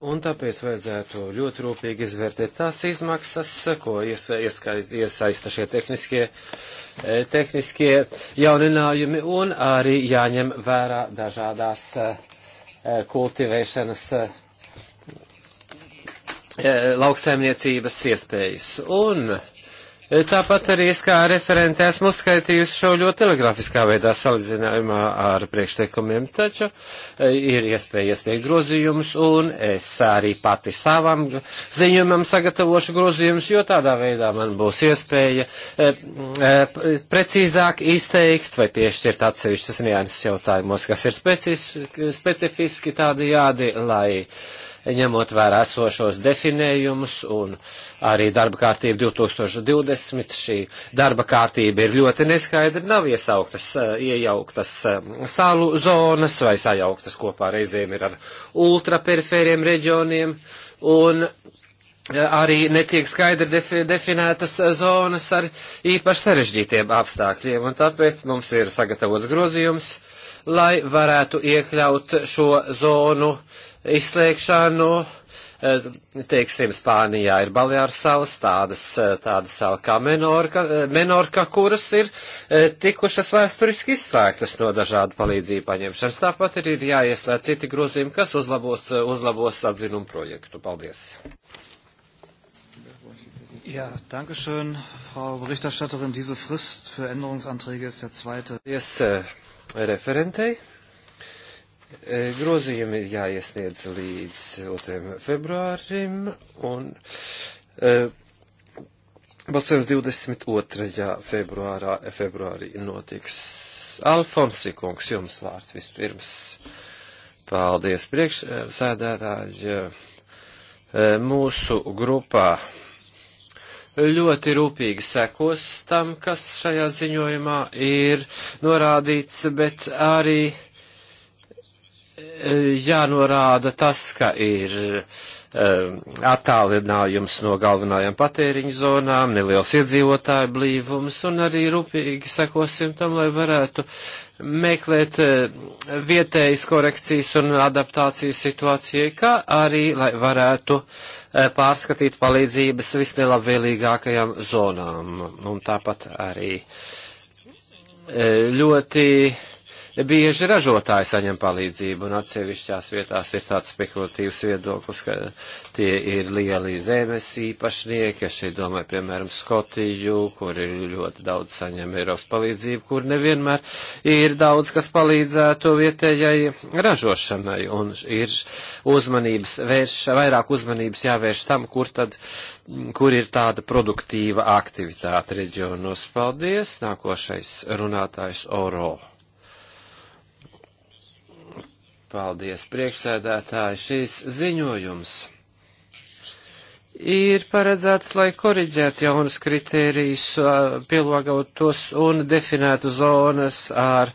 Un tāpēc vajadzētu ļoti rūpīgi izvērtēt tās izmaksas, ko iesa, ieska, iesaista šie tehniskie, e, tehniskie jauninājumi, un arī jāņem vērā dažādās e, e, kultivēšanas lauksaimniecības iespējas. Un E, tāpat arī es kā referente esmu uzskaitījusi šo ļoti telegrafiskā veidā salīdzinājumā ar priekšteikumiem, taču e, ir iespēja iesniegt grozījumus, un es arī pati savam ziņojumam sagatavošu grozījumus, jo tādā veidā man būs iespēja e, e, precīzāk izteikt vai piešķirt atsevišķas nianses jautājumos, kas ir specifiski tādi jādi, lai. E, ņemot vērā esošos definējumus un arī darba kārtība 2020. Šī darba kārtība ir ļoti neskaidra, nav iesauktas, eh, iejauktas eh, salu zonas vai sajauktas kopā reizēm ir ar ultraperifēriem reģioniem. Un eh, arī netiek skaidri defi definētas zonas ar īpaši sarežģītiem apstākļiem, un tāpēc mums ir sagatavots grozījums, lai varētu iekļaut šo zonu izslēgšanu. E, teiksim, Spānijā ir Baleāru salas, tādas, e, tādas sala kā Menorka, e, Menorka, kuras ir tikušas vēsturiski izslēgtas no dažādu palīdzību paņemšanas. Tāpat ir, ir jāieslēdz citi grozījumi, kas uzlabos, uzlabos atzinumu projektu. Paldies! Ja, danke schön, Frau Berichterstatterin. Diese Frist für Änderungsanträge ist der zweite. Yes, äh, Referentei. E, grozījumi ir jāiesniedz līdz 2. februārim un e, balsojums 22. februārā, februārī notiks. Alfonsi kungs, jums vārds vispirms. Paldies priekšsēdētāji. E, mūsu grupā ļoti rūpīgi sekos tam, kas šajā ziņojumā ir norādīts, bet arī jānorāda tas, ka ir eh, attālinājums no galvenajām patēriņu zonām, neliels iedzīvotāju blīvums un arī rūpīgi sekosim tam, lai varētu meklēt eh, vietējas korekcijas un adaptācijas situācijai, kā arī, lai varētu eh, pārskatīt palīdzības visnelabvēlīgākajām zonām. Un tāpat arī ļoti bieži ražotāji saņem palīdzību, un atsevišķās vietās ir tāds spekulatīvs viedoklis, ka tie ir lieli zemes īpašnieki, es šeit domāju, piemēram, Skotiju, kur ir ļoti daudz saņem Eiropas palīdzību, kur nevienmēr ir daudz, kas palīdzētu vietējai ražošanai, un ir uzmanības vērš, vairāk uzmanības jāvērš tam, kur tad, kur ir tāda produktīva aktivitāte reģionos. Paldies! Nākošais runātājs Oro. Paldies, priekšsēdētāji. Šīs ziņojums ir paredzēts, lai koriģētu jaunus kritērijus, uh, pielāgot tos un definētu zonas ar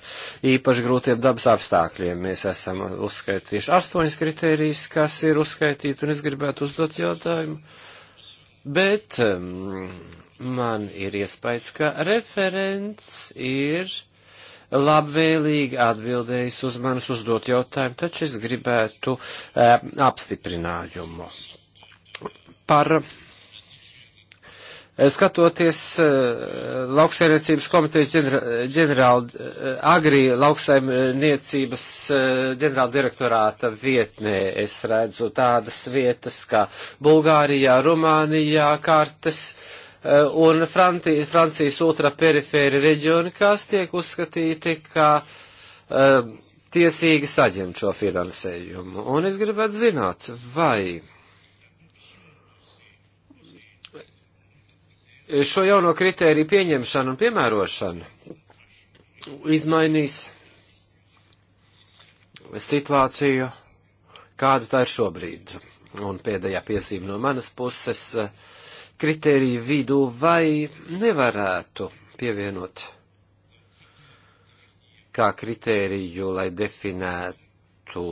īpaši grūtiem dabas apstākļiem. Mēs esam uzskaitījuši astoņas kritērijas, kas ir uzskaitīti, un es gribētu uzdot jautājumu. Bet um, man ir iespējas, ka referents ir labvēlīgi atbildējis uz manus uzdot jautājumu, taču es gribētu e, apstiprinājumu. Par eh, skatoties eh, lauksaimniecības komitejas ģenerāla, agrī lauksaimniecības ģenerāla direktorāta vietnē, es redzu tādas vietas kā Bulgārijā, Rumānijā, kartes, uh, Eh, un Franti, Francijas otrā perifēra reģioni, kas tiek uzskatīti kā uh, tiesīgi saņemt šo finansējumu. Un es gribētu zināt, vai šo jauno kritēriju pieņemšanu un piemērošanu izmainīs situāciju, kāda tā ir šobrīd. Un pēdējā piezīme no manas puses. Uh, kritēriju vidū, vai nevarētu pievienot kā kritēriju, lai definētu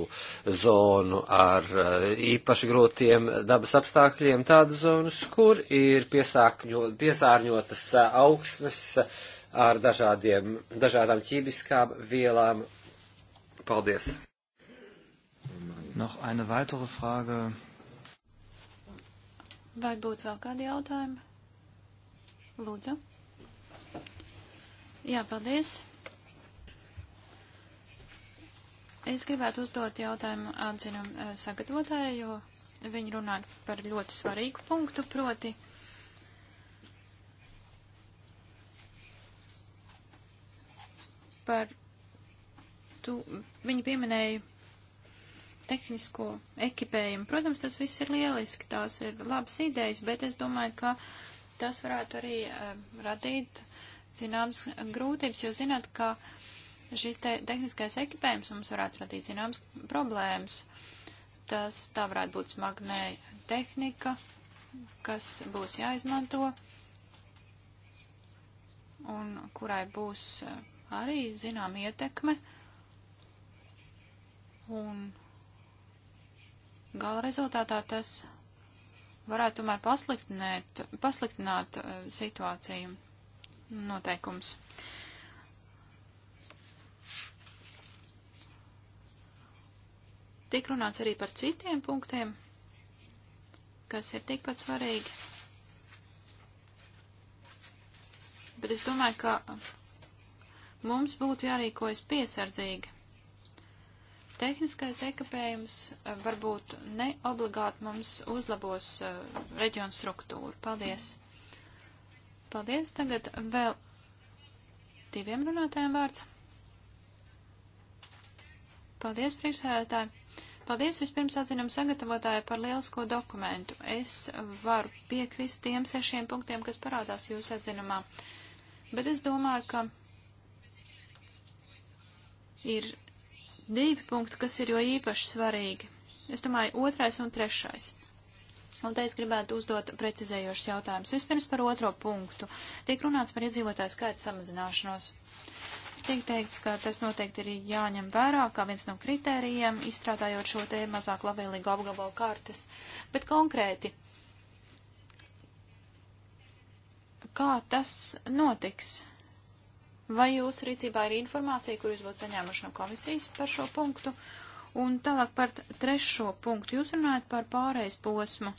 zonu ar eh, īpaši grūtiem dabas apstākļiem, tādas zonas, kur ir piesārņotas eh, augsnes eh, ar dažādiem, dažādām ķīmiskām vielām. Paldies! Noch eine weitere Frage Vai būtu vēl kādi jautājumi? Lūdzu. Jā, paldies. Es gribētu uzdot jautājumu atzinumu eh, sagatavotāju, jo viņi runā par ļoti svarīgu punktu, proti. Par tu, viņi pieminēja tehnisko ekipējumu. Protams, tas viss ir lieliski, tās ir labas idejas, bet es domāju, ka tas varētu arī uh, radīt zināmas grūtības, jo zināt, ka šis te tehniskais ekipējums mums varētu radīt zināmas problēmas. Tas tā varētu būt smagnēja tehnika, kas būs jāizmanto un kurai būs eh, arī zinām ietekme. Un Gala rezultātā tas varētu tomēr pasliktināt, pasliktināt e, situāciju noteikums. Tik runāts arī par citiem punktiem, kas ir tikpat svarīgi. Bet es domāju, ka mums būtu jārīkojas piesardzīgi. Tehniskais ekapējums eh, varbūt ne obligāti mums uzlabos eh, reģionu struktūru. Paldies! Paldies! Tagad vēl diviem runātājiem vārds. Paldies, priekšsēdētāji! Paldies vispirms atzinam sagatavotāju par lielisko dokumentu. Es varu piekrist tiem sešiem punktiem, kas parādās jūsu atzinumā. Bet es domāju, ka ir divi punkti, kas ir jo īpaši svarīgi. Es domāju, otrais un trešais. Un te es gribētu uzdot precizējošus jautājumus. Vispirms par otro punktu. Tiek runāts par iedzīvotāju skaitu samazināšanos. Tiek teikts, ka tas noteikti ir jāņem vērā kā viens no kritērijiem, izstrādājot šo te mazāk labvēlīgu apgabalu kartes. Bet konkrēti, kā tas notiks? Vai jūsu rīcībā ir informācija, kur jūs būtu saņēmuši no komisijas par šo punktu? Un tālāk par trešo punktu. Jūs runājat par pārējais posmu.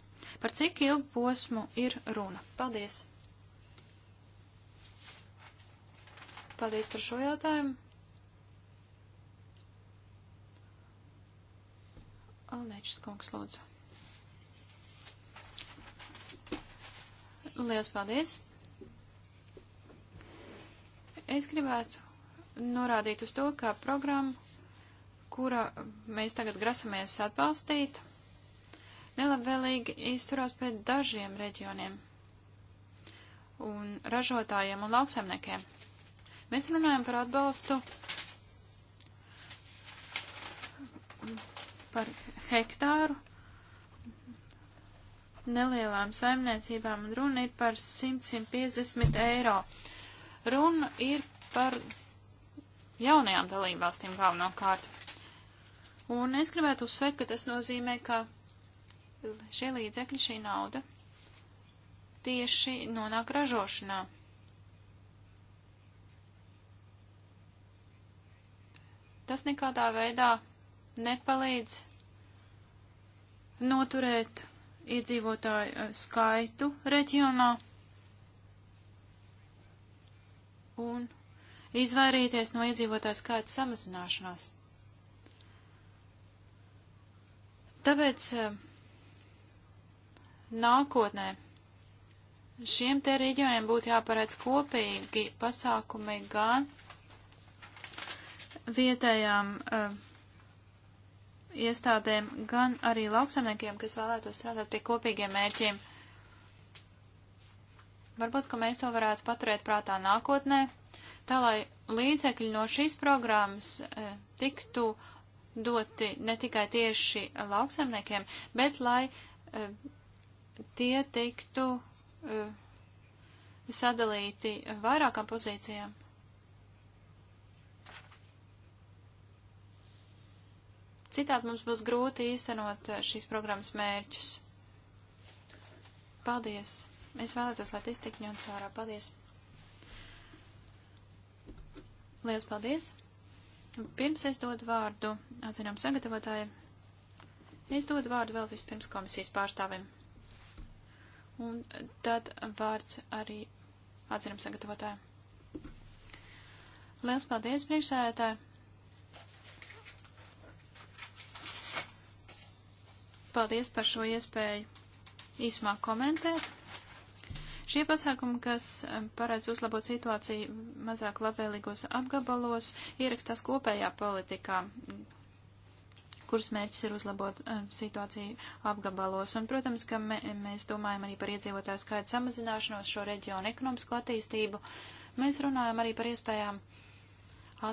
Par cik ilgu posmu ir runa? Paldies! Paldies par šo jautājumu. Alnečs kungs, lūdzu. Lielas paldies! Es gribētu norādīt uz to, ka programma, kura mēs tagad grasamies atbalstīt, nelabvēlīgi izturās pret dažiem reģioniem un ražotājiem un lauksaimniekiem. Mēs runājam par atbalstu par hektāru nelielām saimniecībām un runa ir par 100-150 eiro. Uh, Runa ir par jaunajām dalībvalstīm galvenokārt. Un es gribētu uzsvērt, ka tas nozīmē, ka šie līdzekļi, šī nauda tieši nonāk ražošanā. Tas nekādā veidā nepalīdz noturēt iedzīvotāju skaitu reģionā, un izvairīties no iedzīvotāju skaita samazināšanās. Tāpēc eh, nākotnē šiem te reģioniem būtu jāparedz kopīgi pasākumi gan vietējām uh, iestādēm, gan arī lauksaimniekiem, kas vēlētos strādāt pie kopīgiem mērķiem. Uh, Varbūt, ka mēs to varētu paturēt prātā nākotnē, tā lai līdzekļi no šīs programmas e, tiktu doti ne tikai tieši lauksaimniekiem, bet lai e, tie tiktu e, sadalīti vairākām pozīcijām. Citādi mums būs grūti īstenot e, šīs programmas mērķus. Paldies! Es vēlētos, lai tas tik ņemts vērā. Paldies! Lielas paldies! Pirms es dodu vārdu atzinām sagatavotājiem, es dodu vārdu vēl vispirms komisijas pārstāvim. Un tad vārds arī atzinām sagatavotājiem. Liels paldies, priekšsēdētāji! Paldies par šo iespēju īsumā komentēt. Šie pasākumi, kas eh, paredz uzlabot situāciju mazāk labvēlīgos apgabalos, ierakstās kopējā politikā kuras mērķis ir uzlabot eh, situāciju apgabalos. Un, protams, ka me, mēs domājam arī par iedzīvotāju skaitu samazināšanos, šo reģionu ekonomisko attīstību. Mēs runājam arī par iespējām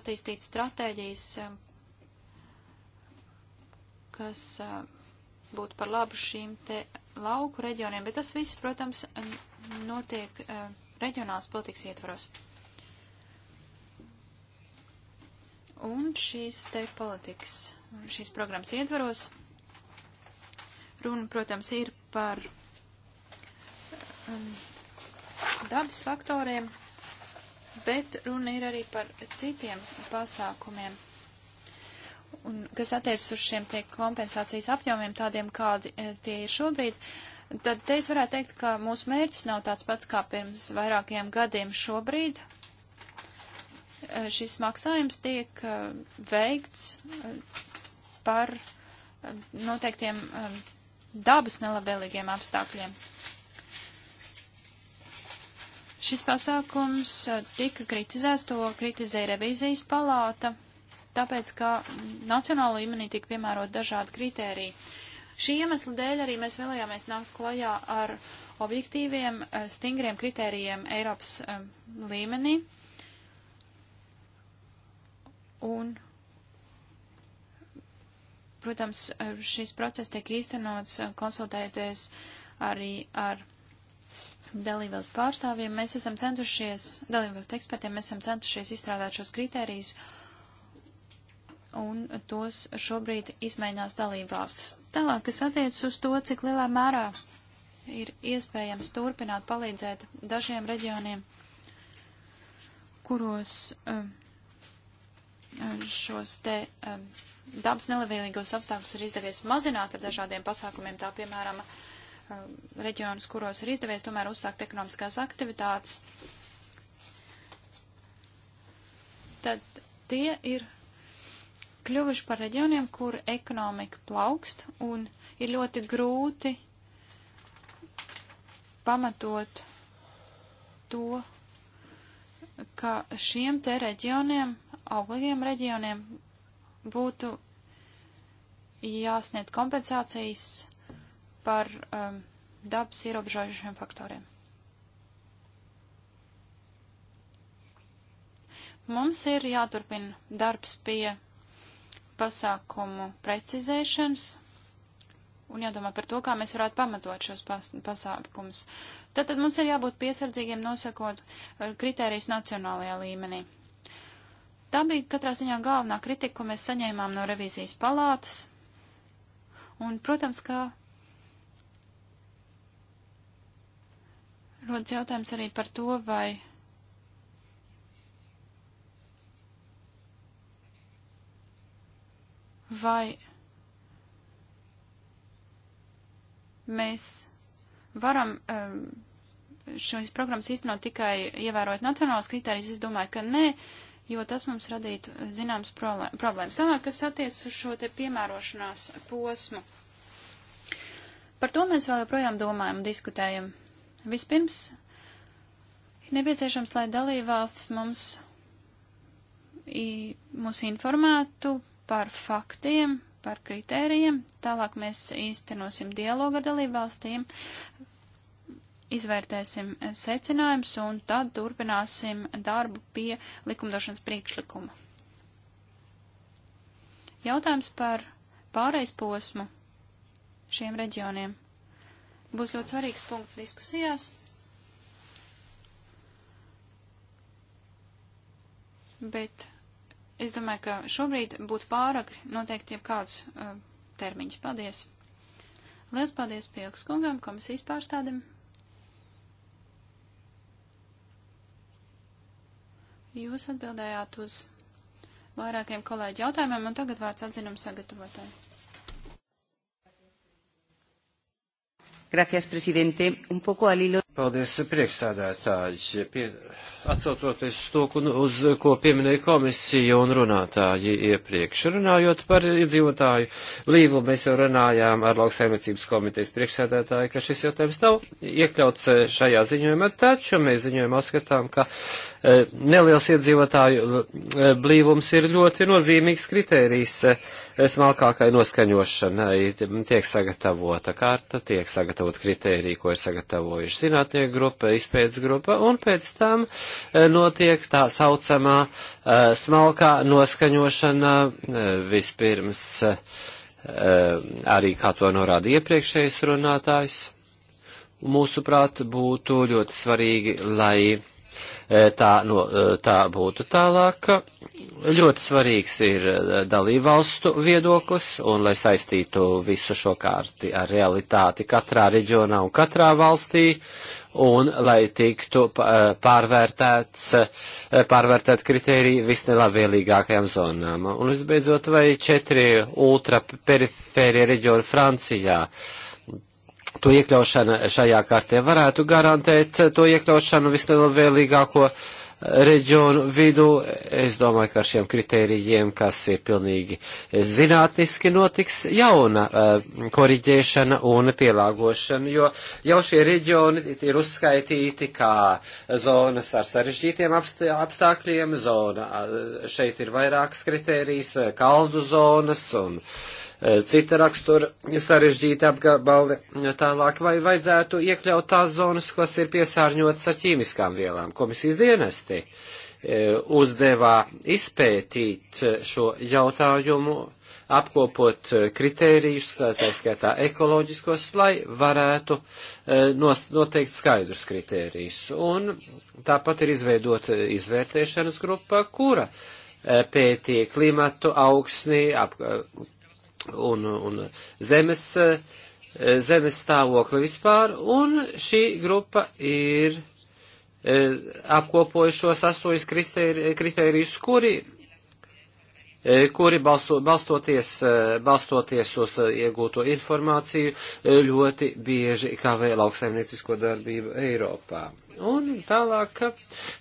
attīstīt stratēģijas, eh, kas būtu par labu šīm te lauku reģioniem, bet tas viss, protams, notiek uh, reģionāls politikas ietvaros. Un šīs te politikas, šīs programmas ietvaros, runa, protams, ir par um, dabas faktoriem, bet runa ir arī par citiem pasākumiem. Un kas attiecas uz šiem tiek kompensācijas apjomiem, tādiem kādi e, tie ir šobrīd, tad te es varētu teikt, ka mūsu mērķis nav tāds pats kā pirms vairākiem gadiem šobrīd. E, šis maksājums tiek e, veikts par noteiktiem dabas nelabvēlīgiem apstākļiem. Šis pasākums tika kritizēts, to kritizēja revīzijas palāta, tāpēc, ka nacionāla līmenī tiek piemērot dažādi kritēriji. Šī iemesla dēļ arī mēs vēlējāmies nākt klajā ar objektīviem, eh, stingriem kritērijiem Eiropas um, līmenī. Un, protams, eh, šis process tiek īstenots konsultējoties arī ar dalībvalsts pārstāvjiem. Mēs esam centušies, dalībvalsts ekspertiem, mēs esam centušies izstrādāt šos kritērijus un tos šobrīd izmēģinās dalībvalstis. Tālāk, kas attiecas uz to, cik lielā mērā ir iespējams turpināt palīdzēt dažiem reģioniem, kuros um, um, šos te um, dabas nelabvēlīgos apstākļus ir izdevies mazināt ar dažādiem pasākumiem, tā piemēram, reģionus, kuros ir izdevies tomēr uzsākt ekonomiskās aktivitātes, tad tie ir kļuvuši par reģioniem, kur ekonomika plaukst un ir ļoti grūti pamatot to, ka šiem te reģioniem, auglīgiem reģioniem, būtu jāsniedz kompensācijas par um, dabas ierobežojušiem faktoriem. Mums ir jāturpina darbs pie pasākumu precizēšanas un jādomā par to, kā mēs varētu pamatot šos pas pasākumus. Tātad mums ir jābūt piesardzīgiem nosakot eh, kritērijas nacionālajā līmenī. Tā bija katrā ziņā galvenā kritika, ko mēs saņēmām no revīzijas palātas. Un, protams, kā rodas jautājums arī par to, vai vai mēs varam um, šīs programmas īstenot tikai ievērojot nacionālas kritērijas, es domāju, ka nē, jo tas mums radītu zināmas problēmas. Tālāk, kas attiec uz šo te piemērošanās posmu. Par to mēs vēl joprojām domājam un diskutējam. Vispirms ir nepieciešams, lai dalībvalstis mums, mūs informētu par faktiem, par kritērijiem, tālāk mēs īstenosim dialogu ar dalībvalstīm, izvērtēsim secinājumus un tad turpināsim darbu pie likumdošanas priekšlikuma. Jautājums par pārejas posmu šiem reģioniem būs ļoti svarīgs punkts diskusijās. Bet Es domāju, ka šobrīd būtu pārāk noteikti jau kāds uh, termiņš. Paldies! Liels paldies Pielks kungam, komisijas pārstādim. Jūs atbildējāt uz vairākiem kolēģi jautājumiem, un tagad vārds atzinums sagatavotāji. Gracias, presidente. Un poco al hilo. Paldies, priekšsādētāji. Pie, atsaucoties to, uz ko pieminēja komisija un runātāji iepriekš. Runājot par iedzīvotāju līvu, mēs jau runājām ar lauksaimniecības komitejas priekšsādētāju, ka šis jautājums nav iekļauts šajā ziņojumā, taču mēs ziņojumā skatām, ka e, neliels iedzīvotāju e, blīvums ir ļoti nozīmīgs kritērijs e, smalkākai noskaņošanai. Tiek sagatavota karta, tiek sagatavot kritērija, ko ir sagatavojuši. Zināt, zinātnieku grupa, izpētes grupa, un pēc tam e, notiek tā saucamā e, smalkā noskaņošana e, vispirms arī, kā to norāda iepriekšējais runātājs. Mūsuprāt, būtu ļoti svarīgi, lai tā, no, tā būtu tālāk. Ļoti svarīgs ir dalībvalstu viedoklis, un lai saistītu visu šo kārti ar realitāti katrā reģionā un katrā valstī, un lai tiktu pārvērtēts, pārvērtēt kritēriju visnelabvēlīgākajām zonām. Un visbeidzot, vai četri ultraperifērie reģioni Francijā. Uh, to iekļaušana šajā kartē varētu garantēt to iekļaušanu visnelabvēlīgāko eh, reģionu vidū. Es domāju, ka ar šiem kritērijiem, kas ir pilnīgi zinātniski, notiks jauna eh, koriģēšana un pielāgošana, jo jau šie reģioni ir uzskaitīti kā zonas ar sarežģītiem apstākļiem. Zona eh, šeit ir vairākas kritērijas, kaldu zonas un. Uh, Eh, cita rakstura sarežģīta apgabali eh, tālāk, vai vajadzētu iekļaut tās zonas, kas ir piesārņotas ar ķīmiskām vielām. Komisijas dienesti eh, uzdevā izpētīt šo jautājumu, apkopot kritērijus, tā skaitā ekoloģiskos, lai varētu noteikt skaidrus kritērijus. Un tāpat ir izveidota izvērtēšanas grupa, kura pētīja klimatu, augsni, ap, un, un zemes, eh, zemes stāvokli vispār, un šī grupa ir eh, apkopojušos astoņus kriterijus, kuri E, kuri balso, balstoties, e, balstoties uz e, iegūto informāciju ļoti bieži kavē lauksaimniecisko darbību Eiropā. Un tālāk,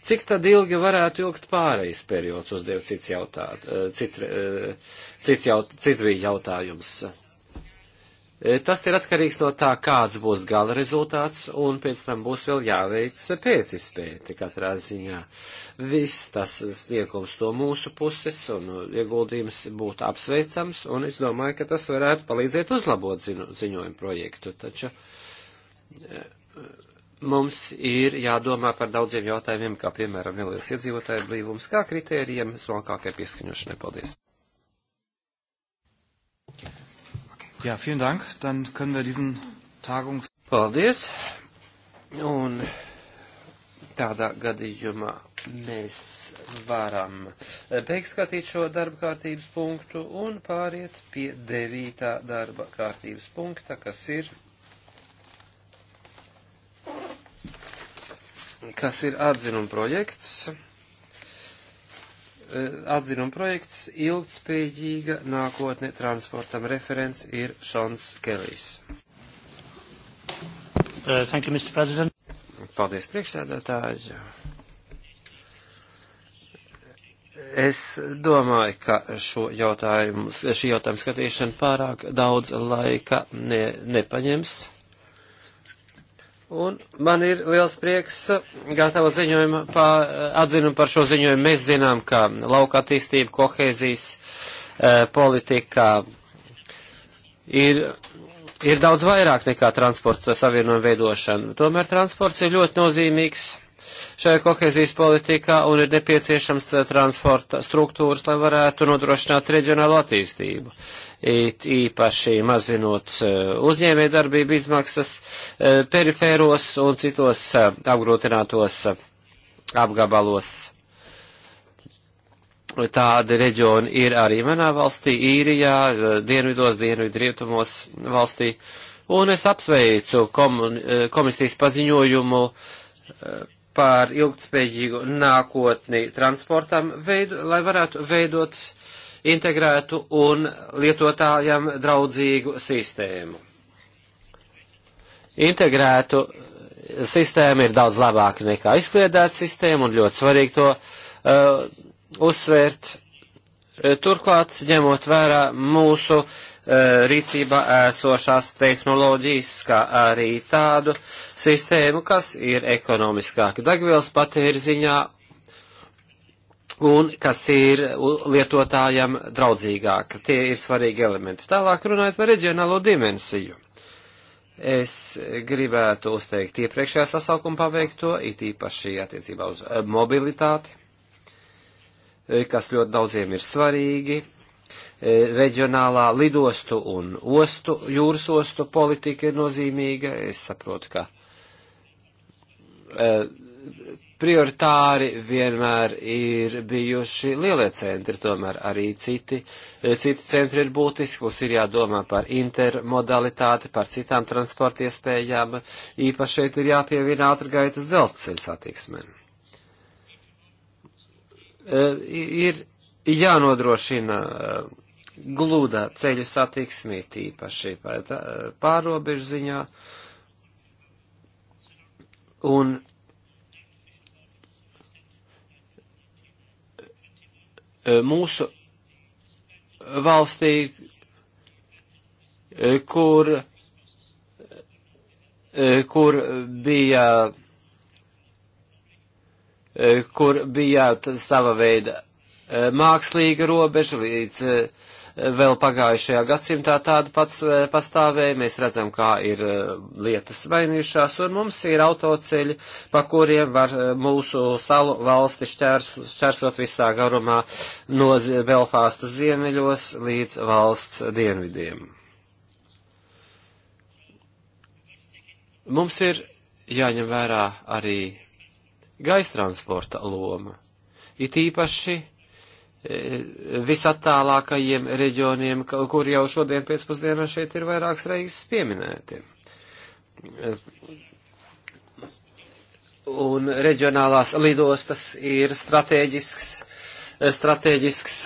cik tad ilgi varētu ilgt pārejas periods uz Dievu cits jautājums, cits, cits, jaut, cits bija jautājums. E, tas ir atkarīgs no tā, kāds būs gala rezultāts, un pēc tam būs vēl jāveic pēcizpēti katrā ziņā. Viss tas sniegums no mūsu puses un ieguldījums būtu apsveicams, un es domāju, ka tas varētu palīdzēt uzlabot ziņo, ziņojumu projektu. Taču e, mums ir jādomā par daudziem jautājumiem, kā piemēram nelielas iedzīvotāju blīvums, kā kritērijiem, smalkākai pieskaņošanai. Paldies! Ja, vielen Dank. Dann können wir diesen Tagungs. Paldies. Un tādā gadījumā mēs varam eh, beigt skatīt šo darba kārtības punktu un pāriet pie devītā darba kārtības punkta, kas ir, kas ir atzinuma projekts. Eh, atzinuma projekts ilgspējīga nākotne transportam referents ir Šons Kelijs. Uh, thank you, Mr. President. Paldies, priekšsēdētāji. Es domāju, ka šo jautājumu, šī jautājuma skatīšana pārāk daudz laika ne, nepaņems. Un man ir liels prieks eh, gatavo ziņojumu, pā, eh, atzinu par šo ziņojumu. Mēs zinām, ka lauka attīstība, kohēzijas eh, politikā ir, ir daudz vairāk nekā transporta eh, savienojuma veidošana. Tomēr transports ir ļoti nozīmīgs šajā kohēzijas politikā un ir nepieciešams eh, transporta struktūras, lai varētu nodrošināt reģionālu attīstību. It īpaši mazinot eh, uzņēmē darbību izmaksas eh, perifēros un citos apgrūtinātos apgabalos. Tādi reģioni ir arī manā valstī, Īrijā, dienvidos, dienvidrietumos valstī. Un es apsveicu komun, komisijas paziņojumu par ilgtspējīgu nākotni transportam, veidu, lai varētu veidot integrētu un lietotājam draudzīgu sistēmu. Integrētu sistēma ir daudz labāka nekā izkliedēta sistēma un ļoti svarīgi to uh, uzsvērt. Turklāt, ņemot vērā mūsu Eh, rīcībā esošās tehnoloģijas, kā arī tādu sistēmu, kas ir ekonomiskāka degvielas patēriņā un kas ir lietotājam draudzīgāka. Tie ir svarīgi elementi. Tālāk runājot par reģionālo dimensiju. Es gribētu uzteikt iepriekšējā sasaukuma paveikto, it īpaši attiecībā uz mobilitāti, eh, kas ļoti daudziem ir svarīgi E, reģionālā lidostu un ostu, jūras ostu politika ir nozīmīga. Es saprotu, ka e, prioritāri vienmēr ir bijuši lielie centri, tomēr arī citi, e, citi centri ir būtiski. Mums ir jādomā par intermodalitāti, par citām transporta iespējām. Īpaši šeit ir jāpievina ātrgaitas dzelzceļa satiksmē. Ir jānodrošina gluda ceļu satiksmī tīpaši pārobežu ziņā. Un mūsu valstī, kur, kur bija kur bija sava veida mākslīga robeža līdz vēl pagājušajā gadsimtā tāda pats e, pastāvēja. Mēs redzam, kā ir e, lietas mainījušās, un mums ir autoceļi, pa kuriem var e, mūsu salu valsti šķērsot visā garumā no Belfāsta ziemeļos līdz valsts dienvidiem. Mums ir jāņem vērā arī gaisa transporta loma. It īpaši visattālākajiem reģioniem, kur jau šodien pēcpusdienā šeit ir vairākas reizes pieminēti. Un reģionālās lidostas ir strateģisks, strateģisks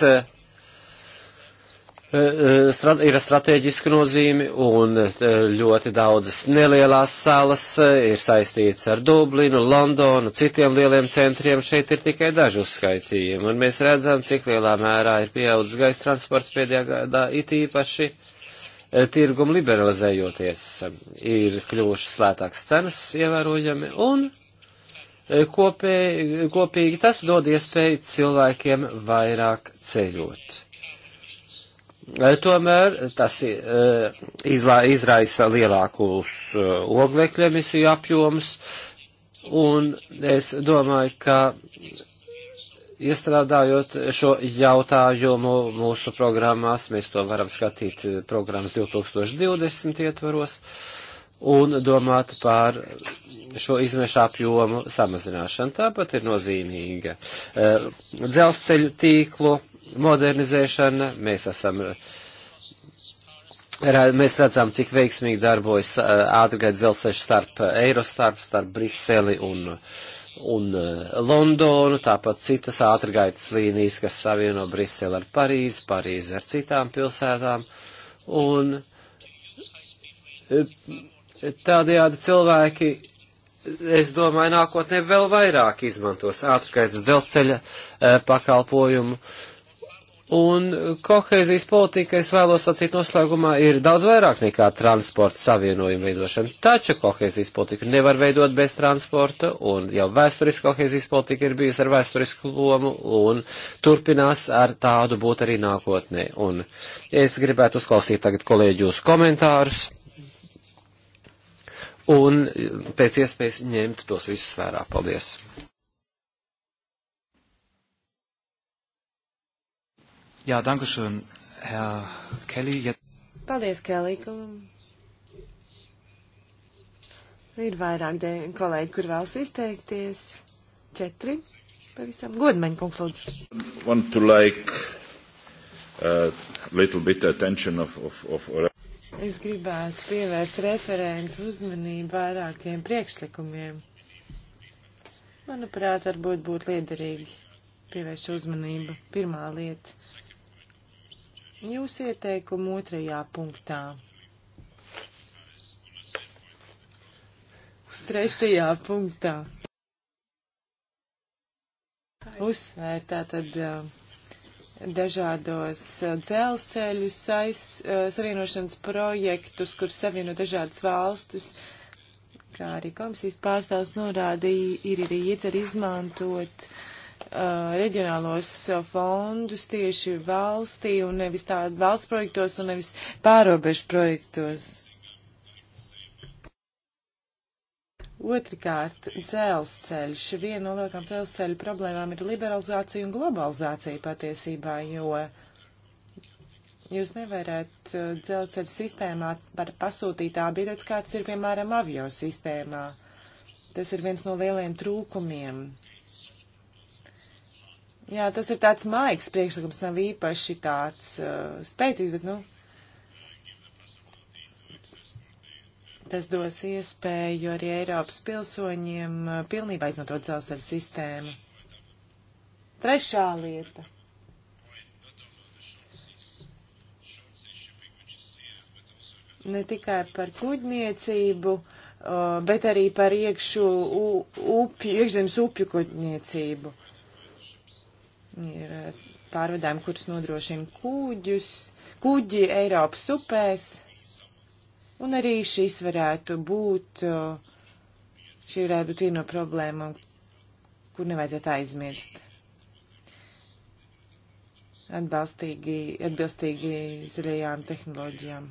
Eh, eh, ir strateģiska nozīme un eh, ļoti daudzas nelielās salas ir saistītas ar Dublinu, Londonu, citiem lieliem centriem. Šeit ir tikai daži uzskaitījumi, un mēs redzam, cik lielā mērā ir pieaudzis gaisa transports pēdējā gadā, it īpaši tirgumu liberalizējoties. Ir kļuvušas lētākas cenas ievērojami, un kopē, kopīgi tas dod iespēju cilvēkiem vairāk ceļot Eh, tomēr tas eh, izraisa lielākus eh, oglekļa emisiju apjomus, un es domāju, ka iestrādājot šo jautājumu mūsu programmās, mēs to varam skatīt programmas 2020 ietvaros un domāt par šo izmešu apjomu samazināšanu. Tāpat ir nozīmīga dzelzceļu tīklu modernizēšana. Mēs esam. Mēs redzam, cik veiksmīgi darbojas ātrgaitas dzelzceļš starp Eirostarp, starp Briseli un, un Londonu, tāpat citas ātrgaitas līnijas, kas savieno Briseli ar Parīzi, Parīzi ar citām pilsētām. Un e, tādējādi cilvēki es domāju, nākotnē vēl vairāk izmantos ātrgaitas dzelzceļa e, pakalpojumu, Un kohēzijas politika, es vēlos sacīt noslēgumā, ir daudz vairāk nekā transporta savienojuma veidošana. Taču kohēzijas politika nevar veidot bez transporta, un jau vēsturiski kohēzijas politika ir bijusi ar vēsturisku lomu, un turpinās ar tādu būt arī nākotnē. Un es gribētu uzklausīt tagad kolēģus komentārus, un pēc iespējas ņemt tos visus vērā. Paldies! Jā, dankušan, Kelly. Ja... Paldies, Kelly. Ir vairāk kolēģi, kur vēlas izteikties. Četri. Pavisam godmaņa kungs, lūdzu. Like, uh, bit attention of, of, of... Es gribētu pievērst referentu uzmanību vairākiem priekšlikumiem. Manuprāt, varbūt būtu liederīgi pievērst uzmanību. Pirmā lieta Jūs ieteikumu otrajā punktā. Trešajā punktā. Uzsvērt tātad uh, dažādos uh, dzelzceļus, aiz, uh, savienošanas projektus, kur savieno dažādas valstis, kā arī komisijas pārstāvs norādīja, ir arī iecer izmantot uh, Uh, reģionālos uh, fondus tieši valstī un nevis tādā valsts projektos un nevis pārobežu projektos. Otrakārt, dzelzceļš. Viena no lielākām dzelzceļa problēmām ir liberalizācija un globalizācija patiesībā, jo jūs nevarat uh, dzelzceļa sistēmā par pasūtītā biļets, kāds ir, piemēram, avio sistēmā. Tas ir viens no lieliem trūkumiem Jā, tas ir tāds maigs priekšlikums, nav īpaši tāds uh, spēcīgs, bet, nu, tas dos iespēju arī Eiropas pilsoņiem uh, pilnībā izmantot dzelzceļa sistēmu. Trešā lieta. Ne tikai par kuģniecību, uh, bet arī par iekšu upju, iekšzemes upju kuģniecību. Uh, ir eh, pārvadājumi, kurus nodrošina kūģus, kuģi Eiropas upēs. Un arī šis varētu būt, eh, šī varētu būt viena no problēmām, kur nevajadzētu aizmirst. Atbalstīgi, atbilstīgi zaļajām tehnoloģijām.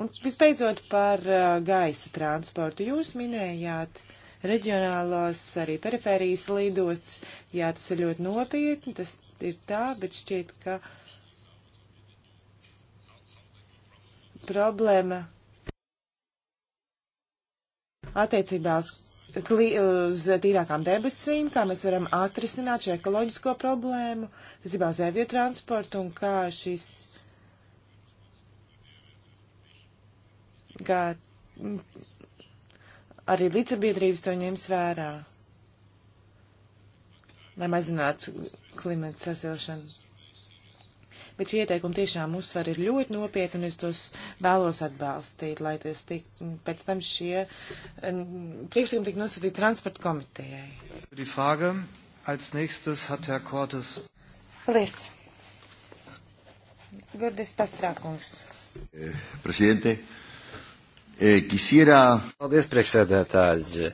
Un visbeidzot par eh, gaisa transportu. Jūs minējāt uh, reģionālās, arī perifērijas lidosts. Jā, tas ir ļoti nopietni, tas ir tā, bet šķiet, ka problēma attiecībā uz, uz tīrākām debesīm, kā mēs varam atrisināt šo ekoloģisko problēmu, attiecībā uz avio transportu un kā šis. Kā arī līdzsabiedrības to ņems vērā, lai mazinātu klimata sasilšanu. Bet šie ieteikumi tiešām uzsver ir ļoti nopietni, un es tos vēlos atbalstīt, lai tas tik, pēc tam šie priekšlikumi tik nosūtīti transporta komitejai. Lies. Gordis Pastrākungs. Eh, presidente, Kisierā. Eh, Paldies, priekšsēdētāji.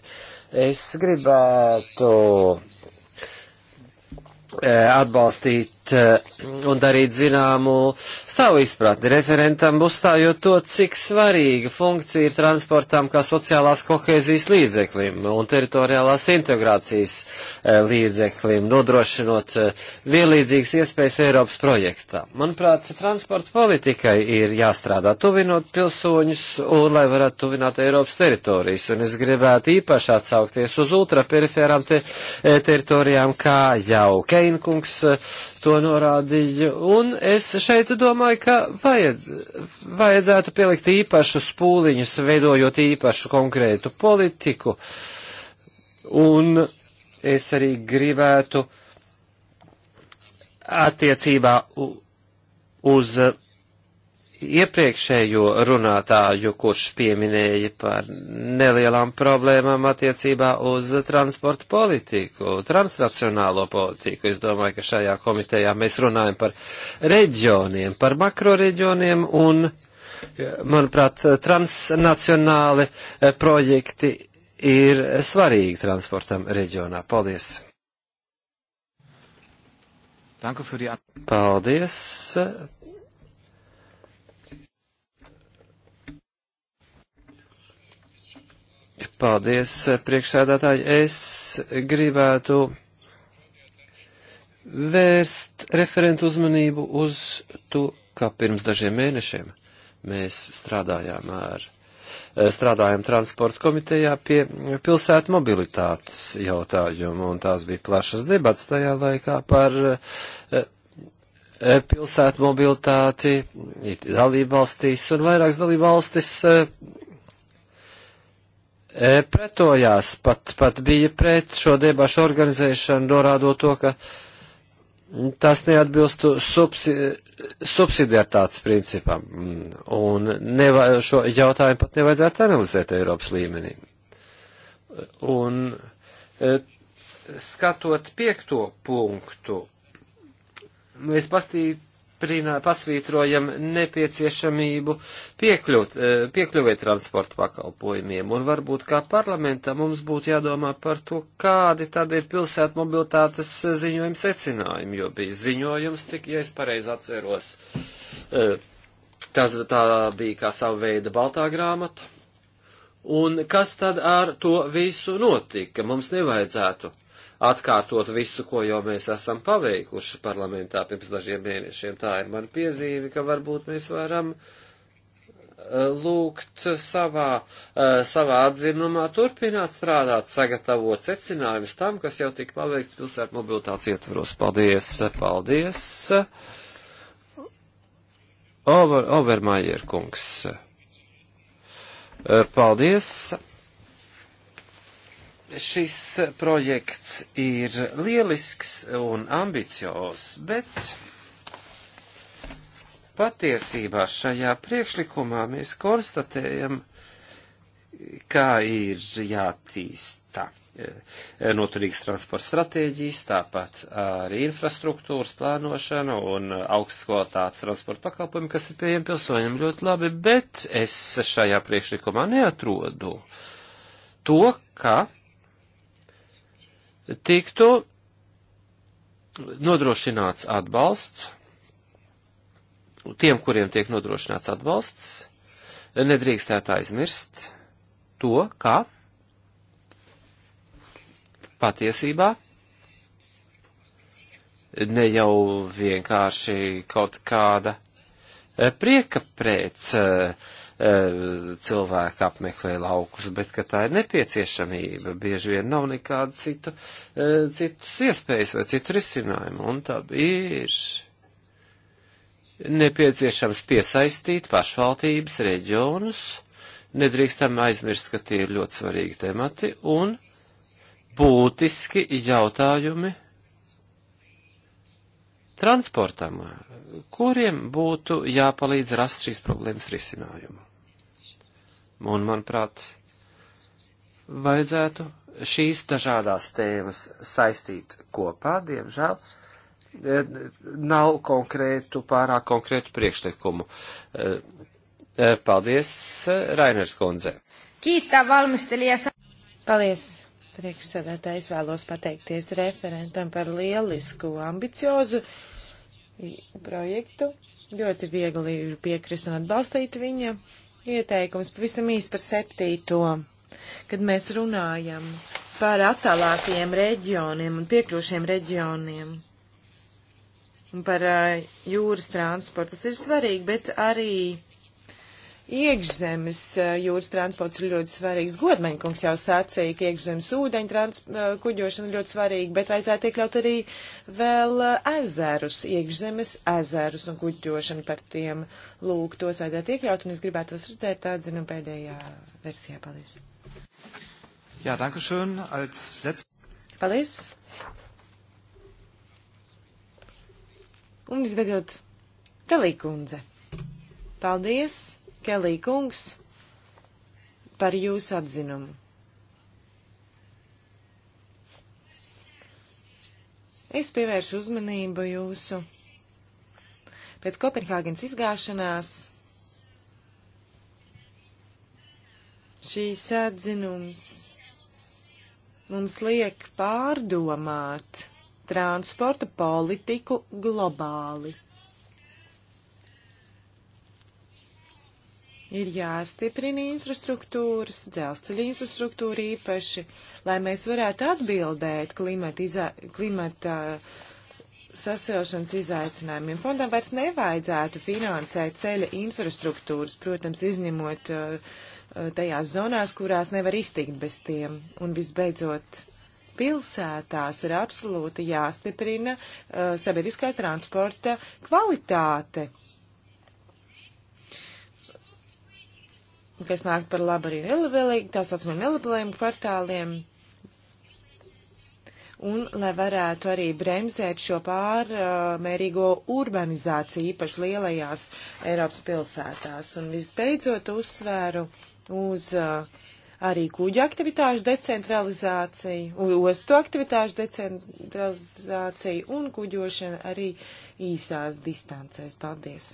Es gribētu eh, atbalstīt Eh, un darīt zināmu savu izpratni referentam, uzstājot to, cik svarīga funkcija ir transportam kā sociālās kohēzijas līdzeklim un teritoriālās integrācijas eh, līdzeklim, nodrošinot eh, vienlīdzīgas iespējas Eiropas projektā. Manuprāt, transporta politikai ir jāstrādā tuvinot pilsoņus un lai varētu tuvināt Eiropas teritorijas. Un es gribētu īpaši atsaukties uz ultraperiferām te, teritorijām, kā jau Keinkungs to norādīju, un es šeit domāju, ka vajadz, vajadzētu pielikt īpašus pūliņus, veidojot īpašu konkrētu politiku, un es arī gribētu attiecībā uz iepriekšējo runātāju, kurš pieminēja par nelielām problēmām attiecībā uz transporta politiku, transnacionālo politiku. Es domāju, ka šajā komitejā mēs runājam par reģioniem, par makroreģioniem un, manuprāt, transnacionāli projekti ir svarīgi transportam reģionā. Paldies! Paldies Paldies, priekšsēdētāji. Es gribētu vērst referentu uzmanību uz to, ka pirms dažiem mēnešiem mēs strādājām ar strādājam transporta komitejā pie pilsētu mobilitātes jautājumu, un tās bija plašas debats tajā laikā par eh, eh, pilsētu mobilitāti dalībvalstīs, un vairākas dalībvalstis eh, E, pretojās, pat, pat bija pret šo debašu organizēšanu, norādot to, ka tas neatbilstu subsi, subsidiartātes principam, un neva, šo jautājumu pat nevajadzētu analizēt Eiropas līmenī. Un e, skatot piekto punktu, es pastī, pasvītrojam nepieciešamību piekļūt, e, piekļuvēt transporta pakalpojumiem, un varbūt kā parlamenta mums būtu jādomā par to, kādi tad ir pilsētu mobilitātes ziņojuma secinājumi, jo bija ziņojums, cik, ja es pareizi atceros, e, tas tā bija kā sava veida baltā grāmata, un kas tad ar to visu notika, mums nevajadzētu atkārtot visu, ko jau mēs esam paveikuši parlamentā pirms dažiem mēnešiem. Tā ir man piezīme, ka varbūt mēs varam eh, lūgt savā, eh, savā atzinumā turpināt strādāt, sagatavot secinājumus tam, kas jau tika paveikts pilsētu mobilitātes ietvaros. Paldies, paldies. Over, Overmajer kungs. Eh, paldies šis projekts ir lielisks un ambiciozs, bet patiesībā šajā priekšlikumā mēs konstatējam, kā ir jātīsta eh, noturīgas transporta stratēģijas, tāpat arī infrastruktūras plānošana un augstas kvalitātes transporta pakalpojumi, kas ir pieejami pilsoņiem ļoti labi, bet es šajā priekšlikumā neatrodu to, ka tiktu nodrošināts atbalsts tiem, kuriem tiek nodrošināts atbalsts, nedrīkstētu aizmirst to, ka patiesībā ne jau vienkārši kaut kāda prieka prēc uh, E, cilvēki apmeklē laukus, bet ka tā ir nepieciešamība. Bieži vien nav nekādu citu, e, citus iespējas vai citu risinājumu, un tā ir nepieciešams piesaistīt pašvaldības reģionus. Nedrīkstam aizmirst, ka tie ir ļoti svarīgi temati un būtiski jautājumi transportam, kuriem būtu jāpalīdz rast šīs problēmas risinājumu. Un, manuprāt, vajadzētu šīs dažādās tēmas saistīt kopā, diemžēl, eh, nav konkrētu, pārāk konkrētu priekšlikumu. Eh, eh, paldies, Rainers Kundze. Kītā valmistelies. Paldies priekšsēdētāji, es vēlos pateikties referentam par lielisku, ambiciozu projektu. Ļoti viegli ir piekrist un atbalstīt viņa ieteikums. Pavisam īsi par septīto, kad mēs runājam par attālākajiem reģioniem un piekļūšiem reģioniem un par jūras transportu. Tas ir svarīgi, bet arī Iekšzemes eh, jūras transports ir ļoti svarīgs. Godmaņkungs jau sacīja, ka iekšzemes ūdeņu trans, eh, kuģošana ir ļoti svarīga, bet vajadzētu iekļaut arī vēl eh, ezerus, iekšzemes ezerus un kuģošanu par tiem. Lūk, tos vajadzētu iekļaut, un es gribētu tos redzēt tādā zinu pēdējā versijā. Paldies. Jā, dankušön. Als letz... Paldies. Un visbeidzot, Telīkundze. Paldies! Kelī kungs, par jūsu atzinumu. Es pievēršu uzmanību jūsu pēc Kopenhāgenes izgāšanās. Šīs atzinums mums liek pārdomāt transporta politiku globāli. Ir jāstiprina infrastruktūras, dzelzceļa infrastruktūra īpaši, lai mēs varētu atbildēt klimata, izā, klimata uh, sasilšanas izaicinājumiem. Fondam vairs nevajadzētu finansēt ceļa infrastruktūras, protams, izņemot uh, uh, tajās zonās, kurās nevar iztikt bez tiem. Un visbeidzot, pilsētās ir absolūti jāstiprina uh, sabiedriskā transporta kvalitāte. kas nāk par labu arī nelabvēlīgi, tā saucamiem nelabvēlīgiem kvartāliem. Un, lai varētu arī bremzēt šo pārmērīgo urbanizāciju, īpaši lielajās Eiropas pilsētās. Un visbeidzot uzsvēru uz uh, arī kuģa aktivitāšu decentralizāciju, ostu aktivitāšu decentralizāciju un kuģošana arī īsās distancēs. Paldies!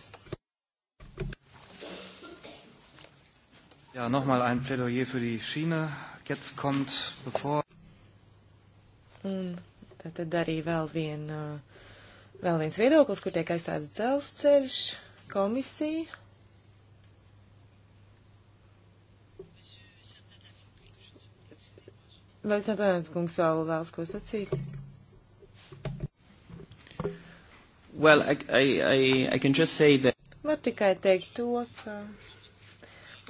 Jā, ja, nochmal ein plädoyer für die Schiene. Jetzt kommt bevor. Un tad arī vēl, vien, uh, vēl viens viedoklis, kur tiek aizstāts dzelzceļš, komisija. Vai Santanēns kungs vēl vēlas ko sacīt? Well, I, I, I, I can just say that. Var tikai teikt to, ka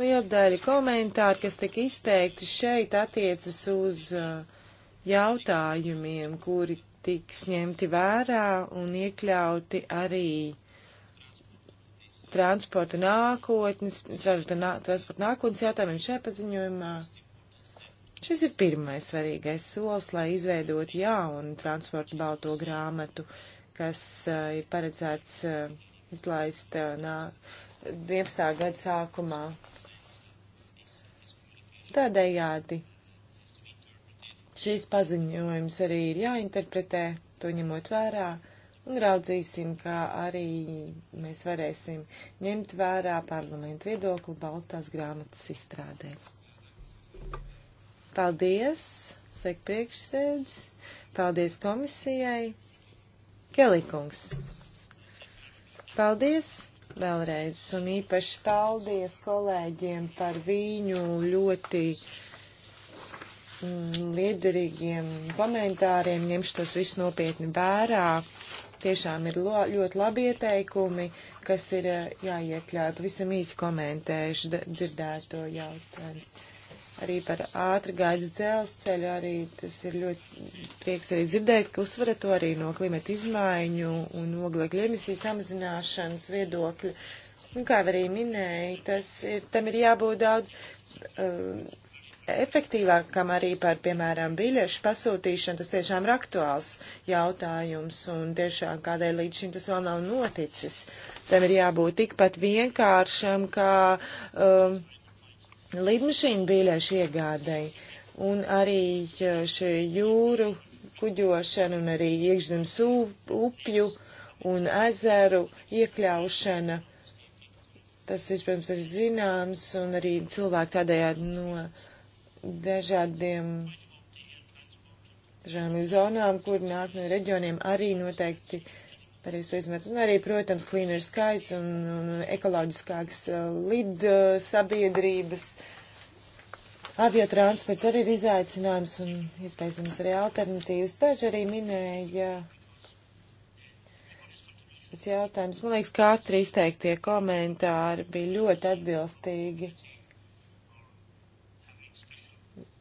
Liela daļa komentāru, kas tika izteikti šeit, attiecas uz uh, jautājumiem, kuri tiks ņemti vērā un iekļauti arī transporta nākotnes, transporta nākotnes jautājumiem šajā paziņojumā. Šis ir pirmais svarīgais solis, lai izveidotu jaunu transporta balto grāmatu, kas uh, ir paredzēts uh, izlaist uh, nā, 12. gada sākumā. Tādējādi šīs paziņojums arī ir jāinterpretē, to ņemot vērā, un raudzīsim, kā arī mēs varēsim ņemt vērā parlamentu viedokli Baltās grāmatas izstrādē. Paldies, sek priekšsēdz, paldies komisijai, Kelikungs. Paldies! vēlreiz. Un īpaši paldies kolēģiem par viņu ļoti mm, liederīgiem komentāriem. Ņemšu tos visus nopietni vērā. Tiešām ir lo, ļoti labi ieteikumi, kas ir eh, jāiekļauj. Pavisam īsi komentēšu dzirdēto jautājumu arī par ātri gaidas dzelzceļu, arī tas ir ļoti prieks arī dzirdēt, ka uzsverat to arī no klimata izmaiņu un oglekļa emisiju samazināšanas viedokļa. Un kā arī minēja, tas ir, tam ir jābūt daudz um, efektīvākam arī par, piemēram, biļešu pasūtīšanu. Tas tiešām ir aktuāls jautājums un tiešām kādēļ līdz šim tas vēl nav noticis. Tam ir jābūt tikpat vienkāršam, kā. Um, lidmašīnu biļešu iegādēji un arī šī jūru kuģošana un arī iekšzemes upju un ezeru iekļaušana. Tas vispirms ir zināms un arī cilvēki tādējādi no dažādiem, dažādiem zonām, kur nāk no reģioniem, arī noteikti uh, pareizi izmet. Un arī, protams, cleaner skies un, un ekoloģiskāks uh, lid uh, sabiedrības. Aviotransports arī ir izaicinājums un, iespējams, arī alternatīvas. Daži arī minēja tas jautājums. Man liekas, katri izteiktie komentāri bija ļoti atbilstīgi.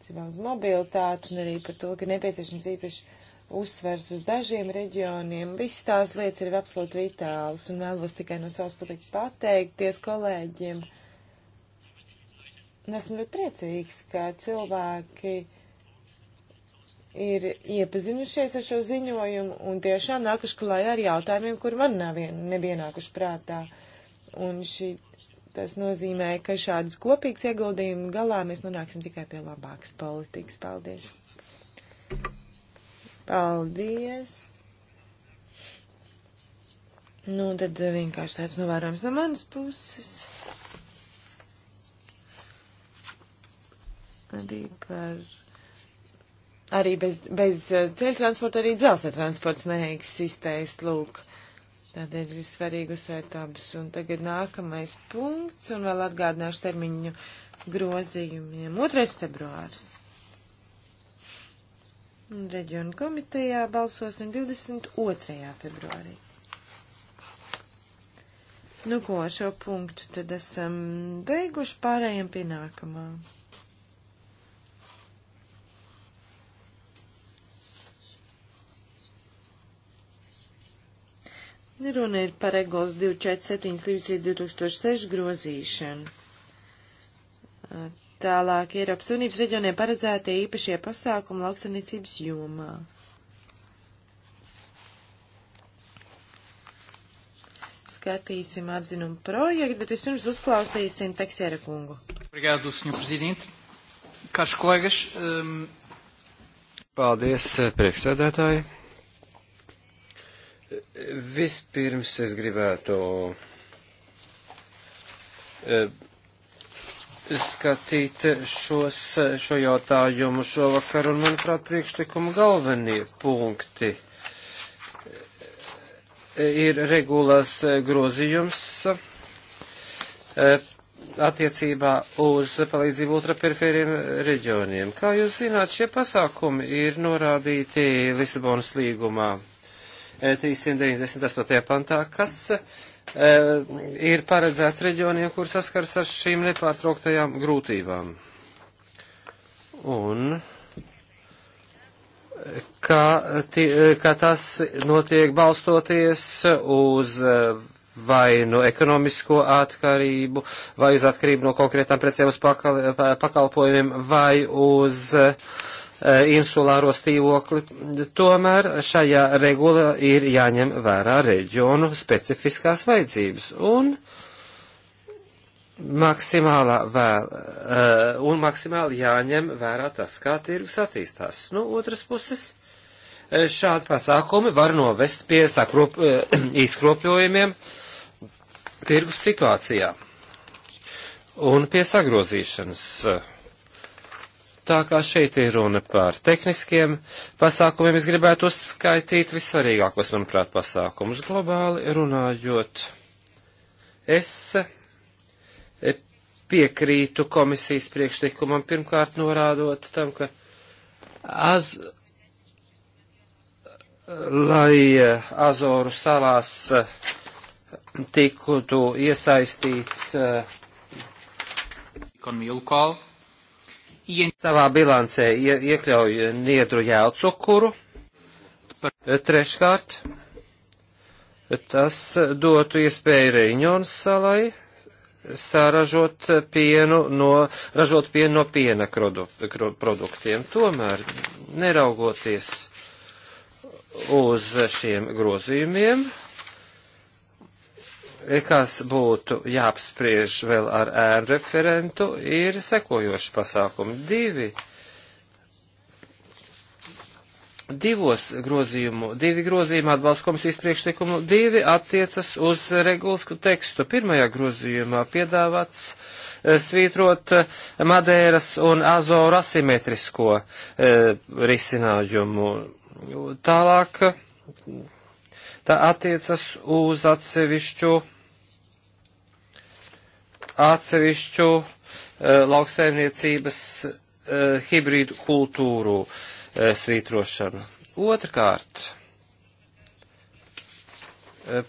Cilvēks mobilitāti un arī par to, ka nepieciešams īpaši uzsvers uz dažiem reģioniem. Viss tās lietas ir absolūti vitāls un vēlos tikai no savas patikt pateikties kolēģiem. Un esmu ļoti priecīgs, ka cilvēki ir iepazinušies ar šo ziņojumu un tiešām nākuši klajā ar jautājumiem, kur man nav nevienākuši prātā. Un šī, tas nozīmē, ka šādas kopīgas ieguldījumu galā mēs nonāksim tikai pie labākas politikas. Paldies! Paldies! Nu, tad vienkārši tāds novērojums no manas puses. Arī par. Arī bez, bez eh, ceļu transporta arī dzelzceļa transports neeksistējas, lūk. Tādēļ ir svarīgi uzsvērt abus. Un tagad nākamais punkts, un vēl atgādināšu termiņu grozījumiem. 2. februārs. Reģionu komitejā balsosim 22. februārī. Nu, ko ar šo punktu tad esam beiguši pārējiem pie nākamā. Runa ir par regulas 247 līdz 2006 grozīšanu. Tālāk Eiropas Unības reģioniem paredzētie īpašie pasākumi lauksanicības jomā. Skatīsim atzinumu projektu, bet vispirms uzklausīsim Teksēra kungu. Obrigado, senhor presidente. Caros colegas, um... paldies, eh, priekšsēdētāji. Vispirms es gribētu uh, skatīt šos, šo jautājumu šovakar, un, manuprāt, priekšlikuma galvenie punkti ir regulas grozījums e, attiecībā uz palīdzību ultraperifēriem reģioniem. Kā jūs zināt, šie pasākumi ir norādīti Lisabonas līgumā 398. E, pantā, kas Eh, ir paredzēts reģioniem, kur saskars ar šīm nepārtrauktajām grūtībām. Un kā, tie, kā tas notiek balstoties uz eh, vai no nu ekonomisko atkarību, vai uz atkarību no konkrētām precēm uz pakal, pakalpojumiem, vai uz uh, E, insulāro stīvokli, tomēr šajā regulā ir jāņem vērā reģionu specifiskās vajadzības un maksimālā vēl, e, un maksimāli jāņem vērā tas, kā tirgus attīstās. Nu, otras puses, e, šādi pasākumi var novest pie sakrop, izkropļojumiem tirgus situācijā un pie sagrozīšanas. Uh, Tā kā šeit ir runa par tehniskiem pasākumiem, es gribētu uzskaitīt vissvarīgākos, manuprāt, pasākumus globāli runājot. Es e, piekrītu komisijas priekšlikumam, pirmkārt norādot tam, ka az, lai e, Azoru salās e, tiktu iesaistīts. Kon Milkal Savā bilancē ie, iekļauj niedru jēlcukuru. Treškārt, tas dotu iespēju Reņons salai sāražot pienu no, ražot pienu no piena produktiem. Tomēr, neraugoties uz šiem grozījumiem, E, kas būtu jāapspriež vēl ar ēnu referentu, ir sekojoši pasākumi. Divi, divos grozījumu, divi grozījumi atbalsta komisijas priekšlikumu, divi attiecas uz regulas tekstu. Pirmajā grozījumā piedāvāts e, svītrot e, Madēras un Azoru asimetrisko eh, risinājumu. Tālāk tā attiecas uz atsevišķu atsevišķu uh, lauksaimniecības uh, hibrīdu kultūru uh, svītrošanu. Otrkārt, uh,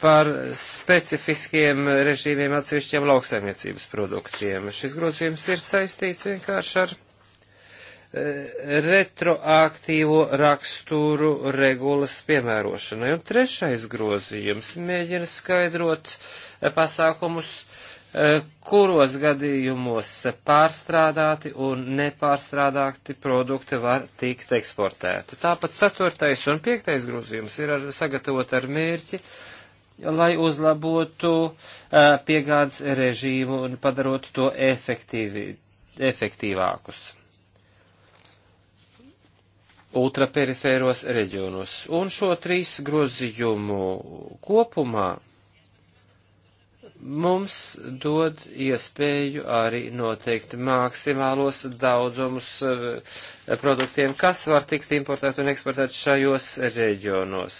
par specifiskiem režīmiem atsevišķiem lauksaimniecības produktiem. Šis grozījums ir saistīts vienkārši ar retroaktīvo raksturu regulas piemērošanai. Un trešais grozījums mēģina skaidrot pasākumus Eh, kuros gadījumos pārstrādāti un nepārstrādāti produkti var tikt eksportēti. Tāpat ceturtais un piektais grozījums ir ar, sagatavot ar mērķi, lai uzlabotu uh, piegādes režīmu un padarotu to efektīvi, efektīvākus ultraperifēros reģionos. Un šo trīs grozījumu kopumā mums dod iespēju arī noteikt maksimālos daudzumus eh, produktiem, kas var tikt importēt un eksportēt šajos reģionos.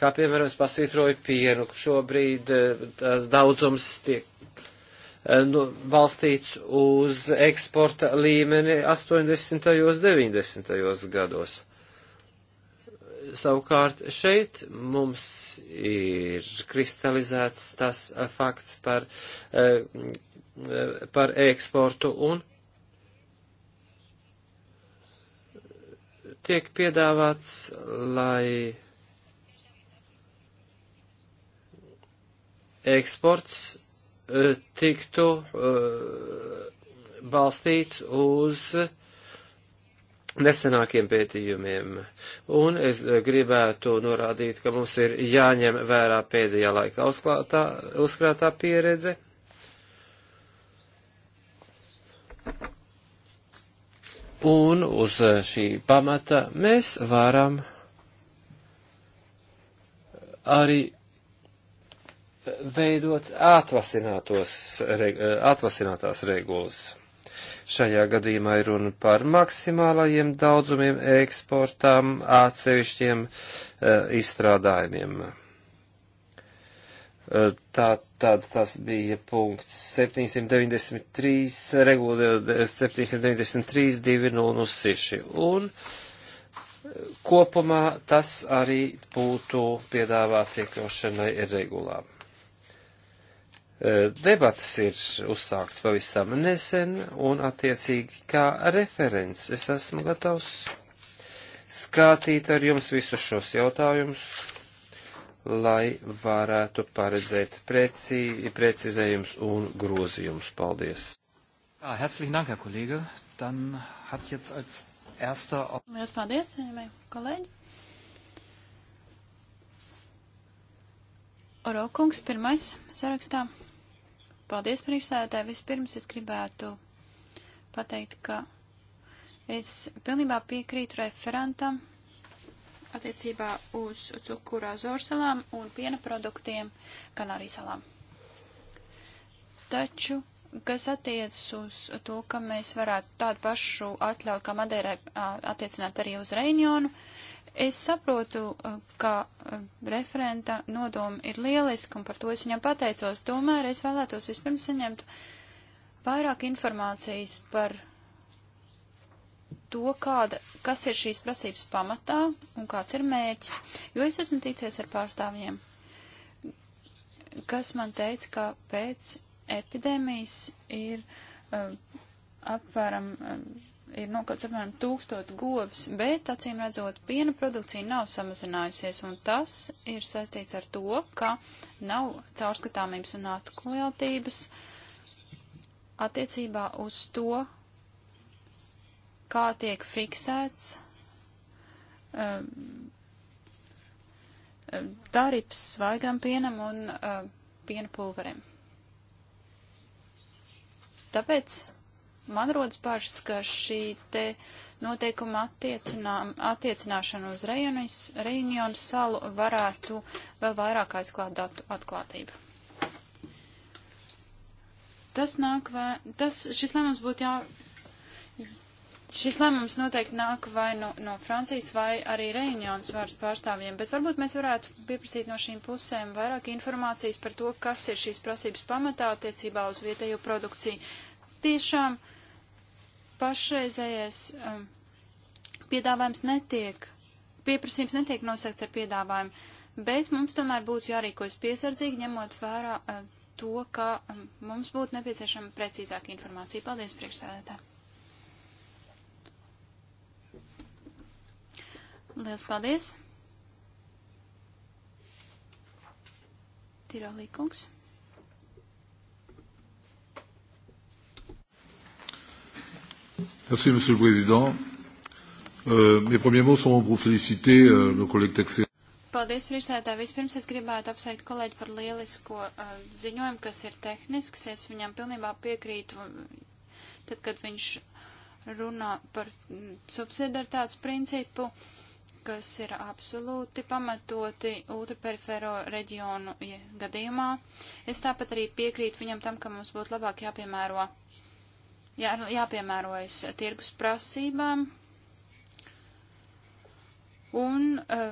Kā piemēram, es pasvītroju pienu, šobrīd eh, tās daudzums tiek eh, nu, balstīts uz eksporta līmeni 80. un 90. gados. Savukārt šeit mums ir kristalizēts tas eh, fakts par, eh, par eksportu un tiek piedāvāts, lai eksports eh, tiktu balstīts uz uh, nesenākiem pētījumiem. Un es gribētu norādīt, ka mums ir jāņem vērā pēdējā laika uzklātā, uzkrātā pieredze. Un uz šī pamata mēs varam arī veidot atvasinātos, atvasinātās regulas. Šajā gadījumā ir runa par maksimālajiem daudzumiem eksportām atsevišķiem eh, izstrādājumiem. Eh, tā tad tas bija punkts 793, regula 793, 206. Un eh, kopumā tas arī būtu piedāvāts iekļaušanai regulām. Eh, debatas ir uzsākts pavisam nesen, un attiecīgi kā referents es esmu gatavs skatīt ar jums visus šos jautājumus, lai varētu paredzēt preci, precizējums un grozījums. Paldies! Jā, herzlichen Dank, Herr Kollege. Dann hat jetzt als erster... Mēs paldies, cienījamie kolēģi. Orokungs pirmais sarakstā. Paldies, priekšsēdētāji. Vispirms es gribētu pateikt, ka es pilnībā piekrītu referentam attiecībā uz cukuru azorsalām un piena produktiem Kanārijas salām. Taču, kas attiec uz to, ka mēs varētu tādu pašu atļauju kā Madeirai attiecināt arī uz Reinionu, uh, Es saprotu, uh, ka uh, referenta nodoma ir lieliska, un par to es viņam pateicos. Tomēr es vēlētos vispirms saņemt vairāk informācijas par to, kāda, kas ir šīs prasības pamatā un kāds ir mērķis, jo es esmu tīcies ar pārstāvjiem, kas man teica, ka pēc epidēmijas ir uh, apvēram. Uh, um, ir nokauts nu, apmēram tūkstot govs, bet, acīm redzot, piena produkcija nav samazinājusies, un tas ir saistīts ar to, ka nav caurskatāmības un atklātības attiecībā uz to, kā tiek fiksēts um, um tarifs svaigam pienam un uh, piena pulverim. Tāpēc man rodas pašas, ka šī te noteikuma attiecināšana uz Reunionu salu varētu vēl vairāk aizklāt datu atklātību. Tas nāk vai, tas, šis lēmums būtu jā, šis lēmums noteikti nāk vai no, no Francijas vai arī Reunionas vārds pārstāvjiem, bet varbūt mēs varētu pieprasīt no šīm pusēm vairāk informācijas par to, kas ir šīs prasības pamatā attiecībā uz vietējo produkciju. Tiešām uh, pašreizējais um, piedāvājums netiek, pieprasījums netiek nosakts ar piedāvājumu, bet mums tomēr būtu jārīkojas piesardzīgi, ņemot vērā um, to, ka um, mums būtu nepieciešama precīzāka informācija. Paldies, priekšsēdētā! Liels paldies! Tirolīkungs. Merci, Monsieur le Président. Euh, mes premiers mots sont pour féliciter euh, nos collègues taxés. Paldies, priekšsēdētāji. Vispirms es gribētu apsveikt kolēģi par lielisko uh, ziņojumu, kas ir tehnisks. Es viņam pilnībā piekrītu, tad, kad viņš runā par mm, subsidiaritātes principu, kas ir absolūti pamatoti ultraperifero reģionu gadījumā. Es tāpat arī piekrītu viņam tam, ka mums būtu labāk jāpiemēro uh, jā, nu, jāpiemērojas tirgus prasībām. Un uh,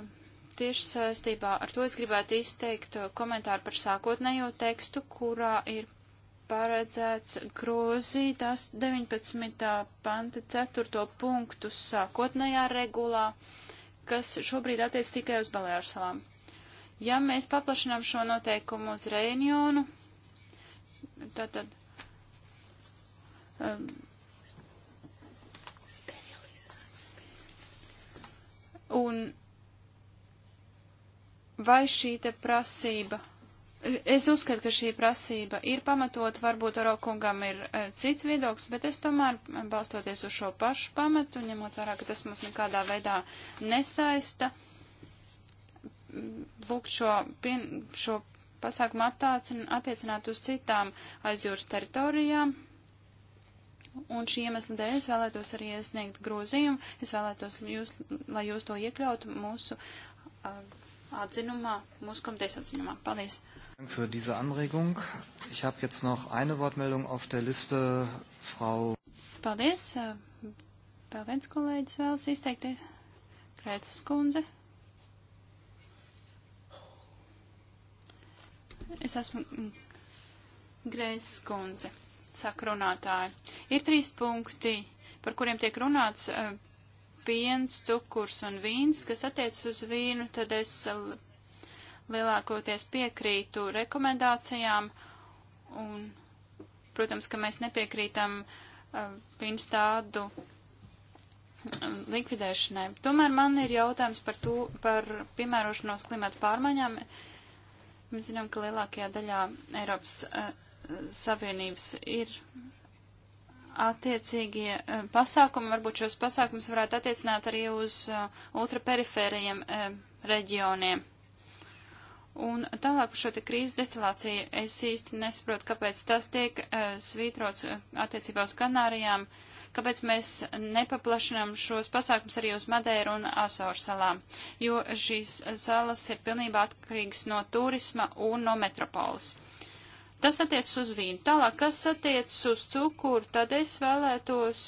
tieši saistībā ar to es gribētu izteikt eh, komentāru par sākotnējo tekstu, kurā ir paredzēts grozīt 19. panta 4. punktu sākotnējā regulā, kas šobrīd attiec tikai uz Balēru salām. Ja mēs paplašinām šo noteikumu uz Reinionu, tad, tad Um, un vai šī te prasība Es uzskatu, ka šī prasība ir pamatot, varbūt Orokungam ir e, cits viedoklis, bet es tomēr, balstoties uz šo pašu pamatu, ņemot vērā, ka tas mums nekādā veidā nesaista, lūk šo, pien, šo pasākumu attiecināt uz citām aizjūras teritorijām, un šī iemesla dēļ es vēlētos arī iesniegt grozījumu. Es vēlētos, jūs, lai jūs to iekļautu mūsu uh, atzinumā, mūsu komitejas atzinumā. Paldies! Für diese Anregung. Ich habe jetzt noch eine Wortmeldung auf der Liste, Frau. Paldies. Uh, vēl viens kolēģis vēlas izteikties. Krētas kundze. Es esmu mm, Grēzes kundze saka runātāji. Ir trīs punkti, par kuriem tiek runāts eh, piens, cukurs un vīns, kas attiec uz vīnu, tad es eh, lielākoties piekrītu rekomendācijām un, protams, ka mēs nepiekrītam eh, vīns tādu mm, likvidēšanai. Tomēr man ir jautājums par, to, par piemērošanos klimata pārmaiņām. Mēs zinām, ka lielākajā daļā Eiropas uh, Savienības ir attiecīgie eh, pasākumi. Varbūt šos pasākumus varētu attiecināt arī uz eh, ultraperifērajiem eh, reģioniem. Un tālāk par šo te krīzes destilāciju es īsti nesaprotu, kāpēc tas tiek uh, svītrots attiecībā uz Kanārijām, kāpēc mēs nepaplašinām šos pasākums arī uz Madeiru un Azoru salām, jo šīs salas ir pilnībā atkarīgas no turisma un no metropoles. Uh, Tas attiecas uz vīnu. Tālāk, kas attiecas uz cukuru, tad es vēlētos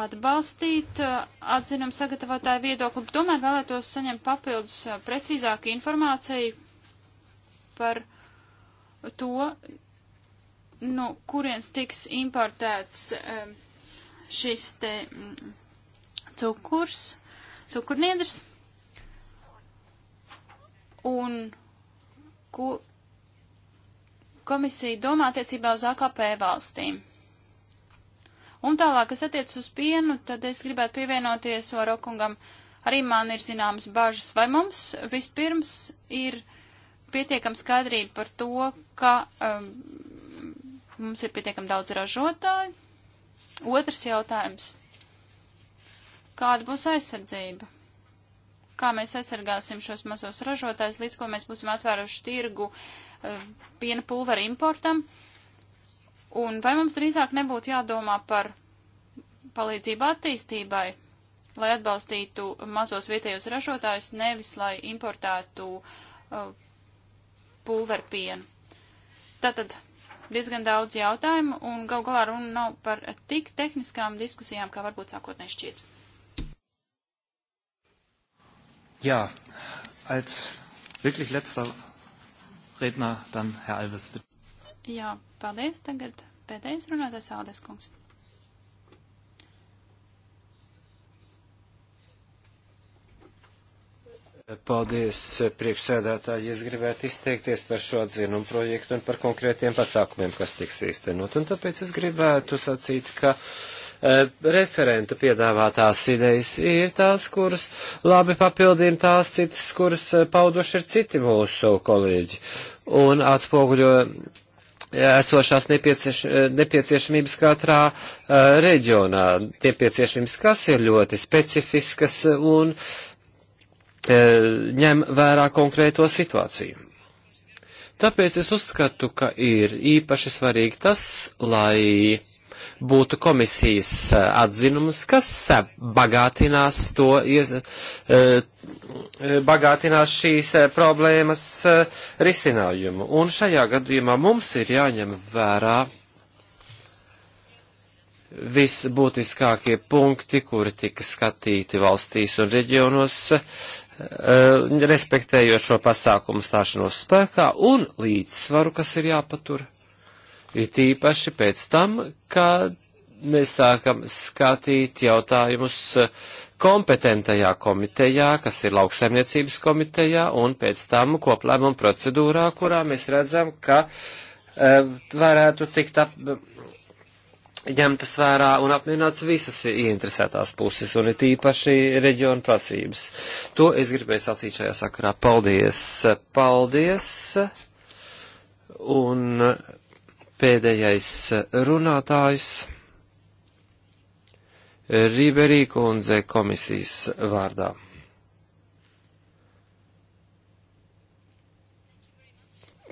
atbalstīt uh, atzinam sagatavotāju viedokli, bet tomēr vēlētos saņemt papildus uh, precīzāku informāciju par to, no nu, kurienes tiks importēts um, šis te mm, cukurs, cukurniedrs, un ko, komisija domā attiecībā uz AKP valstīm. Un tālāk, kas attiec uz pienu, tad es gribētu pievienoties Orokungam. Arī man ir zināmas bažas, vai mums vispirms ir pietiekama skaidrība par to, ka um, mums ir pietiekami daudz ražotāju. Otrs jautājums. Kāda būs aizsardzība? Kā mēs aizsargāsim šos mazos ražotājus, līdz ko mēs būsim atvēruši tirgu uh, Eh, piena pulvera importam. Un vai mums drīzāk nebūtu jādomā par palīdzību attīstībai, lai atbalstītu mazos vietējos ražotājus, nevis lai importētu uh, pulverpienu? Tātad diezgan daudz jautājumu, un gal galā runa nav par tik tehniskām diskusijām, kā varbūt sākotnēji šķiet. Jā, als wirklich letzter Redner, dann Herr Alves, bitte. Jā, paldies. Tagad pēdējais runātājs Aldes kungs. Paldies, priekšsēdētāji. Es gribētu izteikties par šo atzinumu projektu un par konkrētiem pasākumiem, kas tiks īstenot. Un tāpēc es gribētu sacīt, ka. Uh, Eh, referenta piedāvātās idejas ir tās, kuras labi papildina tās citas, kuras eh, pauduši ir citi mūsu kolēģi un atspoguļo eh, esošās nepiecieš, nepieciešamības katrā uh, reģionā, nepieciešamības, kas ir ļoti specifiskas un uh, ņem vērā konkrēto situāciju. Tāpēc es uzskatu, ka ir īpaši svarīgi tas, lai būtu komisijas eh, atzinums, kas eh, bagātinās to, eh, bagātinās šīs problēmas risinājumu. Un šajā gadījumā mums ir jāņem vērā visbūtiskākie punkti, kuri tika skatīti valstīs un reģionos, respektējot šo pasākumu stāšanos spēkā un līdzsvaru, kas ir jāpatur. It īpaši pēc tam, kad mēs sākam skatīt jautājumus kompetentajā komitejā, kas ir lauksaimniecības komitejā, un pēc tam koplēmuma procedūrā, kurā mēs redzam, ka uh, varētu tikt ap, ņemtas vērā un apmierināts visas ieinteresētās puses, un it īpaši reģiona prasības. To es gribēju sacīt šajā sakarā. Paldies! Paldies! Un pēdējais eh, runātājs Rīberī kundze komisijas vārdā.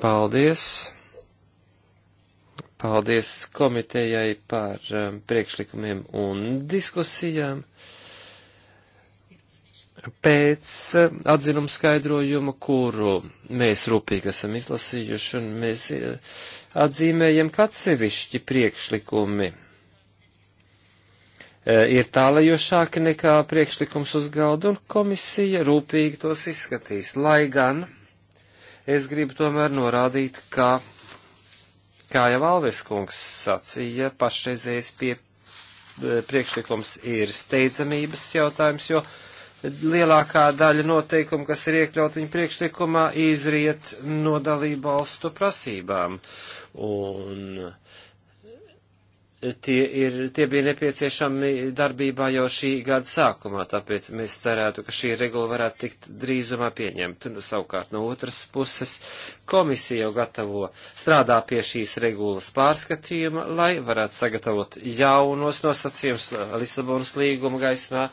Paldies! Paldies komitejai par eh, priekšlikumiem un diskusijām pēc eh, atzinuma skaidrojuma, kuru mēs rūpīgi esam izlasījuši, un mēs atzīmējam, ka atsevišķi priekšlikumi e, ir tālajošāki nekā priekšlikums uz galda, un komisija rūpīgi tos izskatīs. Lai gan es gribu tomēr norādīt, ka, kā jau Alves kungs sacīja, pašreizējais pie, e, priekšlikums ir steidzamības jautājums, jo lielākā daļa noteikumu, kas ir iekļaut viņa priekšlikumā, izriet no dalību valstu prasībām. Uh, Un tie, ir, tie bija nepieciešami darbībā jau šī gada sākumā, tāpēc mēs cerētu, ka šī regula varētu tikt drīzumā pieņemta. Nu, savukārt no otras puses komisija jau gatavo strādā pie šīs regulas pārskatījuma, lai varētu sagatavot jaunos nosacījumus Lisabonas līguma gaismā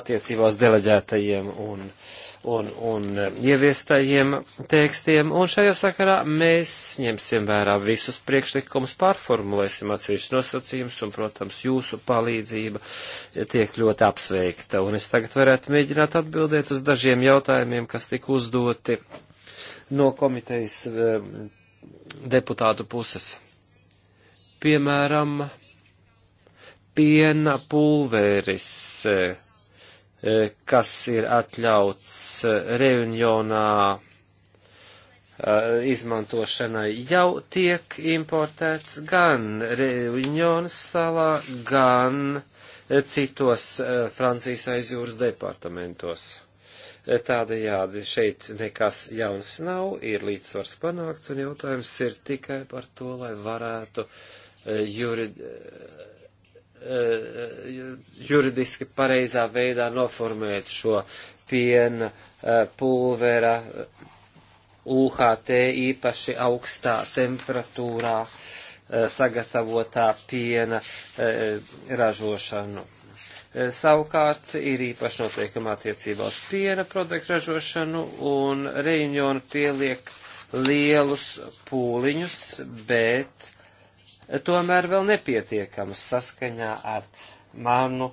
attiecībās deleģētajiem un uh, un, un eh, ieviestajiem tekstiem, un šajā sakarā mēs ņemsim vērā visus priekšlikumus, pārformulēsim atsevišķi nosacījumus, un, protams, jūsu palīdzība tiek ļoti apsveikta. Un es tagad varētu mēģināt atbildēt uz dažiem jautājumiem, kas tika uzdoti no komitejas eh, deputātu puses. Piemēram, piena pulveris eh, E, kas ir atļauts e, reunionā e, izmantošanai, jau tiek importēts gan Reunionas salā, gan citos Francijas aizjūras departamentos. Tādējādi šeit nekas jauns nav, ir līdzsvars panākts, un jautājums ir tikai par to, lai varētu juridi Eh, eh, juridiski pareizā veidā noformulēt šo piena eh, pulvera UHT īpaši augstā temperatūrā sagatavotā piena ražošanu. Savukārt ir īpaši noteikama attiecībā uz piena produktu ražošanu un Reunionu pieliek lielus pūliņus, bet tomēr vēl nepietiekams saskaņā ar manu,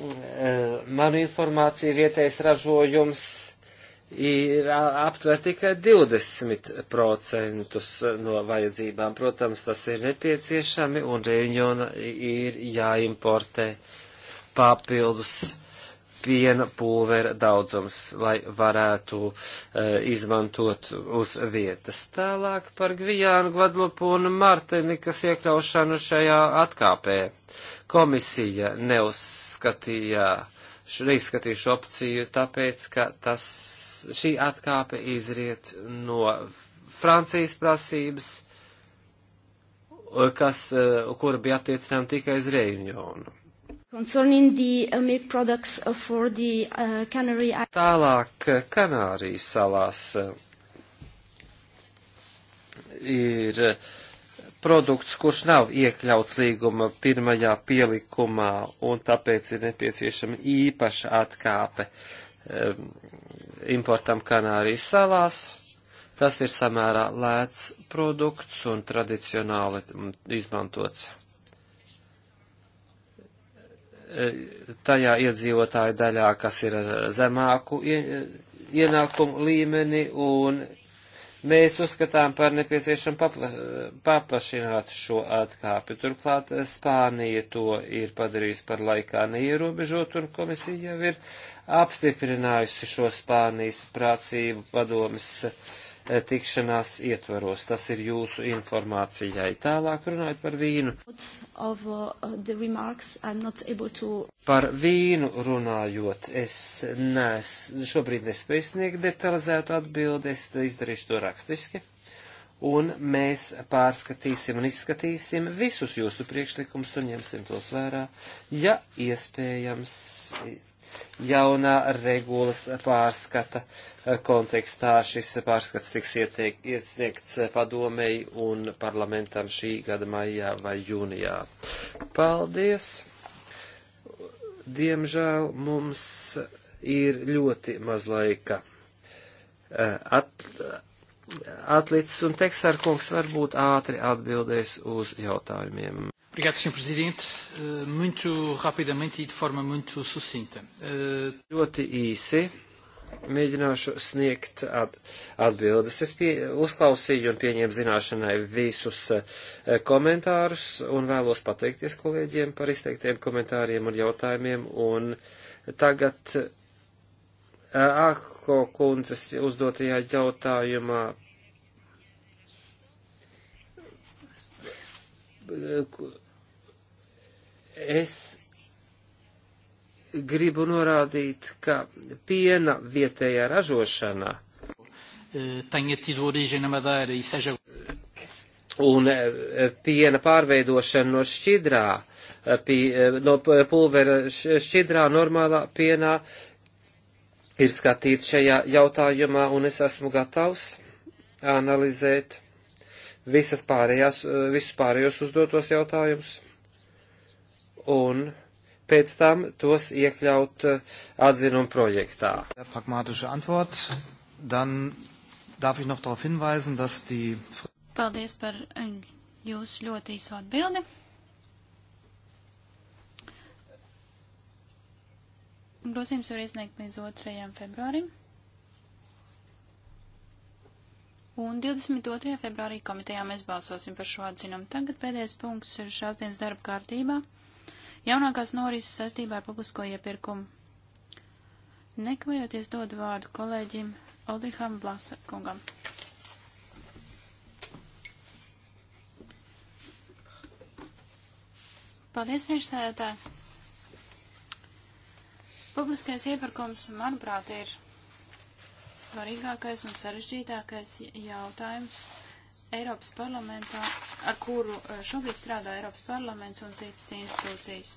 eh, manu informāciju vietējais ražojums ir aptver tikai 20% no vajadzībām. Protams, tas ir nepieciešami un reģiona ir jāimportē papildus piena pulvera daudzums, lai varētu e, izmantot uz vietas. Tālāk par Gvijānu, Gvadlupu un Martinikas iekļaušanu šajā atkāpē. Komisija neuzskatīja, neizskatīja šo opciju, tāpēc, ka tas, šī atkāpe izriet no Francijas prasības, kas, e, kura bija attiecinām tikai uz Reunionu Concerning the uh, milk products uh, for the uh, Canary Islands. Tālāk uh, Kanārijas salās uh, ir produkts, kurš nav iekļauts līguma pirmajā pielikumā, un tāpēc ir nepieciešama īpaša atkāpe um, importam Kanārijas salās. Tas ir samērā lēts produkts un tradicionāli mm, izmantots E, tajā iedzīvotāju daļā, kas ir zemāku ienākumu līmeni, un mēs uzskatām par nepieciešam papla, paplašināt šo atkāpi. Turklāt Spānija to ir padarījusi par laikā neierobežot, un komisija jau ir apstiprinājusi šo Spānijas prācību padomas uh, tikšanās ietvaros. Tas ir jūsu informācijai. Tālāk runājot par vīnu. Uh, par vīnu runājot, es nes, šobrīd nespēju sniegt detalizētu atbildi, es izdarīšu to rakstiski. Un mēs pārskatīsim un izskatīsim visus jūsu priekšlikumus un ņemsim tos vērā, ja iespējams jaunā regulas pārskata eh, kontekstā. Šis pārskats tiks ietiek, iesniegts padomēji un parlamentam šī gada maijā vai jūnijā. Paldies! Diemžēl mums ir ļoti maz laika. Eh, at, atlicis un Teksārkungs varbūt ātri atbildēs uz jautājumiem. Obrigado, Sr. Presidente. Eh, muito rapidamente e de forma muito sucinta. Eh, Ļoti īsi mēģināšu sniegt atbildes. Es pie, uzklausīju un pieņēmu zināšanai visus eh, komentārus un vēlos pateikties kolēģiem par izteiktiem komentāriem un jautājumiem. Un tagad Āko kundzes uzdotajā jautājumā Es gribu norādīt, ka piena vietējā ražošana un e, e, piena pārveidošana no šķidrā, e, no pulvera šķidrā normālā pienā ir skatīta šajā jautājumā, un es esmu gatavs analizēt visas pārējās, visus pārējos uzdotos jautājumus un pēc tam tos iekļaut eh, atzinumu projektā. Pragmatische Antwort, dann darf ich noch darauf hinweisen, dass die. Paldies par eh, jūsu ļoti īso atbildi. Grozījums var iesniegt līdz 2. februārim. Un 22. februārī komitejā mēs balsosim par šo atzinumu. Tagad pēdējais punkts ir šās dienas darba kārtībā. Jaunākās norises saistībā ar publisko iepirkumu. Nekavējoties dodu vārdu kolēģim Aldriham Blasakungam. Paldies, priekšsēdētāji! Publiskais iepirkums, manuprāt, ir svarīgākais un sarežģītākais jautājums Eiropas parlamentā, ar kuru eh, šobrīd strādā Eiropas parlaments un citas institūcijas.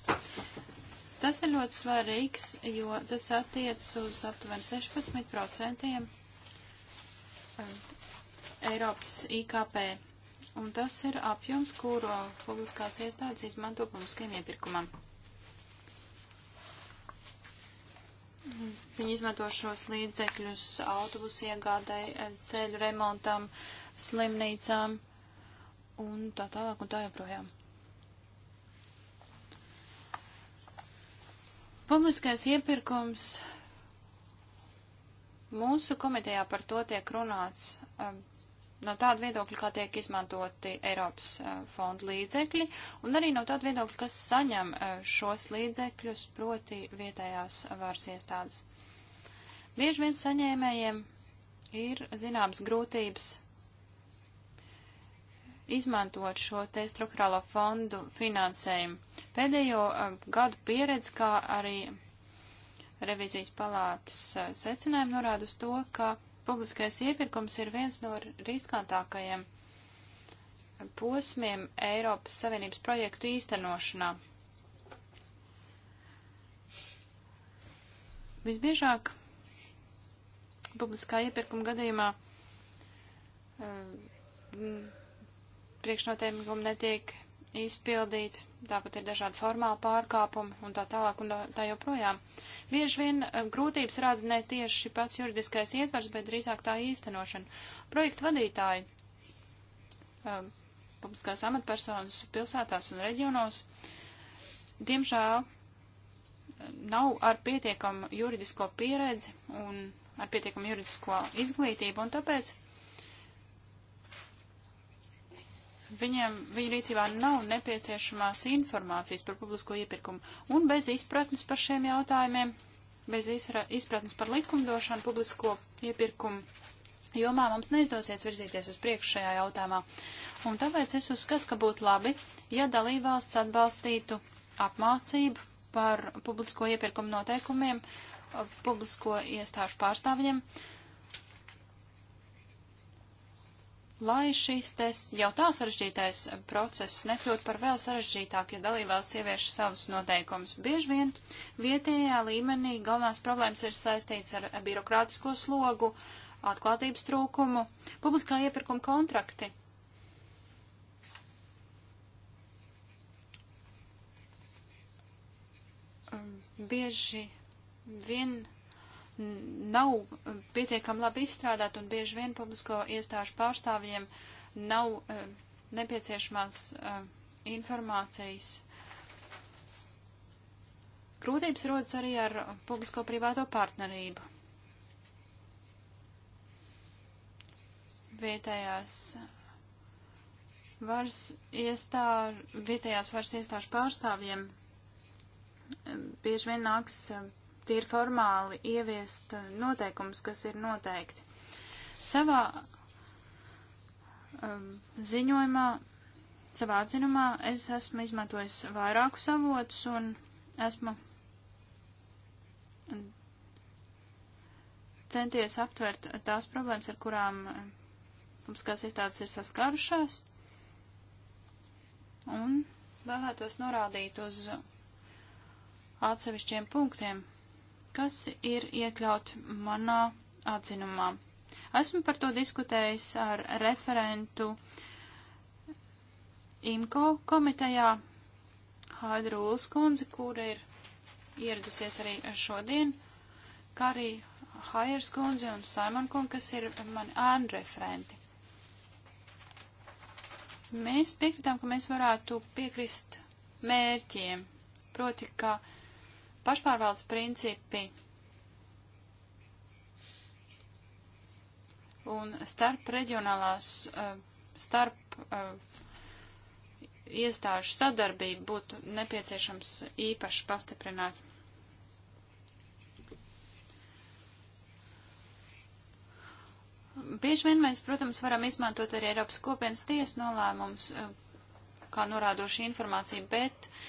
Tas ir ļoti svarīgs, jo tas attiecas uz aptuveni 16% eh, Eiropas IKP. Un tas ir apjoms, kuru publiskās iestādes izmanto publiskiem iepirkumam. Viņi izmanto šos līdzekļus autobusu iegādai, eh, ceļu remontam, uh, slimnīcām un tā tālāk un tā joprojām. Publiskais iepirkums mūsu komitejā par to tiek runāts um, no tāda viedokļa, kā tiek izmantoti Eiropas uh, fonda līdzekļi, un arī no tāda viedokļa, kas saņem uh, šos līdzekļus, proti vietējās varas iestādes. Bieži vien saņēmējiem ir zināmas grūtības izmantot šo te struktūrālo fondu finansējumu. Pēdējo uh, gadu pieredze, kā arī revizijas palātas uh, secinājumi norāda uz to, ka publiskais iepirkums ir viens no riskantākajiem posmiem Eiropas Savienības projektu īstenošanā. Visbiežāk publiskā iepirkuma gadījumā uh, priekšnoteikumi netiek izpildīti, tāpat ir dažādi formāli pārkāpumi un tā tālāk un tā joprojām. Bieži vien eh, grūtības rada ne tieši pats juridiskais ietvers, bet drīzāk tā īstenošana. Projektu vadītāji, eh, publiskās amatpersonas pilsētās un reģionos, diemžēl eh, nav ar pietiekamu juridisko pieredzi un ar pietiekamu juridisko izglītību, un tāpēc Viņiem, viņu rīcībā nav nepieciešamās informācijas par publisko iepirkumu un bez izpratnes par šiem jautājumiem, bez izra, izpratnes par likumdošanu publisko iepirkumu jomā mums neizdosies virzīties uz priekšu šajā jautājumā. Un tāpēc es uzskatu, ka būtu labi, ja dalībvalsts atbalstītu apmācību par publisko iepirkumu noteikumiem, publisko iestāžu pārstāvjiem. Uh, lai šis tes jau tā sarežģītais process nekļūtu par vēl sarežģītāk, ja dalībvalsts ievieš savus noteikumus. Bieži vien vietējā līmenī galvenās problēmas ir saistīts ar birokrātisko slogu, atklātības trūkumu, publiskā iepirkuma kontrakti. Bieži vien nav pietiekami labi izstrādāt un bieži vien publisko iestāžu pārstāvjiem nav uh, nepieciešamās uh, informācijas. Grūtības rodas arī ar publisko-privāto partnerību. Vietējās varas iestāžu, vietējās varas iestāžu pārstāvjiem eh, bieži vien nāks uh, tīri formāli ieviest noteikumus, kas ir noteikti. Savā um, ziņojumā, savā atzinumā es esmu izmantojis vairākus avotus un esmu centies aptvert tās problēmas, ar kurām publiskās iestādes ir saskārušās. Un vēlētos norādīt uz atsevišķiem punktiem, kas ir iekļaut manā atzinumā. Esmu par to diskutējis ar referentu IMCO komitejā Haidru Ulskundzi, kura ir ieradusies arī šodien, kā arī Haiers kundzi un Simon kundzi, kas ir mani ēnu referenti. Mēs piekritām, ka mēs varētu piekrist mērķiem, proti, ka uh, pašpārvaldes principi un starp reģionālās, eh, starp eh, iestāžu sadarbību būtu nepieciešams īpaši pastiprināt. Bieži vien mēs, protams, varam izmantot arī Eiropas kopienas tiesu nolēmums, eh, kā norādošu informāciju, bet uh,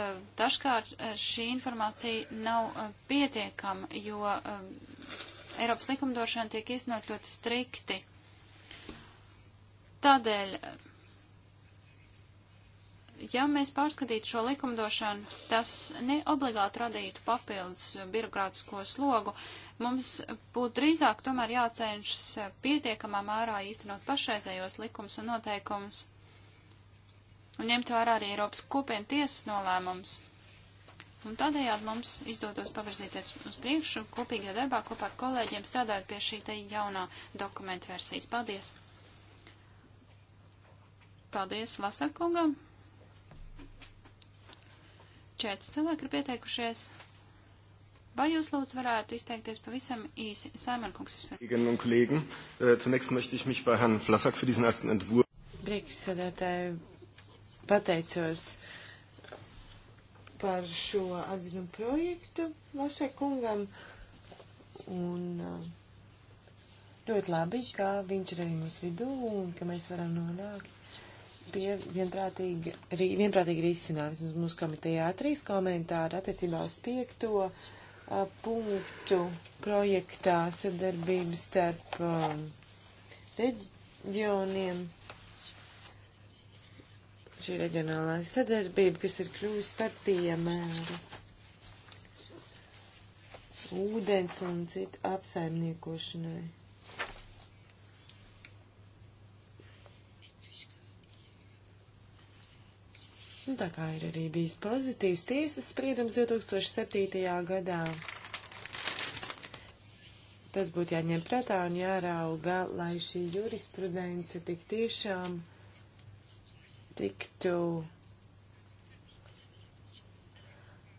Eh, dažkārt eh, šī informācija nav eh, pietiekama, jo Eiropas likumdošana tiek iznot ļoti strikti. Tādēļ, ja mēs pārskatītu šo likumdošanu, tas neobligāti radītu papildus birokrātisko slogu. Mums būtu drīzāk tomēr jācenšas pietiekamā mērā īstenot pašreizējos likums un noteikumus un ņemt vērā arī Eiropas kopienu tiesas nolēmums. Un tādējādi mums izdotos pavirzīties uz priekšu kopīgajā darbā kopā ar kolēģiem strādājot pie šī te jaunā dokumenta versijas. Paldies! Paldies Lasakungam! Četri cilvēki ir pieteikušies. Vai jūs lūdzu varētu izteikties pavisam īsi? Saimon kungs vispirms. Äh, Priekšsēdētāji, pateicos par šo atziņu projektu Vašai kungam. Un uh, ļoti labi, ka viņš ir arī mūsu vidū un ka mēs varam nonākt pie vienprātīga, vienprātīga risinājuma. Mums komitejā trīs komentāri attiecībā uz piekto uh, punktu projektā sadarbības starp um, reģioniem šī reģionālā sadarbība, kas ir kļuvusi par piemēru ūdens un citu apsaimniekošanai. Un nu, tā kā ir arī bijis pozitīvs tiesas spriedums 2007. gadā. Tas būtu jāņem prātā un jārauga, lai šī jurisprudence tik tiešām tiktu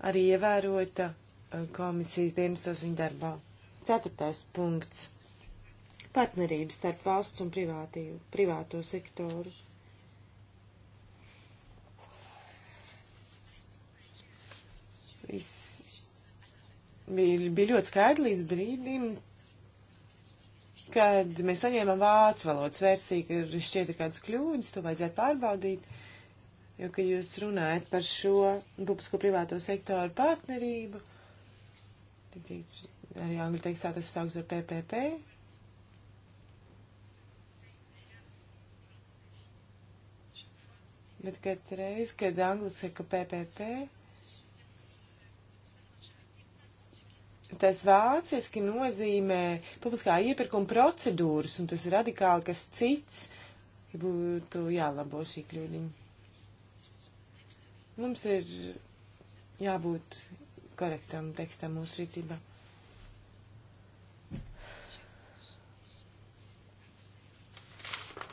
arī ievērota uh, komisijas dienestos viņa darbā. Ceturtais punkts - partnerības starp valsts un privātību, privāto sektoru. Viss bija, bija ļoti skaidrs līdz brīdim, kad mēs saņēmām vācu valodas versiju, ka šķiet ir kādas kļūdas, to vajadzētu pārbaudīt, jo, ka jūs runājat par šo publisko privāto sektoru partnerību, arī angļu tekstā tas sauks ar PPP. Bet katreiz, kad angļu saka PPP, tas vāciski nozīmē publiskā iepirkuma procedūras, un tas ir radikāli kas cits, ja būtu jālabo šī kļūdiņa. Mums ir jābūt korektam tekstam mūsu rīcībā.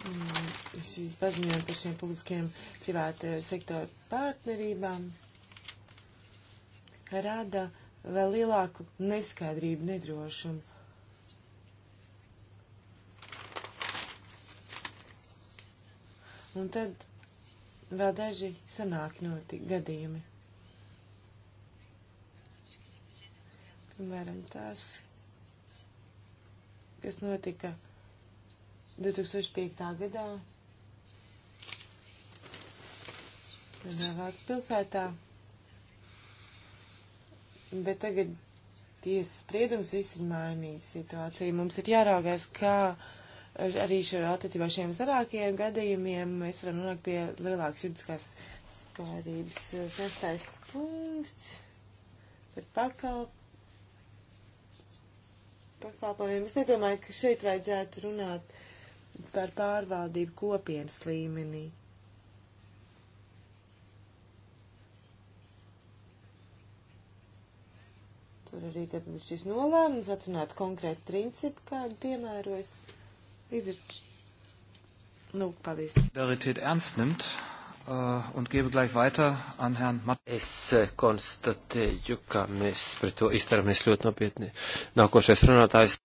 Mm, Šīs paziņojumi par šiem publiskiem privāta sektora partnerībām rada uh, vēl lielāku neskaidrību, nedrošumu. Un tad vēl daži sanāk notik gadījumi. Piemēram, tās, kas notika 2005. gadā Vācijas pilsētā. Bet tagad tiesas spriedums viss ir mainījis situāciju. Mums ir jāraugās, kā arī šo attiecībā šiem sarākiem gadījumiem mēs varam nonākt pie lielākas juridiskās skaidrības. Sestais punkts par pakalp... pakalpojumiem. Es nedomāju, ka šeit vajadzētu runāt par pārvaldību kopienas līmenī. Tur arī tad šis nolēmums atrunāt konkrēti principu, kādu piemērojas. Līdz ir. Nu, paldies. Äh, es äh, konstatēju, ka mēs pret to iztaramies ļoti nopietni. Nākošais runātājs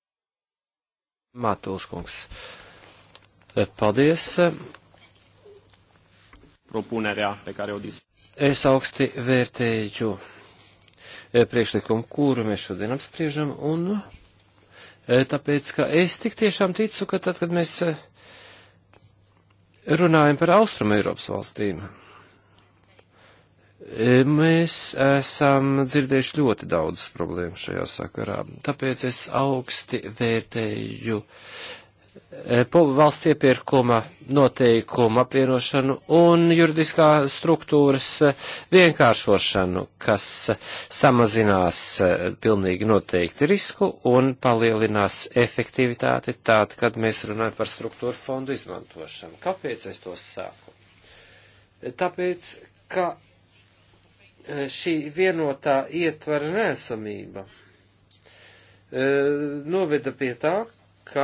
Mātūškungs. Äh, paldies. Propunerea pe care o dis. Es augsti vērtēju Eh, priekšlikumu, kuru mēs šodien apspriežam, un eh, tāpēc, ka es tik tiešām ticu, ka tad, kad mēs eh, runājam par Austrumu Eiropas valstīm, mēs esam dzirdējuši ļoti daudzas problēmas šajā sakarā, tāpēc es augsti vērtēju E, valsts iepirkuma noteikumu apvienošanu un juridiskā struktūras vienkāršošanu, kas samazinās e, pilnīgi noteikti risku un palielinās efektivitāti tād, kad mēs runājam par struktūra fondu izmantošanu. Kāpēc es to sāku? E, tāpēc, ka šī vienotā ietvara nesamība noveda pie tā, ka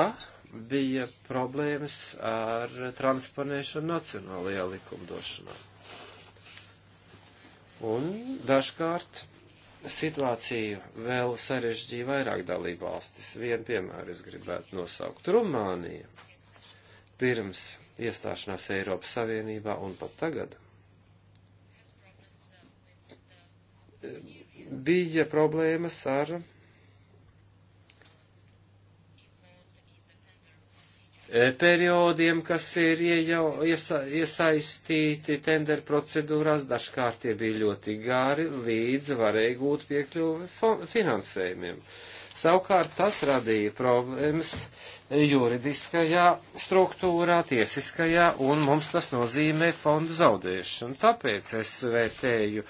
bija problēmas ar transponēšanu nacionālajā likumdošanā. Un dažkārt situāciju vēl sarežģīja vairāk dalībvalstis. Vienu piemēru es gribētu nosaukt. Rumānija pirms iestāšanās Eiropas Savienībā un pat tagad bija problēmas ar E, periodiem, kas ir iejau, iesa, iesaistīti tender procedūrās, dažkārt tie bija ļoti gari, līdz varēja gūt piekļuvi finansējumiem. Savukārt tas radīja problēmas juridiskajā struktūrā, tiesiskajā, un mums tas nozīmē fondu zaudēšanu. Tāpēc es vērtēju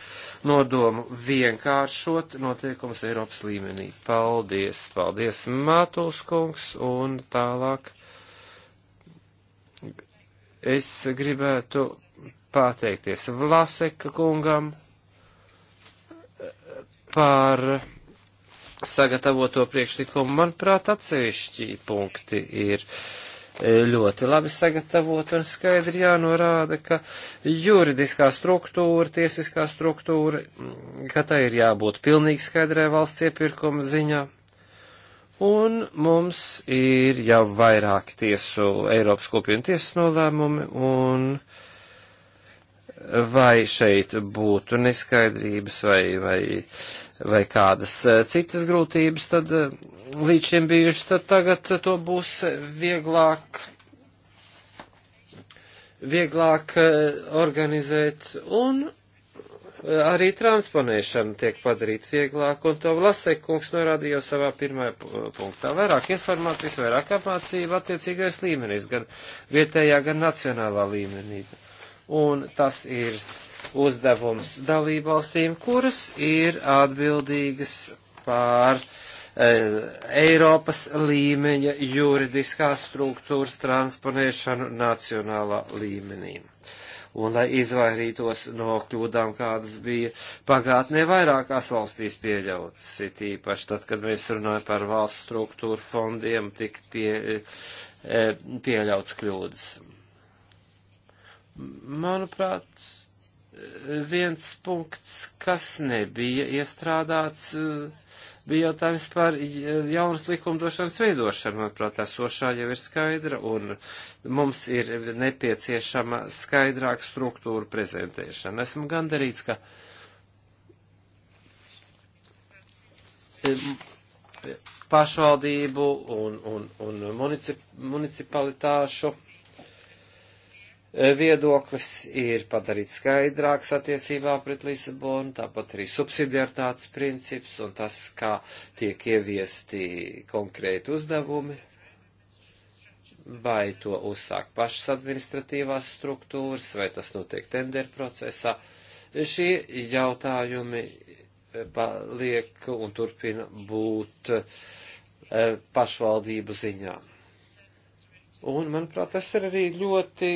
nodomu vienkāršot notiekums Eiropas līmenī. Paldies, paldies, Mātūs kungs, un tālāk Es gribētu pateikties Vlaseka kungam par sagatavoto priekšlikumu. Manuprāt, atsevišķi punkti ir e, ļoti labi sagatavot un skaidri jānorāda, ka juridiskā struktūra, tiesiskā struktūra, ka tai ir jābūt pilnīgi skaidrai valsts iepirkuma ziņā. Un mums ir jau vairāk tiesu Eiropas kopienu tiesas nolēmumi, un vai šeit būtu neskaidrības vai, vai, vai kādas eh, citas grūtības, tad eh, līdz šim bijušas, tad tagad to būs vieglāk vieglāk eh, organizēt, un arī transponēšana tiek padarīta vieglāk, un to Vlasek kungs norādīja jau savā pirmajā punktā. Vairāk informācijas, vairāk apmācība attiecīgais līmenis, gan vietējā, gan nacionālā līmenī. Un tas ir uzdevums dalībvalstīm, kuras ir atbildīgas pār e, Eiropas līmeņa juridiskās struktūras transponēšanu nacionālā līmenī. Uh, un lai izvairītos no kļūdām, kādas bija pagātnē vairākās valstīs pieļautas. It īpaši tad, kad mēs runājam par valsts struktūru fondiem, tik pie, e, pieļauts kļūdas. Manuprāt, viens punkts, kas nebija iestrādāts, uh, bija jautājums par jaunas likumdošanas veidošanu. Manuprāt, esošā jau ir skaidra, un mums ir nepieciešama skaidrāka struktūra prezentēšana. Esmu gandarīts, ka. pašvaldību un, un, un municip, municipalitāšu Eh, viedoklis ir padarīts skaidrāks attiecībā pret Lisabonu, tāpat arī subsidiartāts princips un tas, kā tiek ieviesti konkrēti uzdevumi, vai to uzsāk pašas administratīvās struktūras, vai tas notiek tender procesā. Šie jautājumi eh, paliek un turpina būt eh, pašvaldību ziņām Un, manuprāt, tas ir arī ļoti,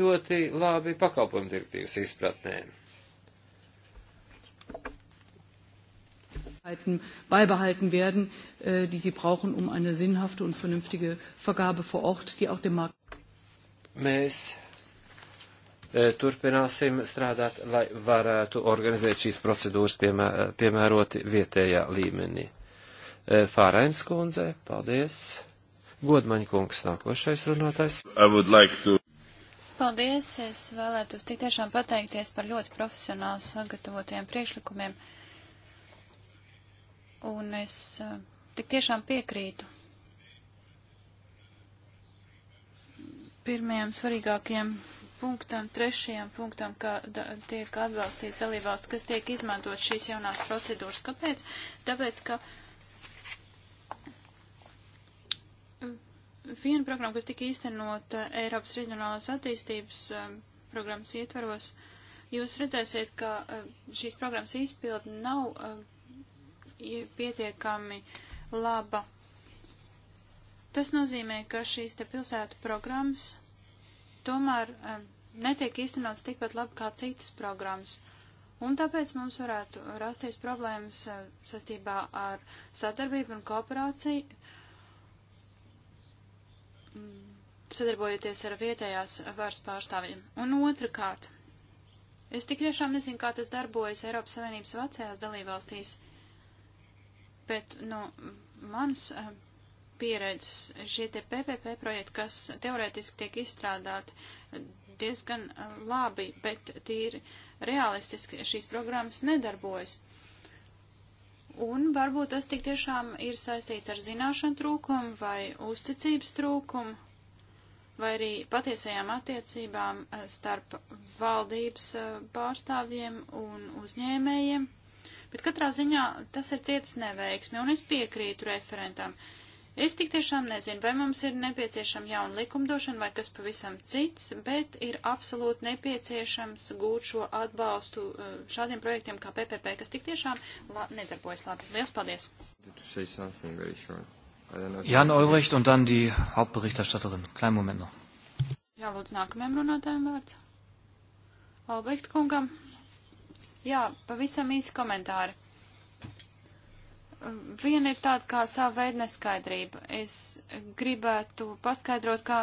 ļoti labi pakalpojumu direktīvas izpratnē. beibehalten werden, äh, die sie brauchen, um eine sinnhafte und vernünftige Vergabe vor Ort, die auch dem Markt. Mēs äh, turpināsim strādāt, lai varētu organizēt šīs procedūras piemē, piemēroti vietējā līmenī. Äh, Fārains kundze, paldies! Godmaņa kungs, nākošais runātājs. Like to... Paldies, es vēlētos tik tiešām pateikties par ļoti profesionāli sagatavotiem priekšlikumiem. Un es eh, tik tiešām piekrītu pirmajam svarīgākajam punktam, trešajam punktam, kā da, tiek atbalstīts dalībvalsts, kas tiek izmantot šīs jaunās procedūras. Kāpēc? Tāpēc, ka viena programma, kas tika īstenota eh, Eiropas reģionālās attīstības eh, programmas ietvaros, jūs redzēsiet, ka eh, šīs programmas izpildi nav pietiekami laba. Tas nozīmē, ka šīs te pilsētu programmas tomēr netiek īstenots tikpat labi kā citas programmas. Un tāpēc mums varētu rasties problēmas saistībā ar sadarbību un kooperāciju, sadarbojoties ar vietējās varas pārstāvjiem. Un otrkārt, es tik tiešām nezinu, kā tas darbojas Eiropas Savienības vecajās dalībvalstīs, bet no manas eh, pieredzes šie te PPP projekti, kas teorētiski tiek izstrādāti diezgan eh, labi, bet tīri realistiski šīs programmas nedarbojas. Un varbūt tas tik tiešām ir saistīts ar zināšanu trūkumu vai uzticības trūkumu, vai arī patiesajām attiecībām eh, starp valdības eh, pārstāvjiem un uzņēmējiem. Bet katrā ziņā tas ir cietas neveiksmi, un es piekrītu referentam. Uh, Es tik tiešām nezinu, vai mums ir nepieciešama jauna likumdošana vai kas pavisam cits, bet ir absolūti nepieciešams gūt šo atbalstu eh, šādiem projektiem kā PPP, kas tik tiešām la nedarbojas labi. Lielas paldies! Jāna Olbricht un dann die Hauptberichterstatterin. Klein moment noch. Jā, lūdzu, nākamajam runātājam vārds. Olbricht kungam. Jā, pavisam īsi komentāri viena ir tāda kā sava veida neskaidrība. Es gribētu paskaidrot, ka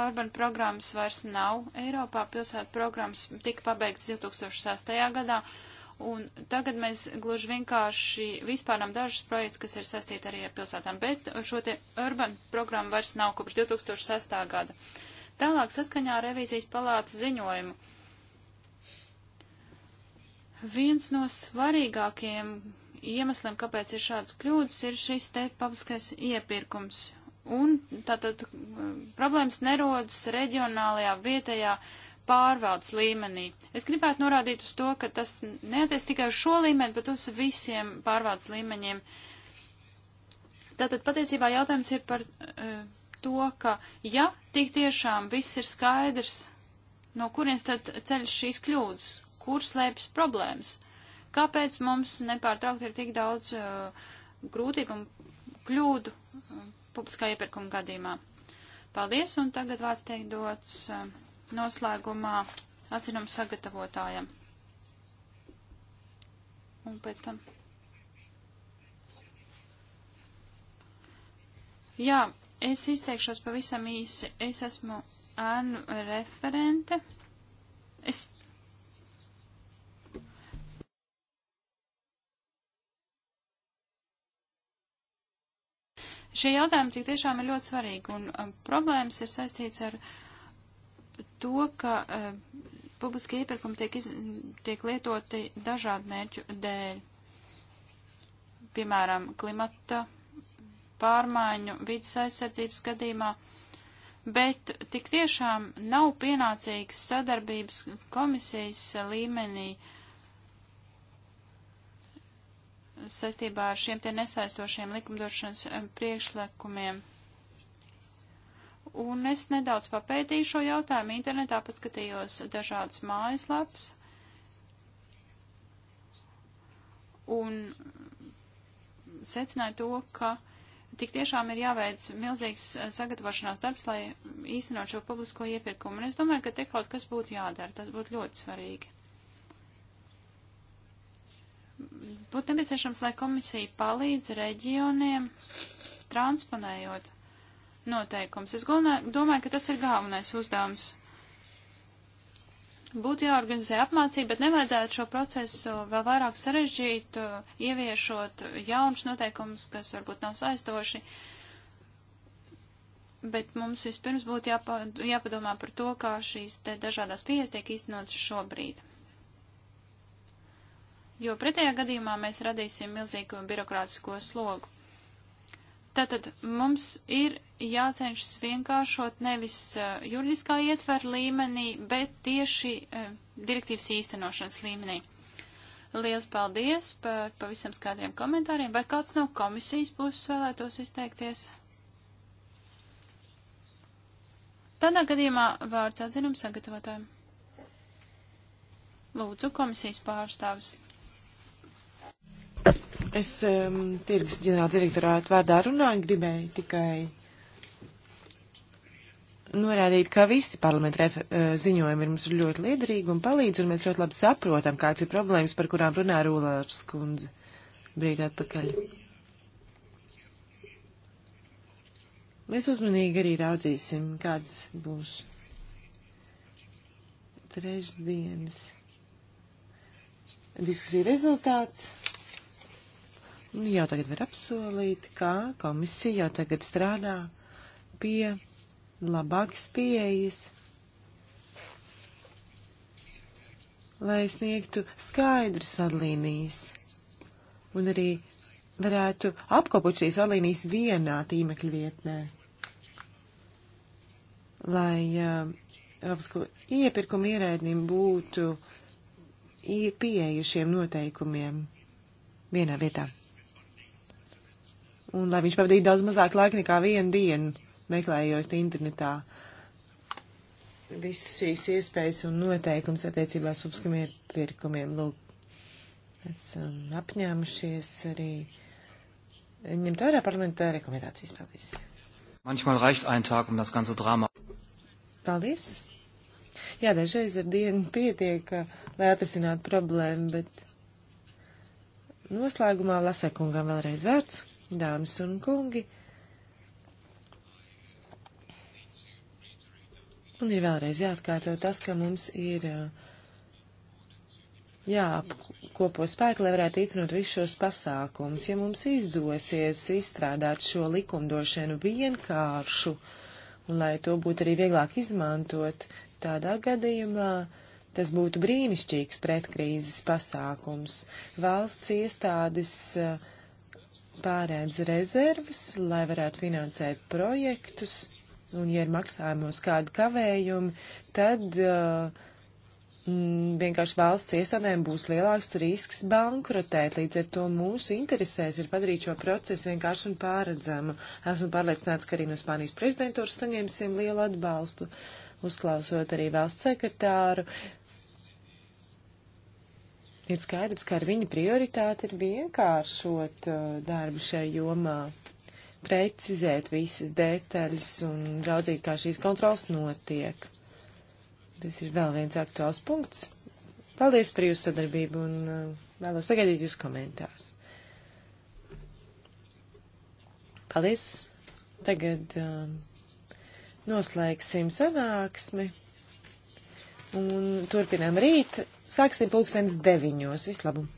Urban programmas vairs nav Eiropā. Pilsētu programmas tika pabeigts 2006. gadā. Un tagad mēs gluži vienkārši vispārinām dažus projektus, kas ir saistīti arī ar pilsētām, bet šo te urban programmu vairs nav kopš 2006. gada. Tālāk saskaņā ar revīzijas palātas ziņojumu. Viens no svarīgākajiem iemesliem, kāpēc ir šādas kļūdas, ir šis te publiskais iepirkums. Un tātad problēmas nerodas reģionālajā, vietējā pārvaldes līmenī. Es gribētu norādīt uz to, ka tas neaties tikai uz šo līmeni, bet uz visiem pārvaldes līmeņiem. Tātad patiesībā jautājums ir par uh, to, ka ja tik tiešām viss ir skaidrs, no kurienes tad ceļš šīs kļūdas, kur slēpjas problēmas. Kāpēc mums nepārtraukti ir tik daudz uh, grūtību un kļūdu uh, publiskā iepirkuma gadījumā? Paldies, un tagad vārds tiek dots uh, noslēgumā atzinuma sagatavotājam. Un pēc tam. Jā, es izteikšos pavisam īsi. Es esmu ēnu referente. Es Šie jautājumi tik tiešām ir ļoti svarīgi, un um, problēmas ir saistīts ar to, ka um, publiski iepirkumi tiek, iz, tiek lietoti dažādu mērķu dēļ. Piemēram, klimata pārmaiņu, vidas aizsardzības gadījumā bet tik tiešām nav pienācīgas sadarbības komisijas uh, līmenī saistībā ar šiem te nesaistošiem likumdošanas priekšlikumiem. Un es nedaudz papētīju šo jautājumu internetā, paskatījos dažādas mājaslapas. Un secināju to, ka tik tiešām ir jāveic milzīgs eh, sagatavošanās darbs, lai īstenot šo publisko iepirkumu. Un es domāju, ka te kaut kas būtu jādara. Tas būtu ļoti svarīgi. būtu nepieciešams, lai komisija palīdz reģioniem transponējot noteikums. Es domāju, ka tas ir galvenais uzdevums. Būtu jāorganizē apmācība, bet nevajadzētu šo procesu vēl vairāk sarežģīt, ieviešot jaunus noteikumus, kas varbūt nav saistoši. Bet mums vispirms būtu jāpa, jāpadomā par to, kā šīs te dažādās pieejas tiek īstenotas šobrīd jo pretējā gadījumā mēs radīsim milzīgu birokrātisko slogu. Tātad mums ir jācenšas vienkāršot nevis uh, juridiskā ietvera līmenī, bet tieši uh, direktīvas īstenošanas līmenī. Liels paldies par pavisam skaidriem komentāriem. Vai kāds no komisijas puses vēlētos izteikties? Tādā gadījumā vārds atzinums sagatavotājiem. Lūdzu, komisijas pārstāvis. Es um, tirgus ģenerāla direktorāta vārdā runāju, gribēju tikai norādīt, ka visi parlamenta eh, ziņojumi ir mums ļoti liederīgi un palīdz, un mēs ļoti labi saprotam, kāds ir problēmas, par kurām runā Rūlārs kundze brīdi atpakaļ. Mēs uzmanīgi arī raudzīsim, kāds būs trešdienas diskusija rezultāts. Nu, jau tagad var apsolīt, ka komisija jau tagad strādā pie labākas pieejas, lai sniegtu skaidras vadlīnijas un arī varētu apkopot šīs vadlīnijas vienā tīmekļa vietnē, lai uh, eh, apsko, iepirkuma ierēdnim būtu pieeja šiem noteikumiem vienā vietā un lai viņš pavadītu daudz mazāk laika nekā vienu dienu, meklējot internetā visas šīs iespējas un noteikums attiecībās uzskamiem pirkumiem. Lūk, esam apņēmušies arī ņemt vērā parlamenta rekomendācijas. Paldies. Manchmal reicht ein Tag, um das ganze Drama. Paldies. Jā, dažreiz ar dienu pietiek, lai atrisinātu problēmu, bet noslēgumā Lasekungam vēlreiz vērts dāmas un kungi. Un ir vēlreiz jāatkārto tas, ka mums ir uh, jāapkopo spēku, lai varētu īstenot visus šos pasākumus. Ja mums izdosies izstrādāt šo likumdošanu vienkāršu, un lai to būtu arī vieglāk izmantot, tādā gadījumā tas būtu brīnišķīgs pretkrīzes pasākums. Valsts iestādes uh, pārēdz rezervis, lai varētu finansēt projektus, un ja ir maksājumos kādi kavējumi, tad uh, m, vienkārši valsts iestādēm būs lielāks risks bankrotēt. Līdz ar to mūsu interesēs ir padarīt šo procesu vienkārši un pāredzamu. Esmu pārliecināts, ka arī no Spānijas prezidentūras saņemsim lielu atbalstu. Uzklausot arī valsts sekretāru, uh, Ir skaidrs, ka ar viņu prioritāte ir vienkāršot uh, darbu šai jomā, precizēt visas detaļas un raudzīt, kā šīs kontrols notiek. Tas ir vēl viens aktuāls punkts. Paldies par jūsu sadarbību un uh, vēlos sagaidīt jūsu komentārus. Paldies! Tagad um, noslēgsim sanāksmi un turpinām rīt. Sāksim pulkstens deviņos. Vislabu!